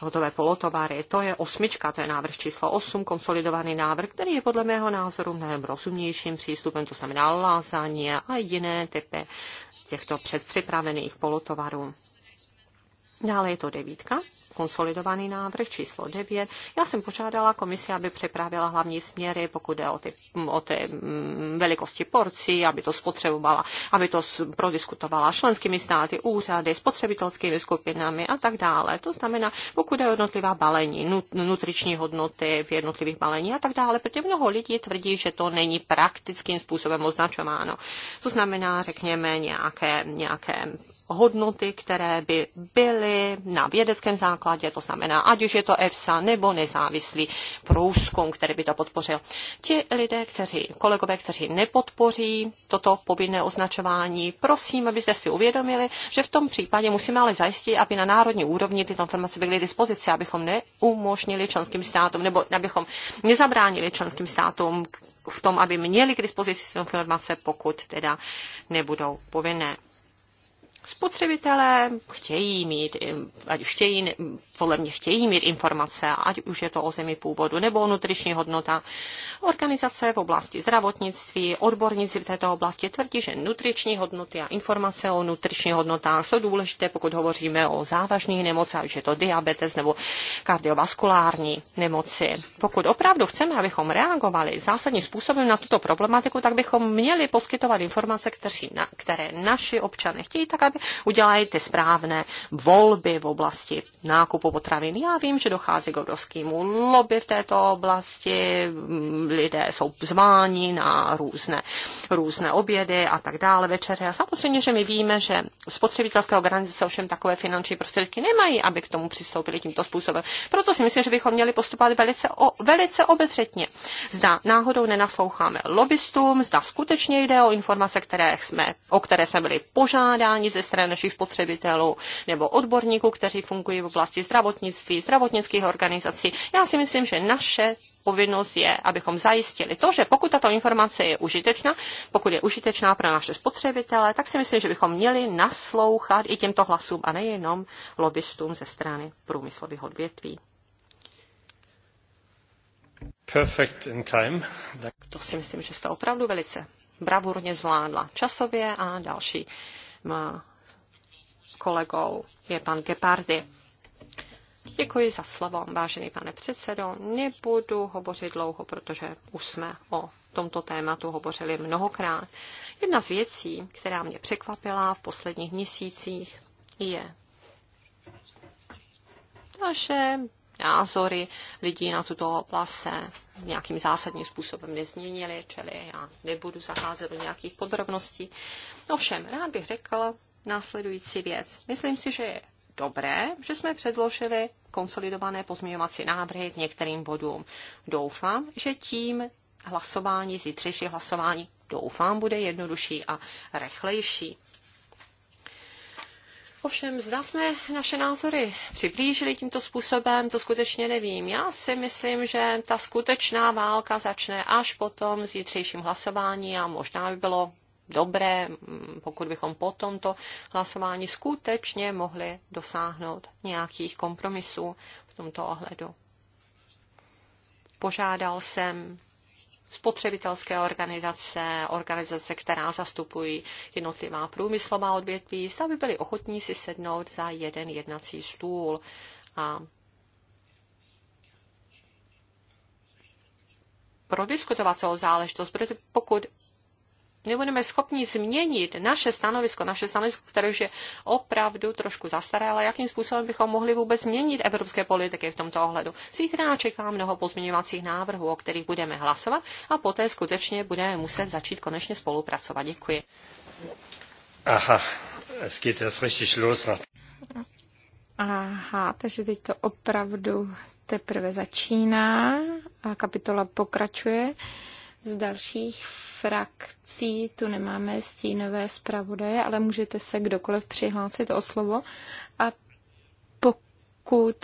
hotové polotovary. To je osmička, to je návrh číslo 8, konsolidovaný návrh, který je podle mého názoru mnohem rozumnějším přístupem, to znamená lázaně a jiné typy těchto předpřipravených polotovarů. Dále je to devítka konsolidovaný návrh číslo 9. Já jsem požádala komisi, aby připravila hlavní směry, pokud jde o ty, o ty mm, velikosti porcí, aby to spotřebovala, aby to prodiskutovala členskými státy, úřady, spotřebitelskými skupinami a tak dále. To znamená, pokud jde o jednotlivá balení, nutriční hodnoty v jednotlivých balení a tak dále, protože mnoho lidí tvrdí, že to není praktickým způsobem označováno. To znamená, řekněme, nějaké, nějaké hodnoty, které by byly na vědeckém základu základě, to znamená, ať už je to EFSA nebo nezávislý průzkum, který by to podpořil. Ti lidé, kteří, kolegové, kteří nepodpoří toto povinné označování, prosím, abyste si uvědomili, že v tom případě musíme ale zajistit, aby na národní úrovni tyto informace byly k dispozici, abychom neumožnili členským státům nebo abychom nezabránili členským státům v tom, aby měli k dispozici informace, pokud teda nebudou povinné. Spotřebitelé chtějí mít, ať už chtějí, podle mě chtějí mít informace, ať už je to o zemi původu nebo o nutriční hodnota. Organizace v oblasti zdravotnictví, odborníci v této oblasti tvrdí, že nutriční hodnoty a informace o nutriční hodnotách jsou důležité, pokud hovoříme o závažných nemocích, ať už je to diabetes nebo kardiovaskulární nemoci. Pokud opravdu chceme, abychom reagovali zásadním způsobem na tuto problematiku, tak bychom měli poskytovat informace, které, které naši občané chtějí, tak aby udělají ty správné volby v oblasti nákupu potravin. Já vím, že dochází k obrovskému lobby v této oblasti, lidé jsou zváni na různé, různé obědy a tak dále, večeře. A samozřejmě, že my víme, že spotřebitelské organizace ovšem takové finanční prostředky nemají, aby k tomu přistoupili tímto způsobem. Proto si myslím, že bychom měli postupovat velice, o, velice obezřetně. Zda náhodou nenasloucháme lobbystům, zda skutečně jde o informace, které jsme, o které jsme byli požádáni ze ze strany našich spotřebitelů nebo odborníků, kteří fungují v oblasti zdravotnictví, zdravotnických organizací. Já si myslím, že naše povinnost je, abychom zajistili to, že pokud tato informace je užitečná, pokud je užitečná pro naše spotřebitele, tak si myslím, že bychom měli naslouchat i těmto hlasům a nejenom lobbystům ze strany průmyslových odvětví. Perfect in time. To si myslím, že jste opravdu velice bravurně zvládla časově a další kolegou je pan Gepardy. Děkuji za slovo, vážený pane předsedo. Nebudu hovořit dlouho, protože už jsme o tomto tématu hovořili mnohokrát. Jedna z věcí, která mě překvapila v posledních měsících, je naše názory lidí na tuto oblast se nějakým zásadním způsobem nezměnily, čili já nebudu zacházet do nějakých podrobností. Ovšem, rád bych řekl, následující věc. Myslím si, že je dobré, že jsme předložili konsolidované pozměňovací návrhy k některým bodům. Doufám, že tím hlasování, zítřejší hlasování, doufám, bude jednodušší a rychlejší. Ovšem, zda jsme naše názory přiblížili tímto způsobem, to skutečně nevím. Já si myslím, že ta skutečná válka začne až po tom zítřejším hlasování a možná by bylo dobré, mm, pokud bychom po tomto hlasování skutečně mohli dosáhnout nějakých kompromisů v tomto ohledu. Požádal jsem spotřebitelské organizace, organizace, která zastupují jednotlivá průmyslová odvětví, zda by byli ochotní si sednout za jeden jednací stůl a prodiskutovat celou záležitost, protože pokud nebudeme schopni změnit naše stanovisko, naše stanovisko, které už je opravdu trošku zastaré, ale jakým způsobem bychom mohli vůbec změnit evropské politiky v tomto ohledu. Zítra čeká mnoho pozměňovacích návrhů, o kterých budeme hlasovat a poté skutečně budeme muset začít konečně spolupracovat. Děkuji. Aha, es geht jetzt richtig los. Aha, takže teď to opravdu teprve začíná a kapitola pokračuje. Z dalších frakcí tu nemáme stínové zpravodaje, ale můžete se kdokoliv přihlásit o slovo. A pokud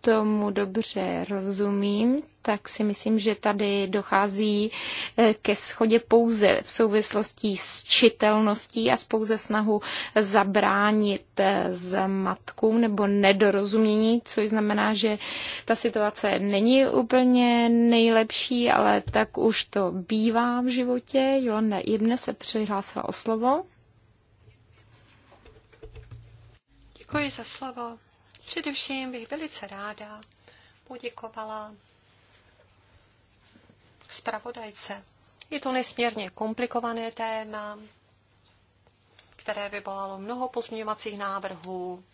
tomu dobře rozumím, tak si myslím, že tady dochází eh, ke schodě pouze v souvislosti s čitelností a pouze snahu zabránit eh, z matku nebo nedorozumění, což znamená, že ta situace není úplně nejlepší, ale tak už to bývá v životě. Jolanda Ibne se přihlásila o slovo. Děkuji za slovo. Především bych velice ráda poděkovala zpravodajce. Je to nesmírně komplikované téma, které vyvolalo mnoho pozměňovacích návrhů.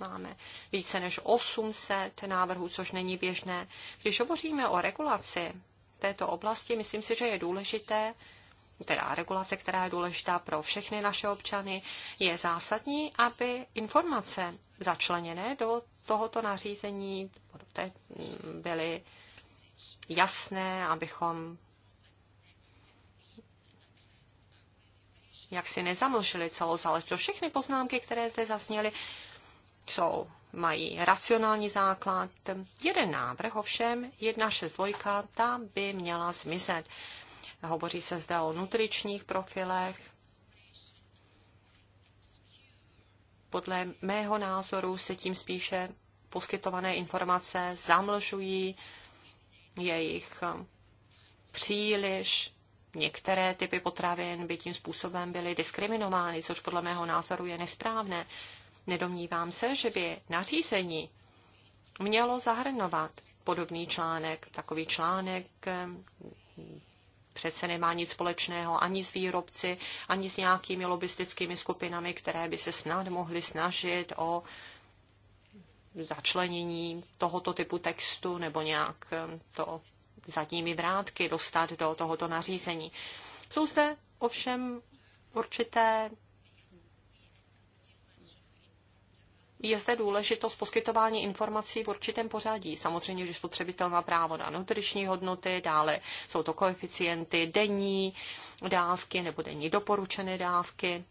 Máme více než 800 návrhů, což není běžné. Když hovoříme o regulaci této oblasti, myslím si, že je důležité, teda regulace, která je důležitá pro všechny naše občany, je zásadní, aby informace začleněné do tohoto nařízení, byly jasné, abychom jak si nezamlžili celou záležitost. Všechny poznámky, které zde zazněly, jsou, mají racionální základ. Jeden návrh ovšem, jedna šestdvojka, ta by měla zmizet. Hovoří se zde o nutričních profilech, Podle mého názoru se tím spíše poskytované informace zamlžují, jejich eh, příliš. Některé typy potravin by tím způsobem byly diskriminovány, což podle mého názoru je nesprávné. Nedomnívám se, že by nařízení mělo zahrnovat podobný článek, takový článek eh, přece nemá nic společného ani s výrobci, ani s nějakými lobistickými skupinami, které by se snad mohly snažit o začlenění tohoto typu textu nebo nějak eh, to zadními vrátky dostat do tohoto nařízení. Jsou zde ovšem určité je zde důležitost poskytování informací v určitém pořadí. Samozřejmě, že spotřebitel má právo na nutriční hodnoty, dále jsou to koeficienty denní dávky nebo denní doporučené dávky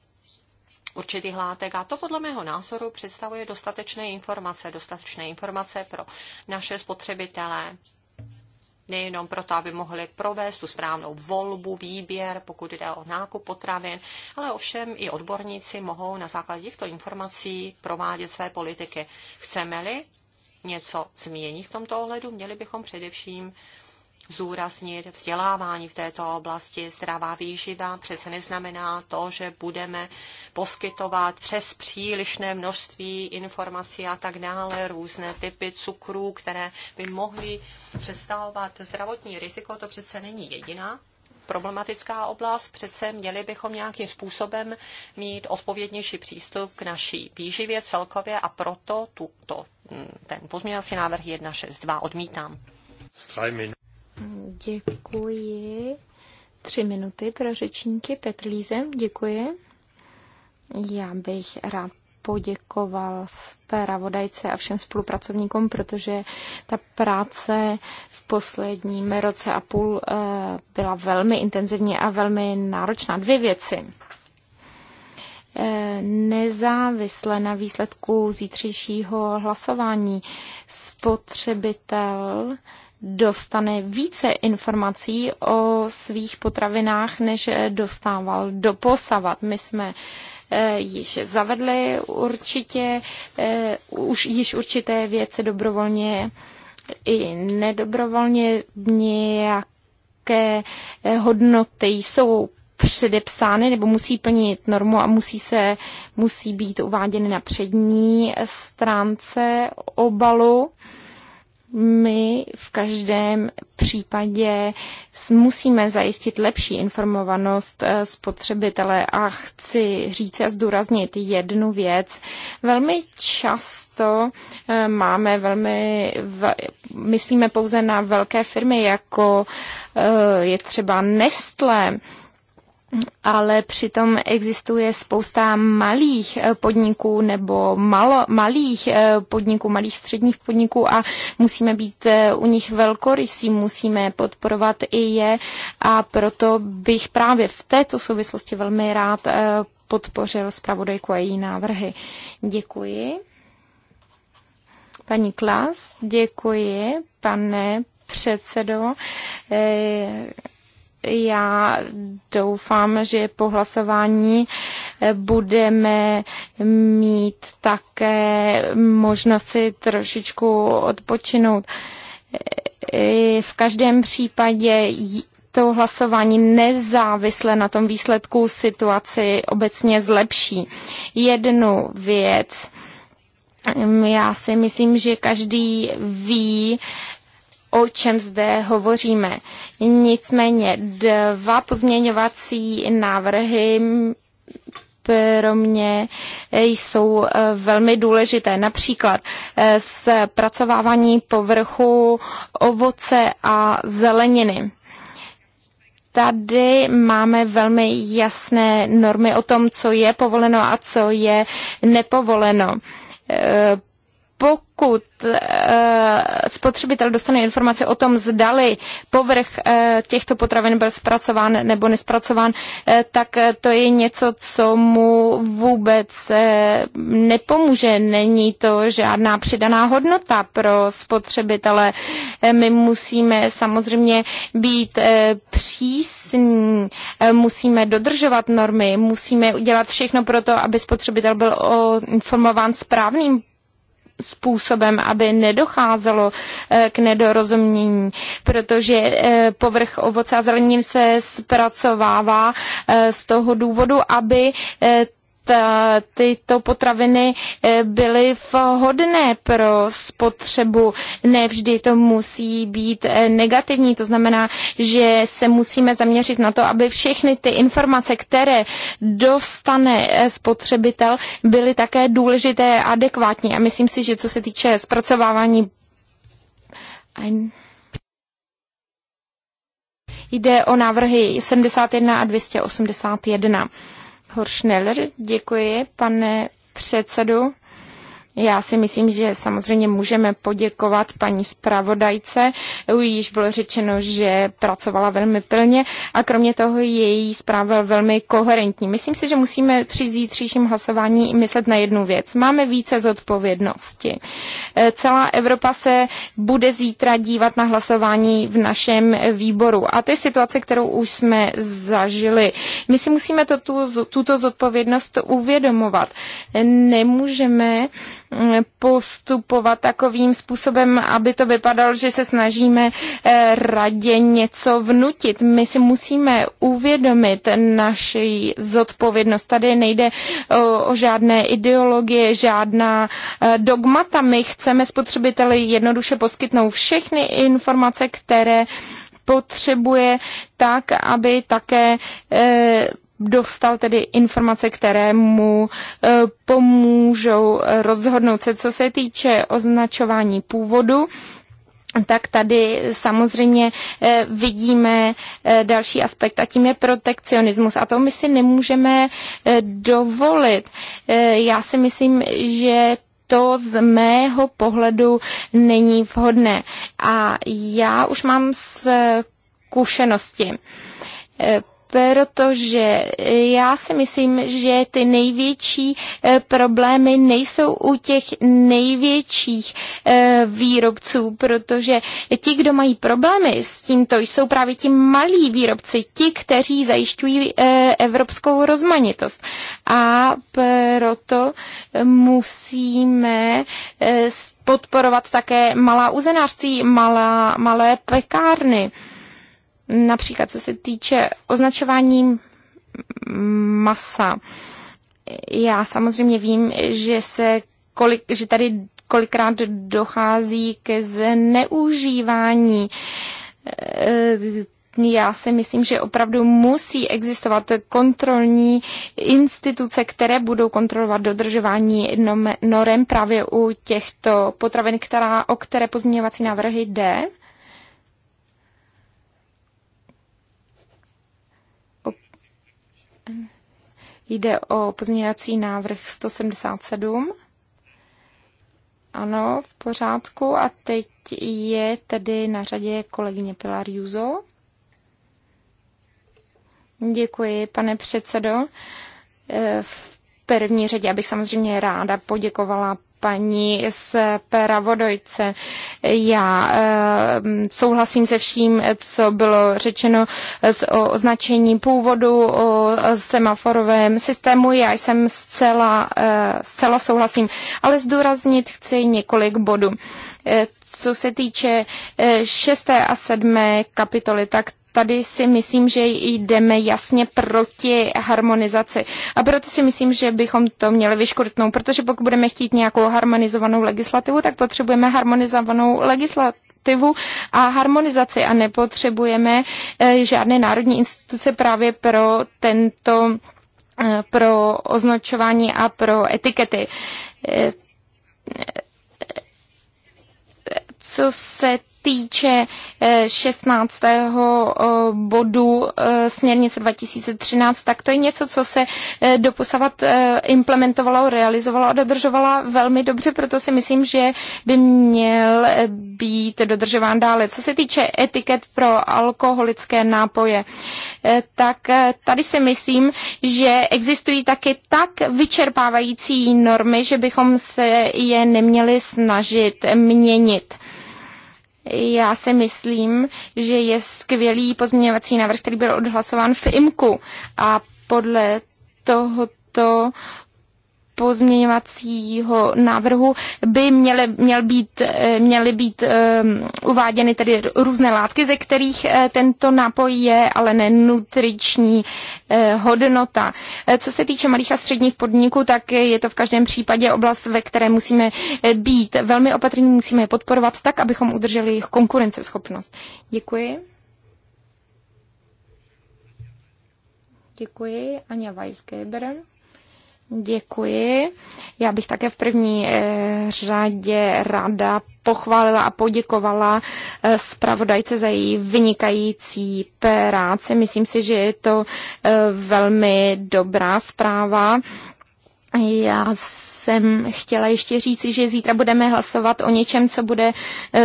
určitých látek. A to podle mého názoru představuje dostatečné informace, dostatečné informace pro naše spotřebitele, nejenom proto, aby mohli provést tu správnou volbu, výběr, pokud jde o nákup potravin, ale ovšem i odborníci mohou na základě těchto informací provádět své politiky. Chceme-li něco změnit v tomto ohledu, měli bychom především zúraznit vzdělávání v této oblasti. Zdravá výživa přes neznamená to, že budeme poskytovat přes přílišné množství informací a tak dále, různé typy cukrů, které by mohly představovat zdravotní riziko. To přece není jediná problematická oblast, přece měli bychom nějakým způsobem mít odpovědnější přístup k naší výživě celkově a proto tu, to, ten pozměňovací návrh 162 odmítám. Děkuji. Tři minuty pro řečníky. Petr Lízem, děkuji. Já bych rád poděkoval zpravodajce a všem spolupracovníkům, protože ta práce v posledním roce a půl eh, byla velmi intenzivní a velmi náročná. Dvě věci eh, nezávisle na výsledku zítřejšího hlasování spotřebitel dostane více informací o svých potravinách, než dostával do posavat. My jsme eh, již zavedli určitě, eh, už již určité věci dobrovolně i nedobrovolně nějaké hodnoty jsou předepsány nebo musí plnit normu a musí, se, musí být uváděny na přední stránce obalu my v každém případě musíme zajistit lepší informovanost eh, spotřebitele a chci říct a zdůraznit jednu věc. Velmi často eh, máme velmi, myslíme pouze na velké firmy, jako eh, je třeba Nestlé, ale přitom existuje spousta malých eh, podniků nebo malo, malých eh, podniků, malých středních podniků a musíme být eh, u nich velkorysí, musíme podporovat i je a proto bych právě v této souvislosti velmi rád podpořil zpravodajku a její návrhy. Děkuji. Paní Klas, děkuji, pane předsedo já doufám, že po hlasování eh, budeme mít také možnost si trošičku odpočinout. Eh, eh, v každém případě to hlasování nezávisle na tom výsledku situaci obecně zlepší. Jednu věc, já si myslím, že každý ví, o čem zde hovoříme. Nicméně dva pozměňovací návrhy pro mě jsou eh, velmi důležité. Například zpracovávání eh, povrchu ovoce a zeleniny tady máme velmi jasné normy o tom, co je povoleno a co je nepovoleno. Eh, pokud eh, spotřebitel dostane informace o tom, zdali povrch eh, těchto potravin byl zpracován nebo nespracován, eh, tak to je něco, co mu vůbec nepomůže. Není to žádná přidaná hodnota pro spotřebitele. My musíme samozřejmě být přísní, musíme dodržovat normy, musíme udělat všechno pro to, aby spotřebitel byl informován správným způsobem, aby nedocházelo eh, k nedorozumění, protože eh, povrch ovoce a zelenin se zpracovává eh, z toho důvodu, aby tyto potraviny eh, byly vhodné pro spotřebu. Nevždy to musí být eh, negativní, to znamená, že se musíme zaměřit na to, aby všechny ty informace, které dostane eh, spotřebitel, byly také důležité a adekvátní. A myslím si, že co se týče zpracovávání jde o návrhy 71 a 281. Horšneller, děkuji, pane předsedu. Já si myslím, že samozřejmě můžeme poděkovat paní zpravodajce. Již bylo řečeno, že pracovala velmi plně a kromě toho její zpráva velmi koherentní. Myslím si, že musíme při zítřejším hlasování myslet na jednu věc. Máme více zodpovědnosti. E, celá Evropa se bude zítra dívat na hlasování v našem výboru. A ty situace, kterou už jsme zažili, my si musíme to, tu, tuto zodpovědnost uvědomovat. Nemůžeme postupovat takovým způsobem, aby to vypadalo, že se snažíme eh, radě něco vnutit. My si musíme uvědomit naši zodpovědnost. Tady nejde o, eh, o žádné ideologie, žádná eh, dogmata. My chceme spotřebiteli jednoduše poskytnout všechny informace, které potřebuje tak, aby také e, dostal tedy informace, které mu e, pomůžou rozhodnout se, co se týče označování původu tak tady samozřejmě e, vidíme e, další aspekt a tím je protekcionismus a to my si nemůžeme dovolit. Já si myslím, že to z mého pohledu není vhodné a já už mám zkušenosti protože e, já si myslím, že ty největší e, problémy nejsou u těch největších e, výrobců, protože ti, kdo mají problémy s tímto, jsou právě ti malí výrobci, ti, kteří zajišťují evropskou rozmanitost. A proto musíme podporovat také malá uzenářství, malá, malé pekárny. Například co se týče označování masa. Já samozřejmě vím, že se kolik, že tady kolikrát dochází ke zneužívání e, já si myslím, že opravdu musí existovat kontrolní instituce, které budou kontrolovat dodržování norem právě u těchto potravin, která, o které pozměňovací návrhy jde. Jde o pozměňovací návrh 177. Ano, v pořádku. A teď je tedy na řadě kolegyně Pilar Juzo. Děkuji, pane předsedo. Eh, v první řadě abych samozřejmě ráda poděkovala paní z Pravodojce. Já eh, souhlasím se vším, co bylo řečeno o označení původu, o semaforovém systému. Já jsem zcela, eh, zcela souhlasím, ale zdůraznit chci několik bodů eh, co se týče šesté a sedmé kapitoly, tak tady si myslím, že jdeme jasně proti harmonizaci. A proto si myslím, že bychom to měli vyškrtnout, protože pokud budeme chtít nějakou harmonizovanou legislativu, tak potřebujeme harmonizovanou legislativu a harmonizaci a nepotřebujeme eh, žádné národní instituce právě pro tento eh, pro označování a pro etikety. Eh, co se týče 16. Eh, eh, bodu eh, směrnice 2013, tak to je něco, co se doposavat implementovalo, realizovalo a dodržovala velmi dobře, proto si myslím, že by měl být dodržován dále. Co se týče etiket pro alkoholické nápoje, tak tady si myslím, že existují taky tak vyčerpávající normy, že bychom se je neměli snažit měnit. Já si myslím, že je skvělý pozměňovací návrh, který byl odhlasován v IMKU a podle tohoto pozměňovacího návrhu by měly, měl být, eh, měly být um, uváděny tedy různé látky, ze kterých eh, tento nápoj je, ale nenutriční uh, eh, hodnota. Co se týče malých a středních podniků, tak je to v každém případě oblast, ve které musíme být velmi opatrní, musíme je podporovat tak, abychom udrželi jejich konkurenceschopnost. Děkuji. Děkuji. Anja Weisgeber. Děkuji. Já bych také v první eh, řadě ráda pochválila a poděkovala eh, zpravodajce za její vynikající práci. Myslím si, že je to eh, velmi dobrá zpráva. Já jsem chtěla ještě říci, že zítra budeme hlasovat o něčem, co bude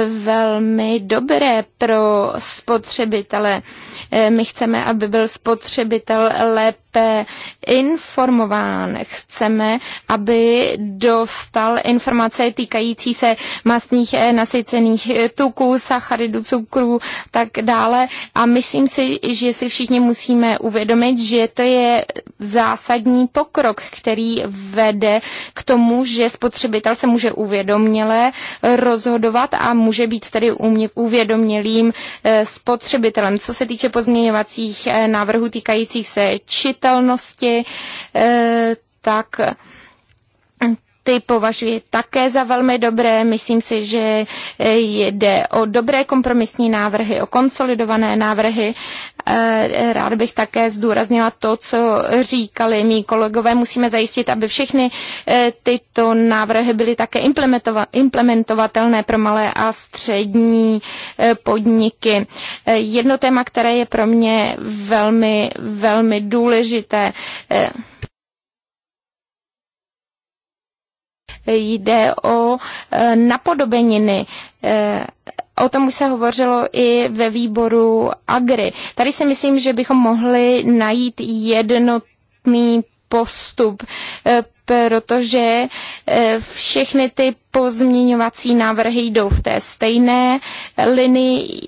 velmi dobré pro spotřebitele. My chceme, aby byl spotřebitel lépe lépe informován. Chceme, aby dostal informace týkající se mastných eh, nasycených eh, tuků, sacharidů, cukrů, tak dále. A myslím si, že si všichni musíme uvědomit, že to je zásadní pokrok, který vede k tomu, že spotřebitel se může uvědoměle rozhodovat a může být tedy uvědomělým eh, spotřebitelem. Co se týče pozměňovacích návrhů týkajících se čit udržitelnosti, eh, tak ty považuji také za velmi dobré. Myslím si, že eh, jde o dobré kompromisní návrhy, o konsolidované návrhy. Eh, rád bych také zdůraznila to, co říkali mý kolegové. Musíme zajistit, aby všechny eh, tyto návrhy byly také implementovatelné pro malé a střední podniky. Jedno téma, které je pro mě velmi, velmi důležité, jde o e, napodobeniny. E, o tom už se hovořilo i ve výboru Agri. Tady si myslím, že bychom mohli najít jednotný postup, e, protože eh, všechny ty pozměňovací návrhy jdou v té stejné linii.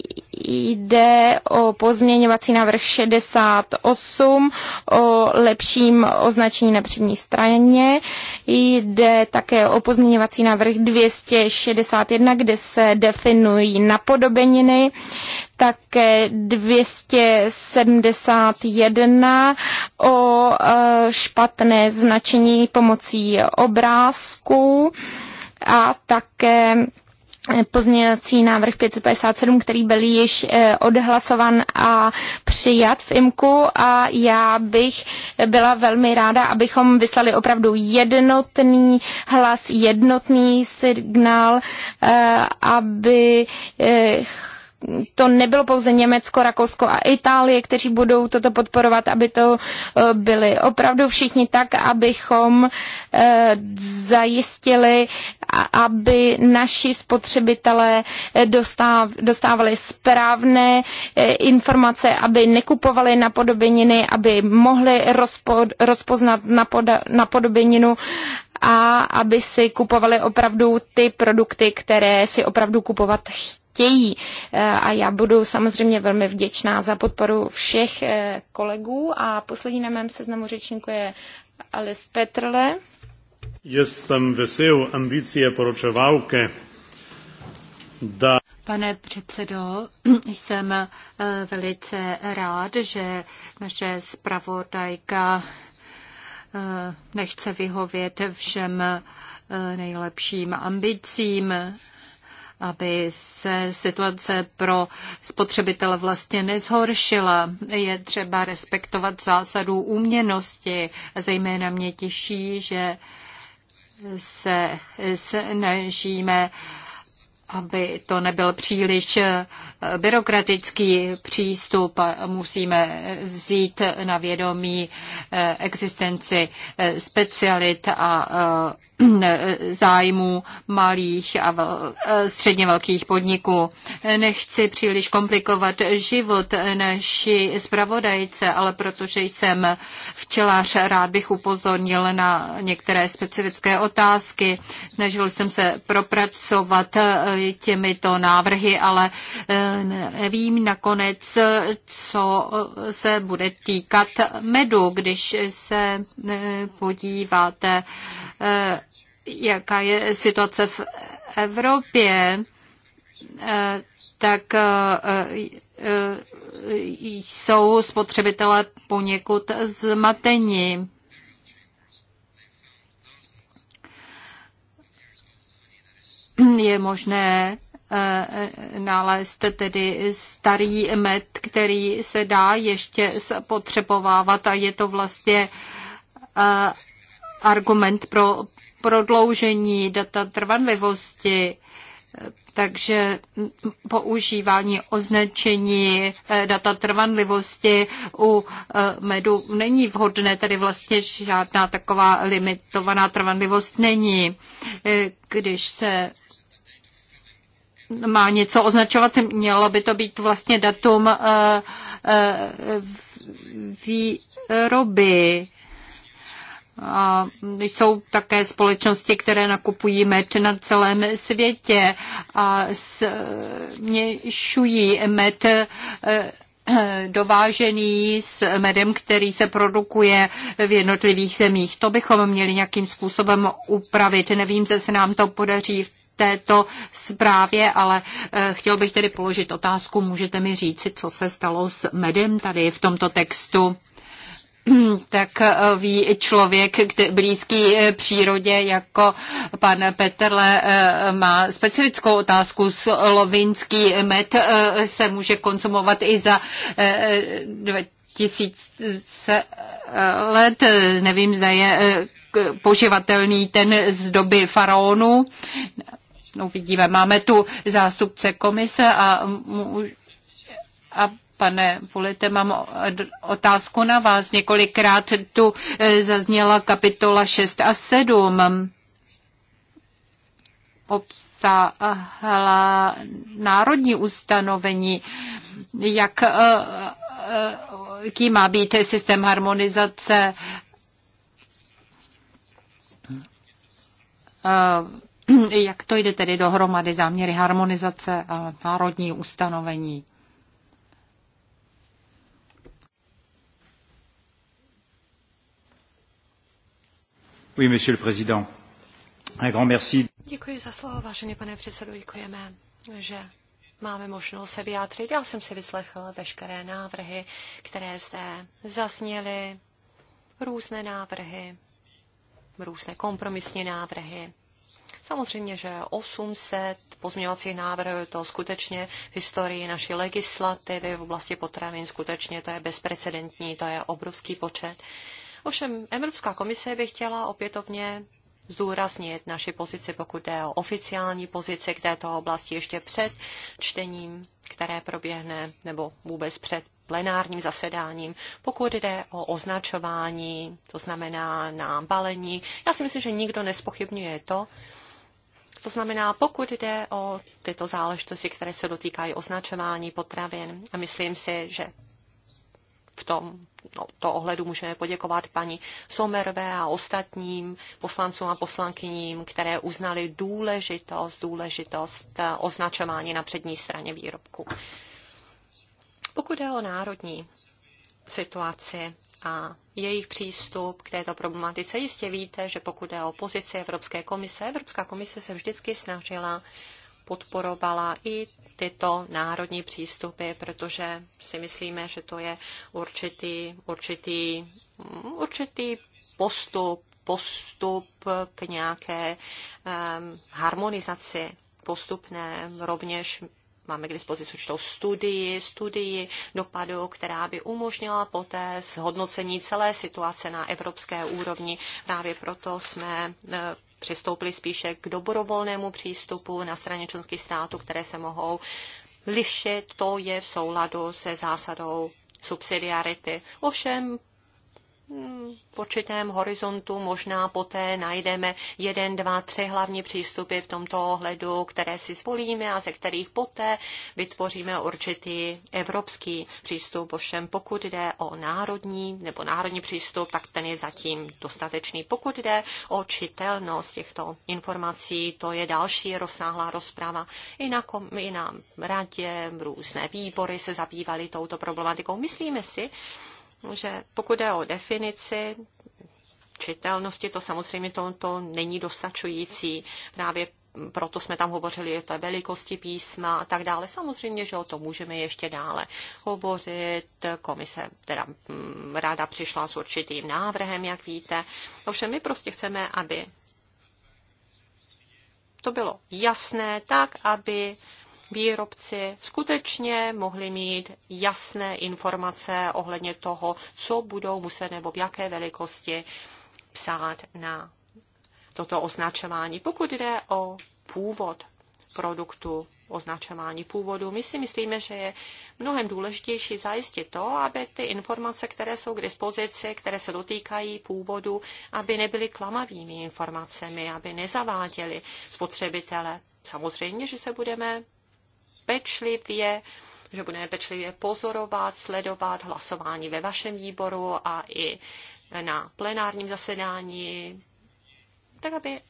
Jde o pozměňovací návrh 68, o lepším označení na přední straně. Jde také o pozměňovací návrh 261, kde se definují napodobeniny. Také 271 o eh, špatné značení pomocí pomocí obrázků a také pozměňovací návrh 557, který byl již eh, odhlasovan a přijat v IMKU a já bych byla velmi ráda, abychom vyslali opravdu jednotný hlas, jednotný signál, eh, aby eh, to nebylo pouze Německo, Rakousko a Itálie, kteří budou toto podporovat, aby to eh, byli opravdu všichni tak, abychom eh, zajistili, aby naši spotřebitelé eh, dostáv, dostávali správné informace, aby nekupovali napodobeniny, aby mohli rozpo, rozpoznat napoda, napodobeninu a aby si kupovali opravdu ty produkty, které si opravdu kupovat chtějí chtějí. Eh, a já budu samozřejmě velmi vděčná za podporu všech eh, kolegů. A poslední na mém seznamu řečníku je Alice Petrle. jsem vesel ambice poročovávky. da Pane předsedo, jsem eh, velice rád, že naše zpravodajka nechce vyhovět všem nejlepším ambicím aby se situace pro spotřebitele vlastně nezhoršila. Je třeba respektovat zásadu úměnosti. Zejména mě těší, že se snažíme aby to nebyl příliš eh, byrokratický přístup. Musíme vzít na vědomí eh, existenci eh, specialit a zájmů malých a středně velkých podniků. Nechci příliš komplikovat život naší zpravodajce, ale protože jsem včelař, rád bych upozornil na některé specifické otázky. Snažil jsem se propracovat těmito návrhy, ale eh, nevím nakonec, co se bude týkat medu, když se eh, podíváte, eh, jaká je situace v Evropě, tak jsou spotřebitelé poněkud zmateni je možné eh, nalézt tedy starý med, který se dá ještě spotřebovávat a je to vlastně eh, argument pro prodloužení data trvanlivosti takže používání označení eh, data trvanlivosti u eh, medu není vhodné, tedy vlastně žádná taková limitovaná trvanlivost není. Eh, když se má něco označovat, mělo by to být vlastně datum výroby a jsou také společnosti, které nakupují med na celém světě a směšují med eh, eh, dovážený s medem, který se produkuje v jednotlivých zemích. To bychom měli nějakým způsobem upravit. Nevím, že se nám to podaří v této zprávě, ale eh, chtěl bych tedy položit otázku. Můžete mi říci, co se stalo s medem tady v tomto textu? tak eh, ví člověk kde, blízký eh, přírodě, jako pan Petrle eh, má specifickou otázku. Slovinský med se může konzumovat i za tisíce let. Nevím, zda je poživatelný ten z doby faraonu. Uvidíme. No, máme tu zástupce komise a, a Pane Volete, mám otázku na vás. Několikrát tu eh, zazněla kapitola 6 a 7 Obsahla národní ustanovení, jak eh, eh, jaký má být systém harmonizace jak to jde tedy dohromady záměry harmonizace a národní ustanovení? Děkuji za slovo, vážený pane předsedo, děkujeme, že máme možnost se vyjádřit. Já jsem si vyslechl veškeré návrhy, které zde zazněly, různé návrhy, různé kompromisní návrhy. Samozřejmě, že 800 pozměňovacích návrhů, to skutečně v historii naší legislativy v oblasti potravin, skutečně to je bezprecedentní, to je obrovský počet. Ovšem Evropská komise by chtěla opětovně zdůraznit naši pozici, pokud jde o oficiální pozici k této oblasti ještě před čtením, které proběhne, nebo vůbec před plenárním zasedáním, pokud jde o označování, to znamená na balení. Já si myslím, že nikdo nespochybňuje to, to znamená, pokud jde o tyto záležitosti, které se dotýkají označování potravin, a myslím si, že v tom tomto no, ohledu můžeme poděkovat paní Somerové a ostatním poslancům a poslankyním, které uznali důležitost, důležitost eh, označování na přední straně výrobku. Pokud je o národní situaci a jejich přístup k této problematice, jistě víte, že pokud je o pozici Evropské komise, Evropská komise se vždycky snažila podporovala i tyto národní přístupy, protože si myslíme, že to je určitý, určitý, určitý postup, postup k nějaké um, harmonizaci postupné. Rovněž máme k dispozici určitou studii, studii dopadu, která by umožnila poté zhodnocení celé situace na evropské úrovni. Právě proto jsme přistoupili spíše k dobrovolnému přístupu na straně členských států, které se mohou lišit. To je v souladu se zásadou subsidiarity. Ovšem v určitém horizontu možná poté najdeme jeden, dva, tři hlavní přístupy v tomto ohledu, které si zvolíme a ze kterých poté vytvoříme určitý evropský přístup. Ovšem pokud jde o národní nebo národní přístup, tak ten je zatím dostatečný. Pokud jde o čitelnost těchto informací, to je další rozsáhlá rozprava. I na, kom, i na radě různé výbory se zabývaly touto problematikou. Myslíme si, že pokud je o definici čitelnosti, to samozřejmě to, to není dostačující. Právě proto jsme tam hovořili o té velikosti písma a tak dále. Samozřejmě, že o tom můžeme ještě dále hovořit. Komise teda mm, ráda přišla s určitým návrhem, jak víte. Ovšem my prostě chceme, aby to bylo jasné tak, aby výrobci skutečně mohli mít jasné informace ohledně toho, co budou muset nebo v jaké velikosti psát na toto označování. Pokud jde o původ produktu, označování původu. My si myslíme, že je mnohem důležitější zajistit to, aby ty informace, které jsou k dispozici, které se dotýkají původu, aby nebyly klamavými informacemi, aby nezaváděly spotřebitele. Samozřejmě, že se budeme pečlivě, že budeme pečlivě pozorovat, sledovat hlasování ve vašem výboru a i na plenárním zasedání, tak aby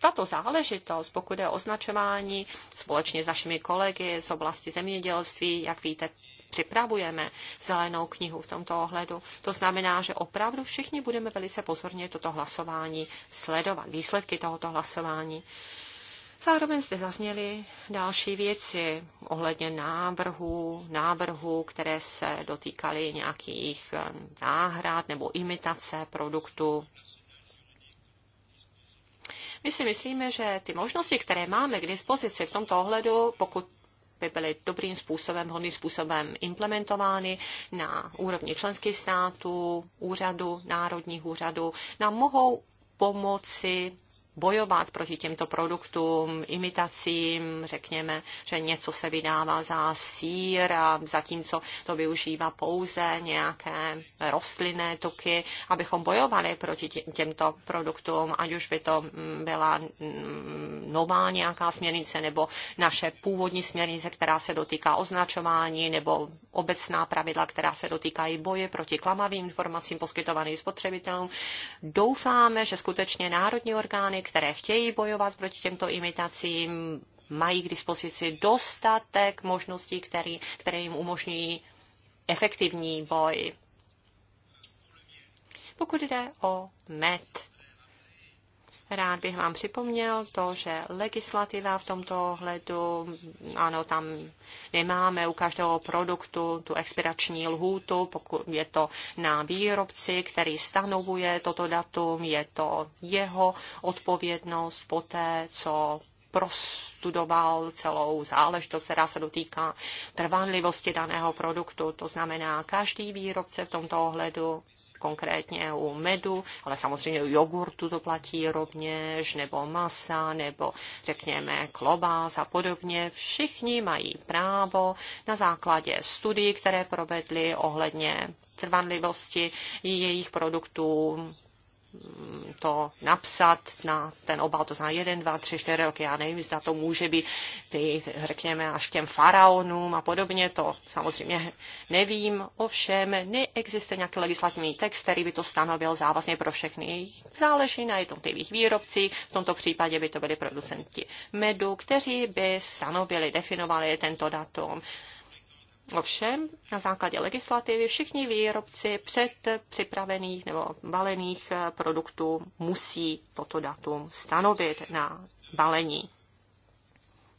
tato záležitost, pokud je označování společně s našimi kolegy z oblasti zemědělství, jak víte, připravujeme zelenou knihu v tomto ohledu. To znamená, že opravdu všichni budeme velice pozorně toto hlasování sledovat, výsledky tohoto hlasování. Zároveň zde zazněly další věci ohledně návrhů, návrhů, které se dotýkaly nějakých eh, náhrad nebo imitace produktu. My si myslíme, že ty možnosti, které máme k dispozici v tomto ohledu, pokud by byly dobrým způsobem, hodným způsobem implementovány na úrovni členských států, úřadu, národních úřadů, nám mohou pomoci bojovat proti těmto produktům, imitacím, řekněme, že něco se vydává za sír a zatímco to využívá pouze nějaké rostlinné tuky, abychom bojovali proti těmto produktům, ať už by to mm, byla mm, nová nějaká směrnice nebo naše původní směrnice, která se dotýká označování nebo obecná pravidla, která se dotýkají boje proti klamavým informacím poskytovaným spotřebitelům. Doufáme, že skutečně národní orgány, které chtějí bojovat proti těmto imitacím, mají k dispozici dostatek možností, který, které jim umožňují efektivní boj. Pokud jde o med, Rád bych vám připomněl to, že legislativa v tomto ohledu, ano, tam nemáme u každého produktu tu expirační lhůtu, pokud je to na výrobci, který stanovuje toto datum, je to jeho odpovědnost poté, co prostudoval celou záležitost, která se dotýká trvanlivosti daného produktu. To znamená, každý výrobce v tomto ohledu, konkrétně u medu, ale samozřejmě u jogurtu to platí rovněž, nebo masa, nebo řekněme klobás a podobně, všichni mají právo na základě studií, které provedli ohledně trvanlivosti jejich produktů to napsat na ten obal, to znamená jeden dva tři čtyři roky, já nevím, zda to může být, ty, řekněme, až těm faraonům a podobně, to samozřejmě nevím, ovšem neexistuje nějaký legislativní text, který by to stanovil závazně pro všechny. Záleží na jednotlivých výrobcích, v tomto případě by to byli producenti medu, kteří by stanovili, definovali tento datum Ovšem, na základě legislativy všichni výrobci před připravených nebo balených eh, produktů musí toto datum stanovit na balení.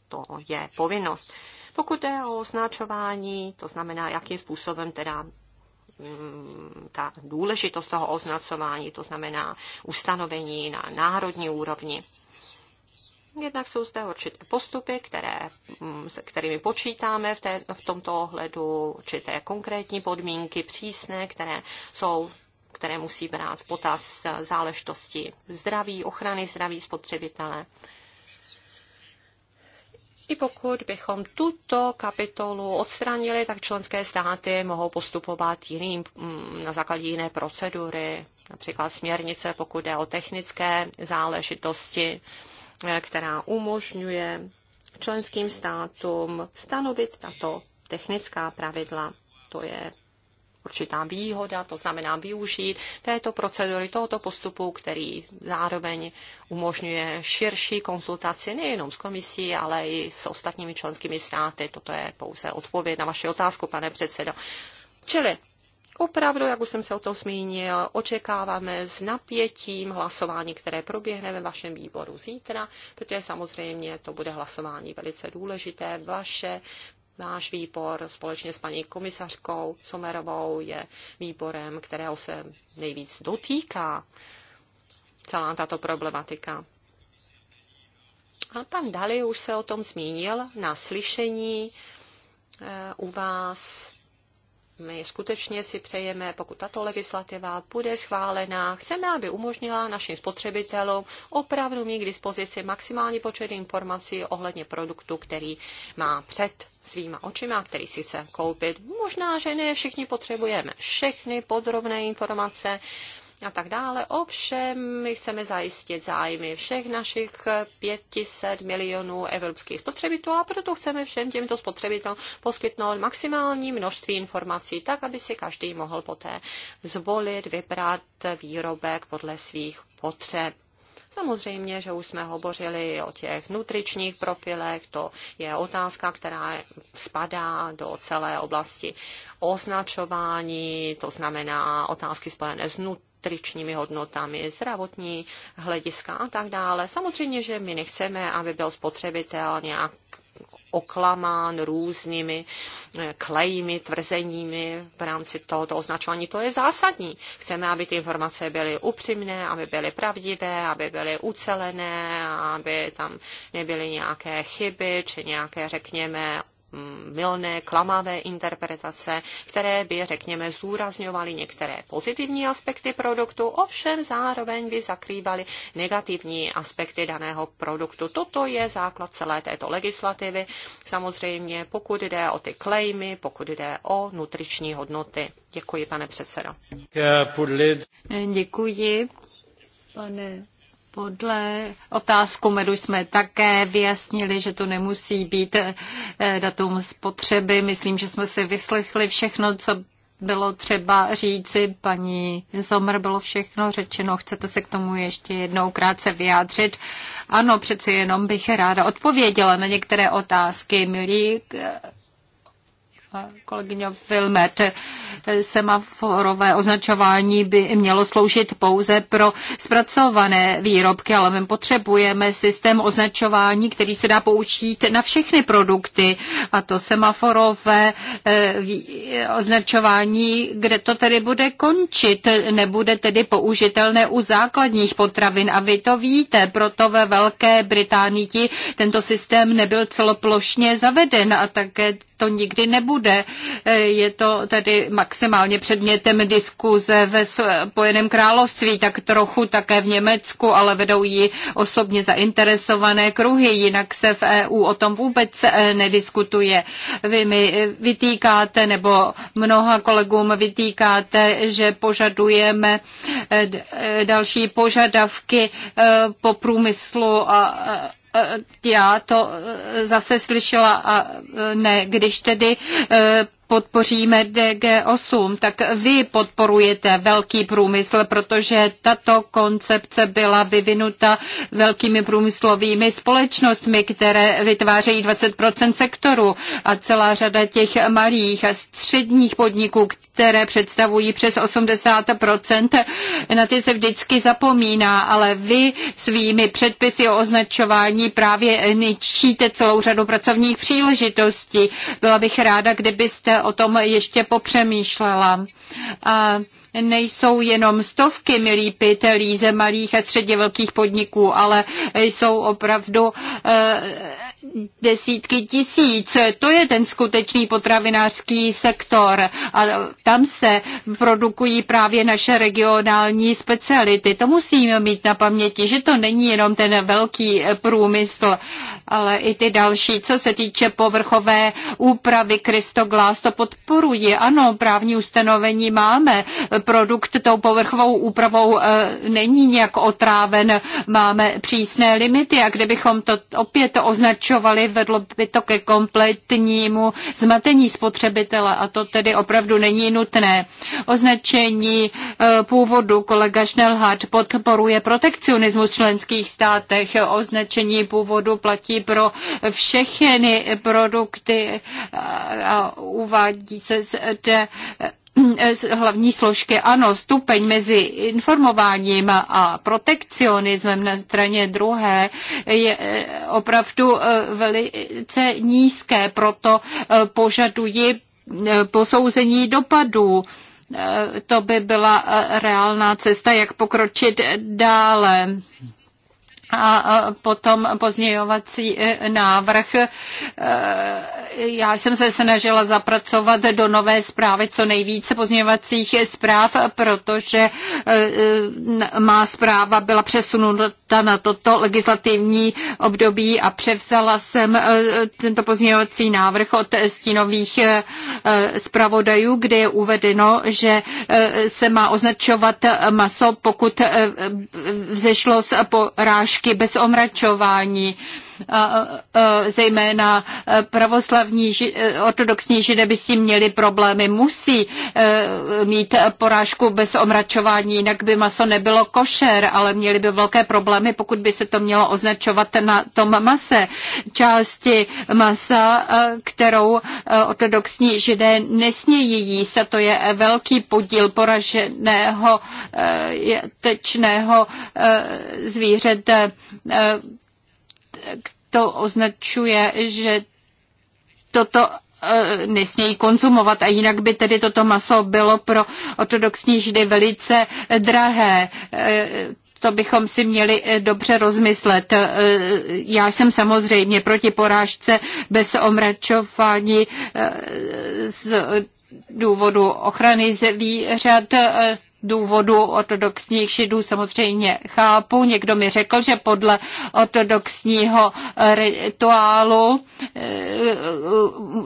To je povinnost. Pokud je o označování, to znamená, jakým způsobem teda mm, ta důležitost toho označování, to znamená ustanovení na národní úrovni. Jednak jsou zde určité postupy, které, mm, s kterými počítáme v, té, v tomto ohledu, určité konkrétní podmínky, přísné, které jsou které musí brát v potaz záležitosti zdraví, ochrany zdraví spotřebitele. I pokud bychom tuto kapitolu odstranili, tak členské státy mohou postupovat jiným, mm, na základě jiné procedury, například směrnice, pokud jde o technické záležitosti, Eh, která umožňuje členským státům stanovit tato technická pravidla. To je určitá výhoda, to znamená využít této procedury, tohoto postupu, který zároveň umožňuje širší konzultaci nejenom s komisí, ale i s ostatními členskými státy. Toto je pouze odpověď na vaši otázku, pane předsedo. Čili opravdu, jak už jsem se o to zmínil, očekáváme s napětím hlasování, které proběhne ve vašem výboru zítra, protože samozřejmě to bude hlasování velice důležité. Vaše Náš výbor společně s paní komisařkou Somerovou je výborem, kterého se nejvíc dotýká celá tato problematika. A pan Dali už se o tom zmínil na slyšení eh, u vás my skutečně si přejeme, pokud tato legislativa bude schválená, chceme, aby umožnila našim spotřebitelům opravdu mít k dispozici maximální počet informací ohledně produktu, který má před svýma očima, který si chce koupit. Možná, že ne všichni potřebujeme všechny podrobné informace, a tak dále. Ovšem, my chceme zajistit zájmy všech našich 500 milionů evropských spotřebitelů a proto chceme všem těmto spotřebitelům poskytnout maximální množství informací, tak aby si každý mohl poté zvolit, vybrat výrobek podle svých potřeb. Samozřejmě, že už jsme hovořili o těch nutričních profilech, to je otázka, která spadá do celé oblasti označování, to znamená otázky spojené s nut nutričními hodnotami, zdravotní hlediska a tak dále. Samozřejmě, že my nechceme, aby byl spotřebitel nějak oklamán různými eh, klejmy, tvrzeními v rámci tohoto označování. To je zásadní. Chceme, aby ty informace byly upřímné, aby byly pravdivé, aby byly ucelené, aby tam nebyly nějaké chyby či nějaké, řekněme, Mm, milné, klamavé interpretace, které by, řekněme, zúrazňovaly některé pozitivní aspekty produktu, ovšem zároveň by zakrývaly negativní aspekty daného produktu. Toto je základ celé této legislativy, samozřejmě pokud jde o ty klejmy, pokud jde o nutriční hodnoty. Děkuji, pane předsedo. Děkuji, pane podle otázku medu jsme také vyjasnili, že to nemusí být eh, datum spotřeby. Myslím, že jsme si vyslechli všechno, co bylo třeba říci, paní Zomr bylo všechno řečeno, chcete se k tomu ještě jednou krátce vyjádřit. Ano, přeci jenom bych ráda odpověděla na některé otázky, milí eh, kolegyně Vilmet. Semaforové označování by mělo sloužit pouze pro zpracované výrobky, ale my potřebujeme systém označování, který se dá použít na všechny produkty. A to semaforové eh, označování, kde to tedy bude končit, nebude tedy použitelné u základních potravin. A vy to víte, proto ve Velké Británii tento systém nebyl celoplošně zaveden a také to nikdy nebude. E, je to tedy maximálně předmětem diskuze ve Spojeném království, tak trochu také v Německu, ale vedou ji osobně zainteresované kruhy, jinak se v EU o tom vůbec e, nediskutuje. Vy mi e, vytýkáte, nebo mnoha kolegům vytýkáte, že požadujeme další požadavky po průmyslu a Eh, já to eh, zase slyšela a eh, ne, když tedy podpoříme DG8, tak vy podporujete velký průmysl, protože tato koncepce byla vyvinuta velkými průmyslovými společnostmi, které vytvářejí 20 sektoru a celá řada těch malých a středních podniků, které představují přes 80%, na ty se vždycky zapomíná, ale vy svými předpisy o označování právě ničíte celou řadu pracovních příležitostí. Byla bych ráda, kdybyste o tom ještě popřemýšlela. A nejsou jenom stovky, milí pitelí ze malých a středně velkých podniků, ale jsou opravdu eh, desítky tisíc. To je ten skutečný potravinářský sektor. A tam se produkují právě naše regionální speciality. To musíme mít na paměti, že to není jenom ten velký průmysl, ale i ty další. Co se týče povrchové úpravy Kristoglas, to podporuje. Ano, právní ustanovení máme. Produkt tou povrchovou úpravou eh, není nějak otráven. Máme přísné limity a kdybychom to opět označili, pokračovali, vedlo by to ke kompletnímu zmatení spotřebitele a to tedy opravdu není nutné. Označení e, původu kolega Schnellhardt podporuje protekcionismus v členských státech. Označení původu platí pro všechny produkty a uvádí se zde Eh, hlavní složky. Ano, stupeň mezi informováním a protekcionismem na straně druhé je eh, opravdu eh, velice nízké, proto požaduji posouzení dopadů. To by byla reálná cesta, jak pokročit dále a potom pozdějovací e, návrh. E, já jsem se snažila zapracovat do nové zprávy co nejvíce pozdějovacích zpráv, protože e, má zpráva byla přesunuta na toto legislativní období a převzala jsem tento pozdějovací návrh od stínových zpravodajů, kde je uvedeno, že se má označovat maso, pokud vzešlo z porážky knížky bez omračování zejména e, pravoslavní e, ortodoxní židé by s tím měli problémy. Musí e, mít porážku bez omračování, jinak by maso nebylo košer, ale měli by velké problémy, pokud by se to mělo označovat na tom mase. Části masa, kterou ortodoxní židé nesmějí jíst, a to je velký podíl poraženého tečného zvířete to označuje, že toto eh, nesmějí konzumovat a jinak by tedy toto maso bylo pro ortodoxní židy velice drahé. Eh, to bychom si měli eh, dobře rozmyslet. Já jsem samozřejmě proti porážce bez omračování z důvodu ochrany zvířat důvodu ortodoxních židů samozřejmě chápu. Někdo mi řekl, že podle ortodoxního rituálu eh,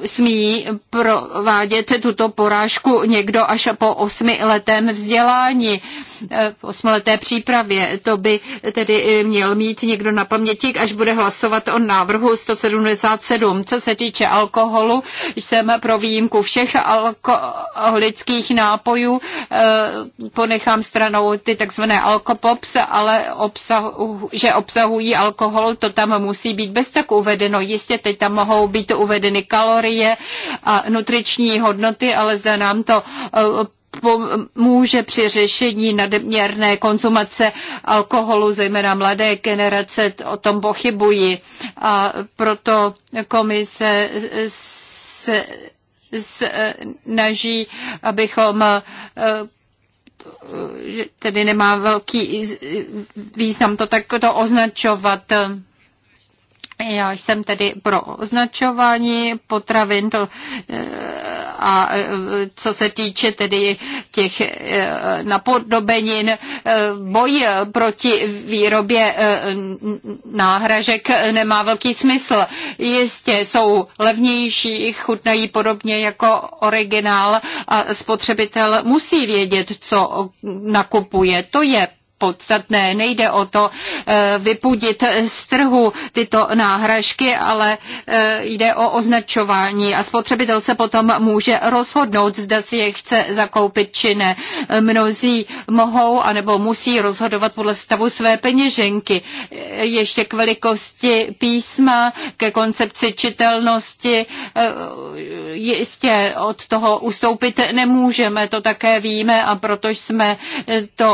smí provádět tuto porážku někdo až po osmi letém vzdělání, eh, osmileté přípravě. To by tedy měl mít někdo na paměti, až bude hlasovat o návrhu 177. Co se týče alkoholu, jsem pro výjimku všech alkoholických nápojů eh, ponechám stranou ty takzvané alkopops, ale obsahu, že obsahují alkohol, to tam musí být bez tak uvedeno. Jistě teď tam mohou být uvedeny kalorie a nutriční hodnoty, ale zda nám to eh, pomůže při řešení nadměrné konzumace alkoholu, zejména mladé generace, o tom pochybuji. A proto komise se snaží, eh, abychom eh, že tedy nemá velký význam to takto označovat. Já jsem tedy pro označování potravin to, eh, a eh, co se týče tedy těch eh, napodobenin, boj proti výrobě náhražek nemá velký smysl. Jistě jsou levnější, chutnají podobně jako originál a spotřebitel musí vědět, co nakupuje. To je podstatné. Nejde o to eh, vypudit z trhu tyto náhražky, ale eh, jde o označování a spotřebitel se potom může rozhodnout, zda si je chce zakoupit či ne. Mnozí mohou anebo musí rozhodovat podle stavu své peněženky. Eh, ještě k velikosti písma, ke koncepci čitelnosti, jistě od toho ustoupit nemůžeme, to také víme a proto jsme to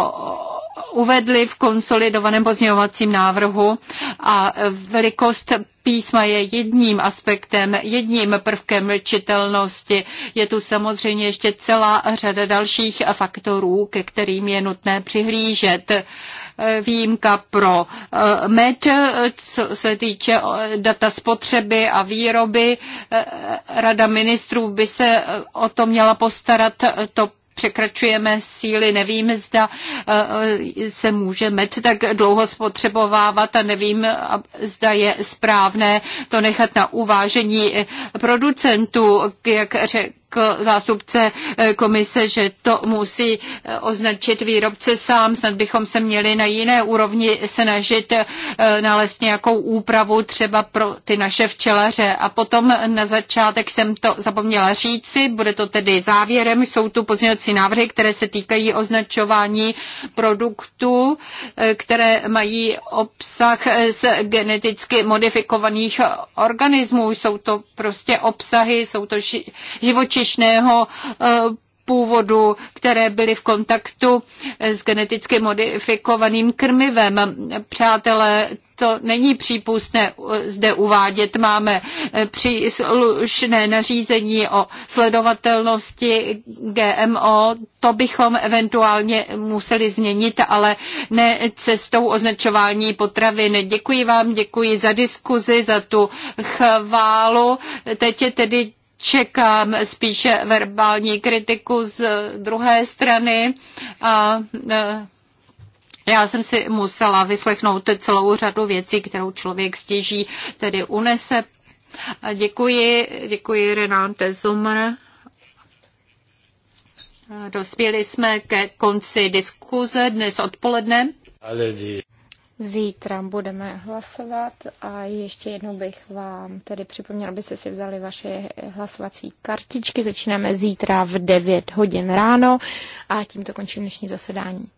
uvedli v konsolidovaném pozměňovacím návrhu a velikost písma je jedním aspektem, jedním prvkem čitelnosti. Je tu samozřejmě ještě celá řada dalších faktorů, ke kterým je nutné přihlížet. Výjimka pro eh, med, co se týče eh, data spotřeby a výroby. Eh, Rada ministrů by se o to měla postarat to překračujeme síly, nevím, zda eh, se může med tak dlouho spotřebovávat a nevím, zda je správné to nechat na uvážení producentů, jak řekl řekl zástupce eh, komise, že to musí eh, označit výrobce sám. Snad bychom se měli na jiné úrovni snažit eh, nalézt nějakou úpravu třeba pro ty naše včelaře. A potom na začátek jsem to zapomněla říci, bude to tedy závěrem. Jsou tu pozměňovací návrhy, které se týkají označování produktů, které mají obsah z geneticky modifikovaných organismů. Jsou to prostě obsahy, jsou to živočišní živočišného eh, původu, které byly v kontaktu s geneticky modifikovaným krmivem. Přátelé, to není přípustné zde uvádět. Máme eh, příslušné nařízení o sledovatelnosti GMO. To bychom eventuálně museli změnit, ale ne cestou označování potravin. Děkuji vám, děkuji za diskuzi, za tu chválu. Teď je tedy čekám spíše verbální kritiku z druhé strany a e, já jsem si musela vyslechnout celou řadu věcí, kterou člověk stěží, tedy unese. Děkuji, děkuji Renáte Zumr. Dospěli jsme ke konci diskuze dnes odpoledne. Ale Zítra budeme hlasovat a ještě jednou bych vám tedy připomněla, abyste si vzali vaše hlasovací kartičky. Začínáme zítra v 9 hodin ráno a tímto končím dnešní zasedání.